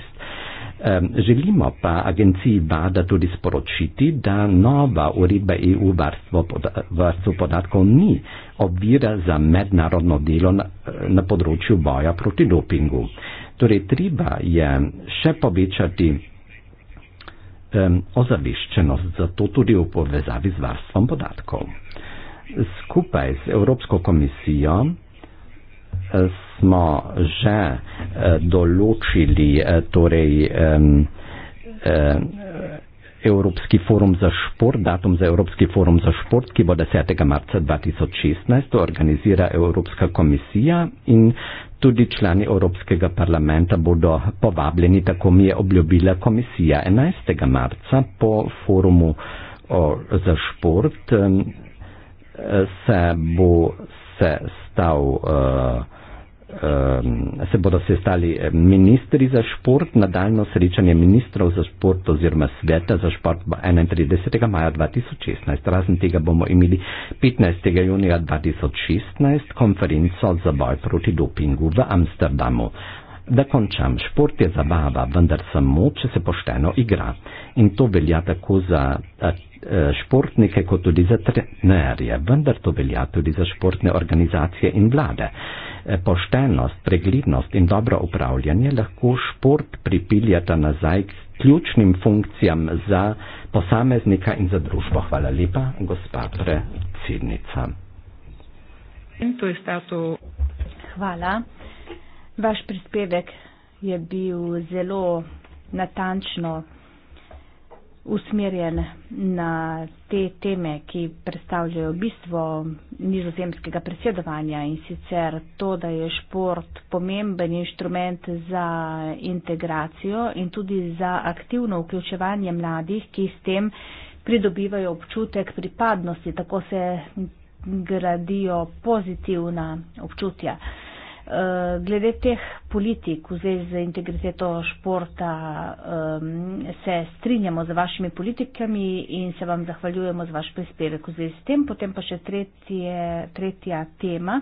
Speaker 2: Želimo pa agenciji VADA tudi sporočiti, da nova uredba EU varstvo pod, podatkov ni obvira za mednarodno delo na, na področju boja proti dopingu. Torej, treba je še povečati ozaveščenost, zato tudi v povezavi z varstvom podatkov. Skupaj z Evropsko komisijo eh, smo že eh, določili eh, torej, Evropski forum za šport, datum za Evropski forum za šport, ki bo 10. marca 2016, to organizira Evropska komisija in tudi člani Evropskega parlamenta bodo povabljeni, tako mi je obljubila komisija 11. marca po forumu o, za šport se bo se stal uh, eh, Ehm, se bodo sestali eh, ministri za šport, nadaljno srečanje ministrov za šport oziroma sveta za šport 31. maja 2016. Razen tega bomo imeli 15. junija 2016 konferenco za boj proti dopingu v Amsterdamu. Da končam, šport je zabava, vendar samo, če se pošteno igra. In to velja tako za eh, eh, športnike, kot tudi za trenerje, vendar to velja tudi za športne organizacije in vlade poštenost, preglednost in dobro upravljanje lahko šport pripeljata nazaj k ključnim funkcijam za posameznika in za družbo. Hvala lepa, gospa predsednica.
Speaker 3: Hvala. Vaš prispevek je bil zelo natančno usmerjen na te teme, ki predstavljajo bistvo nizozemskega predsedovanja in sicer to, da je šport pomemben inštrument za integracijo in tudi za aktivno vključevanje mladih, ki s tem pridobivajo občutek pripadnosti, tako se gradijo pozitivna občutja. Eh, glede teh politik v zvezi z integriteto športa se strinjamo z vašimi politikami in se vam zahvaljujemo za vaš prispevek v zvezi s tem. Potem pa še tretje, tretja tema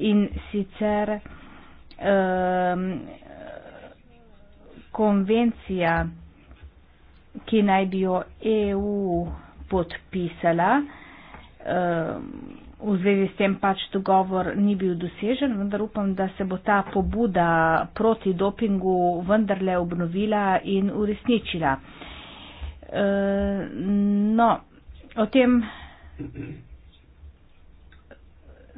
Speaker 3: in sicer konvencija, ki naj bi jo EU podpisala v zvezi s tem pač dogovor ni bil dosežen, vendar upam, da se bo ta pobuda proti dopingu vendarle obnovila in uresničila. E, no, o tem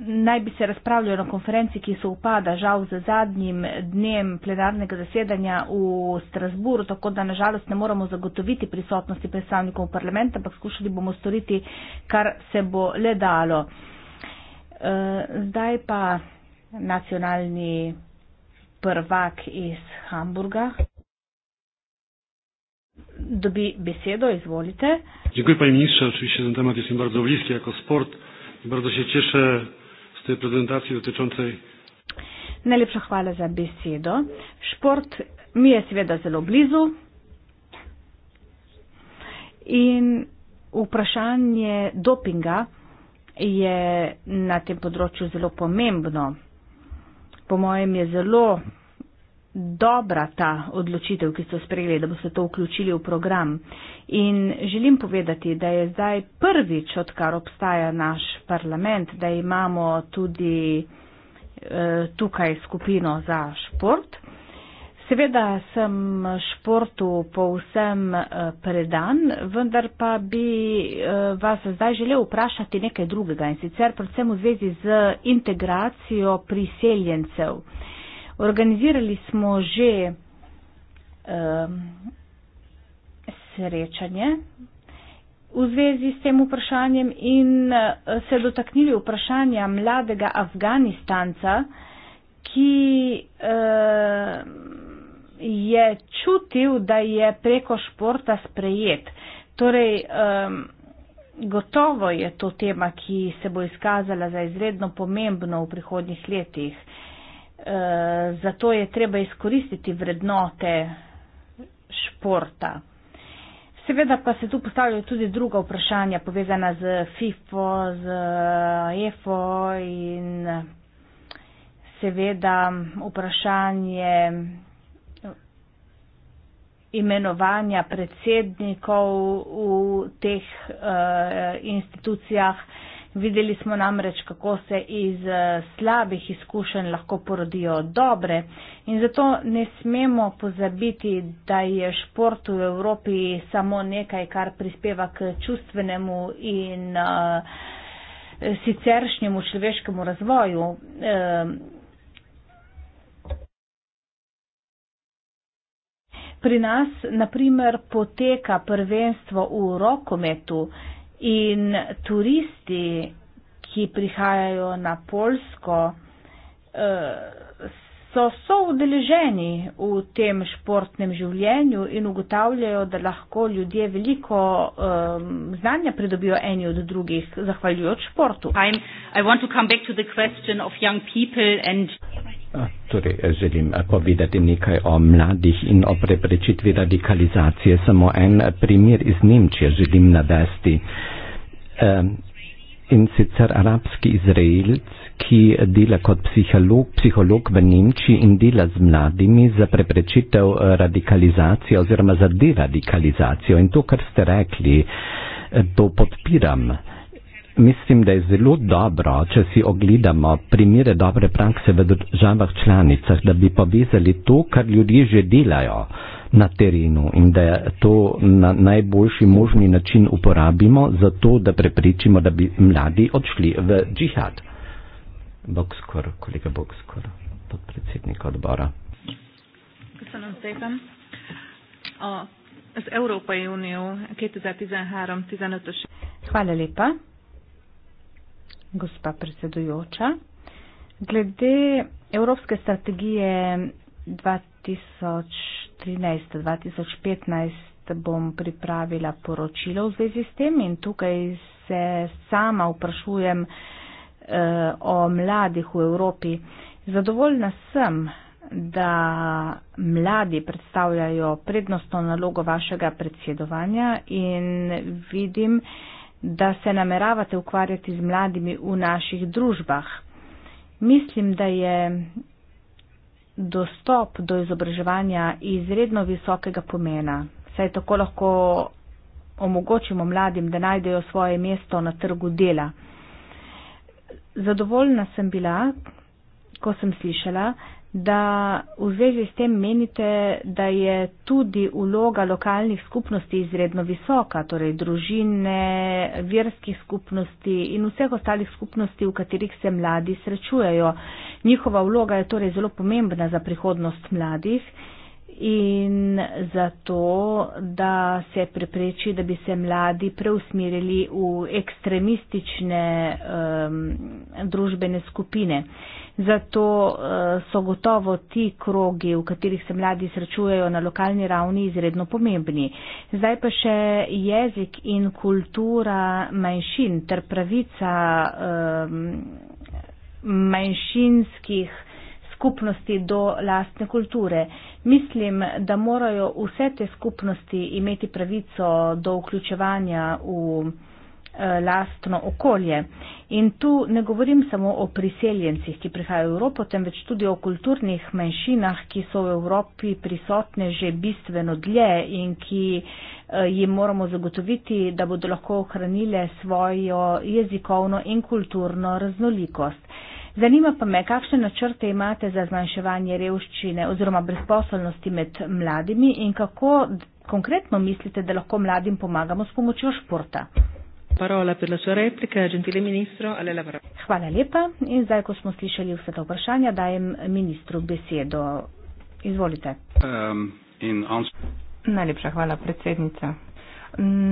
Speaker 3: naj bi se razpravljalo na konferenci, ki se upada žal z zadnjim dnem plenarnega zasedanja v Strasburu, tako da nažalost ne moramo zagotoviti prisotnosti predstavnikov parlamenta, ampak skušali bomo storiti, kar se bo le dalo. E, zdaj pa nacionalni prvak iz Hamburga. Dobi besedo, izvolite.
Speaker 5: Dziękuję Pani Ministrze, oczywiście ten temat jest mi bardzo bliski jako sport. Bardzo się cieszę, tej prezentacji dotyczącej.
Speaker 3: Najlepsza chwała za besiedo. Sport mi jest wieda zelo blizu. I upraszanie dopinga jest na tym področju zelo pomembno. Po mojem je zelo dobra ta odločitev, ki so sprejeli, da bo se to vključili v program. In želim povedati, da je zdaj prvič, odkar obstaja naš parlament, da imamo tudi eh, tukaj skupino za šport. Seveda sem športu povsem eh, predan, vendar pa bi eh, vas zdaj želel vprašati nekaj drugega in sicer predvsem v zvezi z integracijo priseljencev organizirali smo že um, srečanje v zvezi s tem vprašanjem in eh, se dotaknili vprašanja mladega Afganistanca, ki uh, je čutil, da je preko športa sprejet. Torej, um, gotovo je to tema, ki se bo izkazala za izredno pomembno v prihodnjih letih. Uh, Eh, zato je treba izkoristiti vrednote športa. Seveda pa se tu postavljajo tudi druga vprašanja povezana z FIFO, z EFO eh, e in seveda vprašanje imenovanja predsednikov v teh uh, institucijah, uh, Videli smo namreč, kako se iz eh, slabih izkušenj lahko porodijo dobre in zato ne smemo pozabiti, da je šport v Evropi samo nekaj, kar prispeva k čustvenemu in uh, siceršnjemu človeškemu razvoju. Uh, Pri nas, naprimer, poteka prvenstvo v rokometu, In turisti, ki prihajajo na Polsko, eh, so soudeleženi v tem športnem življenju in ugotavljajo, da lahko ljudje veliko eh, znanja pridobijo eni od drugih, zahvaljujoč športu. I'm, I want to come back to the question of young people and.
Speaker 2: Torej, želim povedati nekaj o mladih in o preprečitvi radikalizacije. Samo en primer iz Nemčije želim navesti. In sicer arabski Izraelc, ki dela kot psiholog, psiholog v Nemčiji in dela z mladimi za preprečitev e, radikalizacije oziroma za deradikalizacijo. In to, kar ste rekli, e, to podpiram mislim, da je zelo dobro, če si ogledamo primere dobre prakse v državah članicah, da bi povezali to, kar ljudje že delajo na terenu in da to na najboljši možni način uporabimo za to, da preprečimo, da bi mladi odšli v džihad. Bokskor, kolega Bokskor, podpredsednik odbora.
Speaker 1: Köszönöm Az Európai Unió 2013-15-ös.
Speaker 2: Hvala
Speaker 3: lepa gospa predsedujoča. Glede Evropske strategije 2013-2015 bom pripravila poročilo v zvezi s tem in tukaj se sama vprašujem eh, o mladih v Evropi. Zadovoljna sem, da mladi predstavljajo prednostno nalogo vašega predsedovanja in vidim, da da se nameravate ukvarjati z mladimi v naših družbah. Mislim, da je dostop do izobraževanja izredno visokega pomena, saj tako lahko omogočimo mladim, da najdejo svoje mesto na trgu dela. Zadovoljna sem bila, ko sem slišala, da v zvezi s tem menite, da je tudi uloga lokalnih skupnosti izredno visoka, torej družine, verskih skupnosti in vseh ostalih skupnosti, v katerih se mladi srečujejo. Njihova vloga je torej zelo pomembna za prihodnost mladih in zato, da se prepreči, da bi se mladi preusmirili v ekstremistične um, družbene skupine. Zato eh, so gotovo ti krogi, v katerih se mladi srečujejo na lokalni ravni, izredno pomembni. Zdaj pa še jezik in kultura manjšin ter pravica um, manjšinskih skupnosti do lastne kulture. Mislim, da morajo vse te skupnosti imeti pravico do vključevanja v. Eh, lastno okolje. In tu ne govorim samo o priseljencih, ki prihajajo v Evropo, temveč tudi o kulturnih manjšinah, ki so v Evropi prisotne že bistveno dlje in ki eh, jim moramo zagotoviti, da bodo lahko ohranile svojo jezikovno in kulturno raznolikost. Zanima pa me, kakšne načrte imate za zmanjševanje revščine oziroma brezposobnosti med mladimi in kako konkretno mislite, da lahko mladim pomagamo s pomočjo športa? parola per la sua replica, gentile ministro, alle lavoro. Hvala lepa in zdaj, ko smo slišali vse ta vprašanja, dajem ministru besedo. Izvolite. Um,
Speaker 1: Najlepša hvala, predsednica.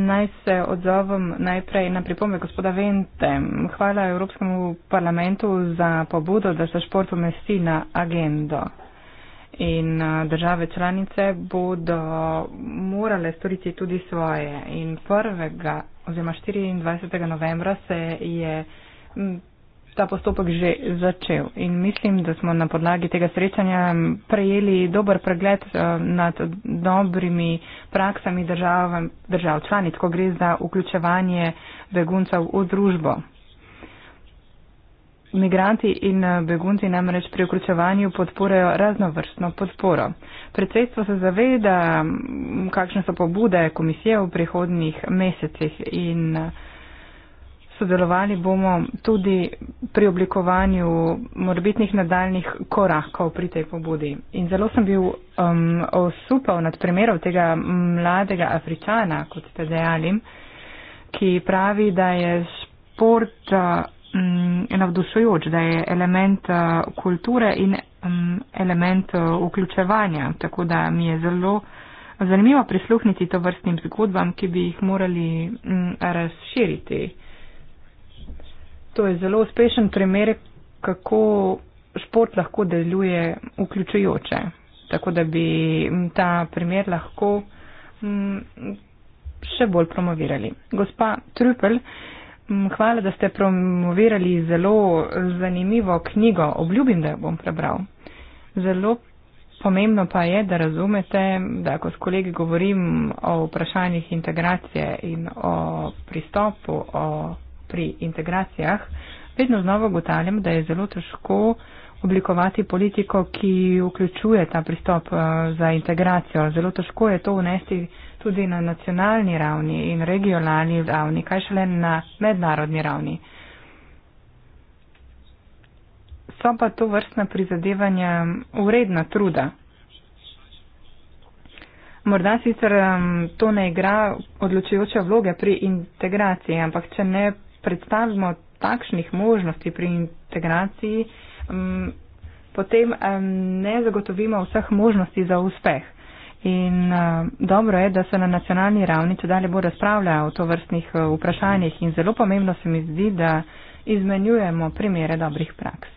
Speaker 1: Naj se odzovem najprej na pripombe gospoda Vente. Hvala Evropskemu parlamentu za pobudo, da se šport umesti na agendo. In države članice bodo morale storiti tudi svoje. In 1 oziroma 24. novembra se je ta postopek že začel. In mislim, da smo na podlagi tega srečanja prejeli dober pregled eh, nad dobrimi praksami držav, držav članic, ko gre za vključevanje beguncev v družbo. Migranti in eh, begunci namreč pri vključevanju podporejo raznovrstno podporo. Predsedstvo se zaveda, mm, kakšne so pobude komisije v prihodnih mesecih in eh, sodelovali bomo tudi pri oblikovanju morbitnih nadaljnih korakov pri tej pobudi. In zelo sem bil um, osupal nad primerom tega mladega Afričana, kot ste dejali, ki pravi, da je šport um, navdušujoč, da je element uh, kulture in Mm, element eh, vključevanja, tako da mi je zelo zanimivo prisluhniti to vrstnim zgodbam, ki bi jih morali mm, razširiti. To je zelo uspešen primer, kako šport lahko deluje vključujoče. Tako da bi mm, ta primer lahko še bolj promovirali. Gospa Trupel, hvala, da ste promovirali zelo zanimivo knjigo. Obljubim, da jo bom prebral. Zelo pomembno pa je, da razumete, da ko s kolegi govorim o vprašanjih integracije in o pristopu o, pri integracijah, vedno znova ugotavljam, da je zelo težko oblikovati politiko, ki vključuje ta pristop eh, za integracijo. Zelo težko je to unesti tudi na nacionalni ravni in regionalni ravni, kaj šele na mednarodni ravni so pa to vrstna prizadevanja vredna truda. Morda sicer um, to ne igra odločujoče vloge pri integraciji, ampak če ne predstavimo takšnih možnosti pri integraciji, um, potem um, ne zagotovimo vseh možnosti za uspeh. In uh, dobro je, da se na nacionalni ravni če dalje bo razpravlja o to vrstnih uh, vprašanjih in zelo pomembno se mi zdi, da izmenjujemo primere dobrih praks.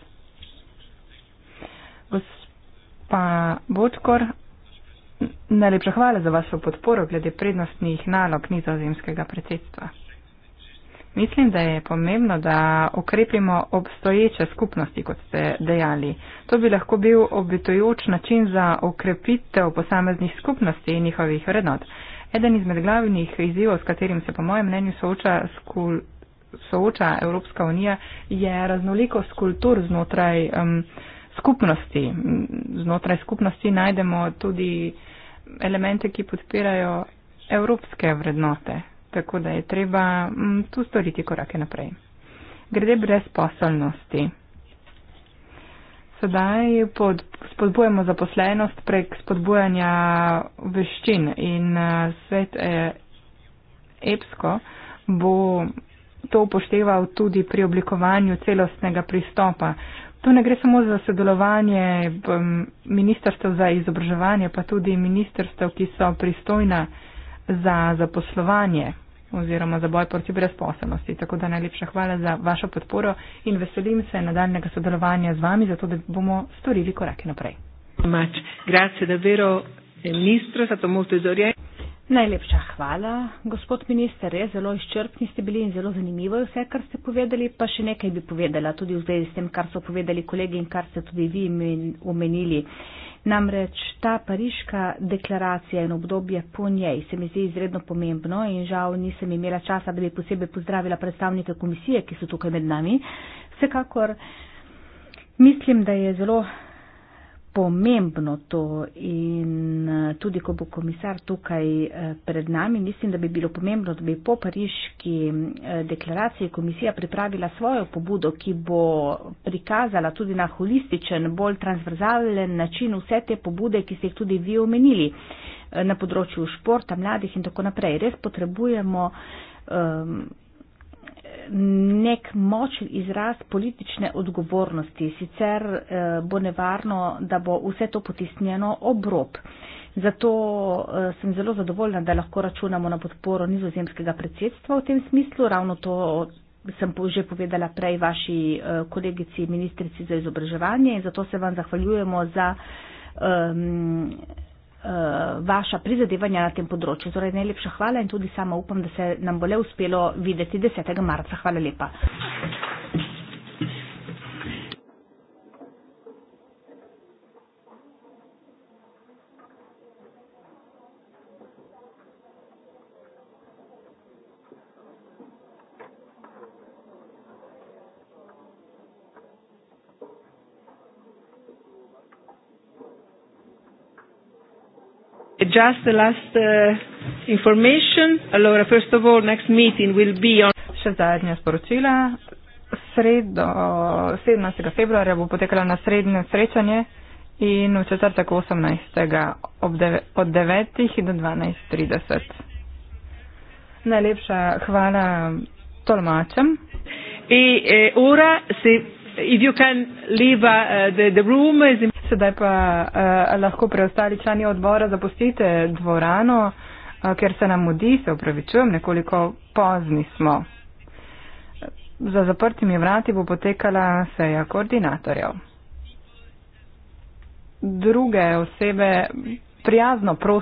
Speaker 1: Gospa Bodkor, najlepša hvala za vašo podporo glede prednostnih nalog nizozemskega predsedstva. Mislim, da je pomembno, da okrepimo obstoječe skupnosti, kot ste dejali. To bi lahko bil obitojoč način za okrepitev posameznih skupnosti in njihovih vrednot. Eden izmed glavnih izzivov, s katerim se po mojem mnenju sooča, skul, sooča Evropska unija, je raznolikost kultur znotraj. Um, skupnosti. Znotraj skupnosti najdemo tudi elemente, ki podpirajo evropske vrednote, tako da je treba mm, tu storiti korake naprej. Grede brezposelnosti. Sedaj pod, spodbujamo zaposlenost prek spodbujanja veščin in eh, svet eh, EPSKO bo to upošteval tudi pri oblikovanju celostnega pristopa To ne gre samo za sodelovanje um, ministrstv za izobraževanje, pa tudi ministrstv, ki so pristojna za zaposlovanje oziroma za boj proti brezposobnosti. Tako da najlepša hvala za vašo podporo in veselim se nadaljnega sodelovanja z vami, zato da bomo
Speaker 3: storili korake naprej.
Speaker 1: Mač, grazie davvero, eh, ministro, sato molto
Speaker 3: izorjen. Najlepša hvala, gospod minister. Res zelo izčrpni ste bili in zelo zanimivo je vse, kar ste povedali. Pa še nekaj bi povedala tudi v zvezi s tem, kar so povedali kolegi in kar ste tudi vi omenili. Namreč ta pariška deklaracija in obdobje po njej se mi zdi izredno pomembno in žal nisem imela časa, da bi posebej pozdravila predstavnike komisije, ki so tukaj med nami. Vsekakor mislim, da je zelo pomembno to in eh, tudi, ko bo komisar tukaj eh, pred nami, mislim, da bi bilo pomembno, da bi po pariški eh, deklaraciji komisija pripravila svojo pobudo, ki bo prikazala tudi na holističen, bolj transverzalen način vse te pobude, ki ste jih tudi vi omenili na področju športa, mladih in tako naprej. Res potrebujemo. Um, nek močen izraz politične odgovornosti, sicer eh, bo nevarno, da bo vse to potisnjeno obrob. Zato eh, sem zelo zadovoljna, da lahko računamo na podporo nizozemskega predsedstva v tem smislu. Ravno to sem že povedala prej vaši eh, kolegici ministrici za izobraževanje in zato se vam zahvaljujemo za. Um, Eh, vaša prizadevanja na tem področju. Torej, najlepša hvala in tudi sama upam, da se nam bo le uspelo videti 10. marca. Hvala lepa.
Speaker 1: just the last uh, information. Allora, first of all, next meeting will be on. Še zadnja sporočila. Sredo, 17. februarja bo potekala naslednje srečanje in v četrtek 18. od 9. do 12.30. Najlepša hvala tolmačem. E, e, ora se. Si if you can leave uh, the, the room. Sedaj pa uh, lahko preostali člani odbora zapustite dvorano, uh, ker se nam mudi, se upravičujem, nekoliko pozni smo. Za zaprtimi vrati bo potekala seja koordinatorjev. Druge osebe prijazno prosim.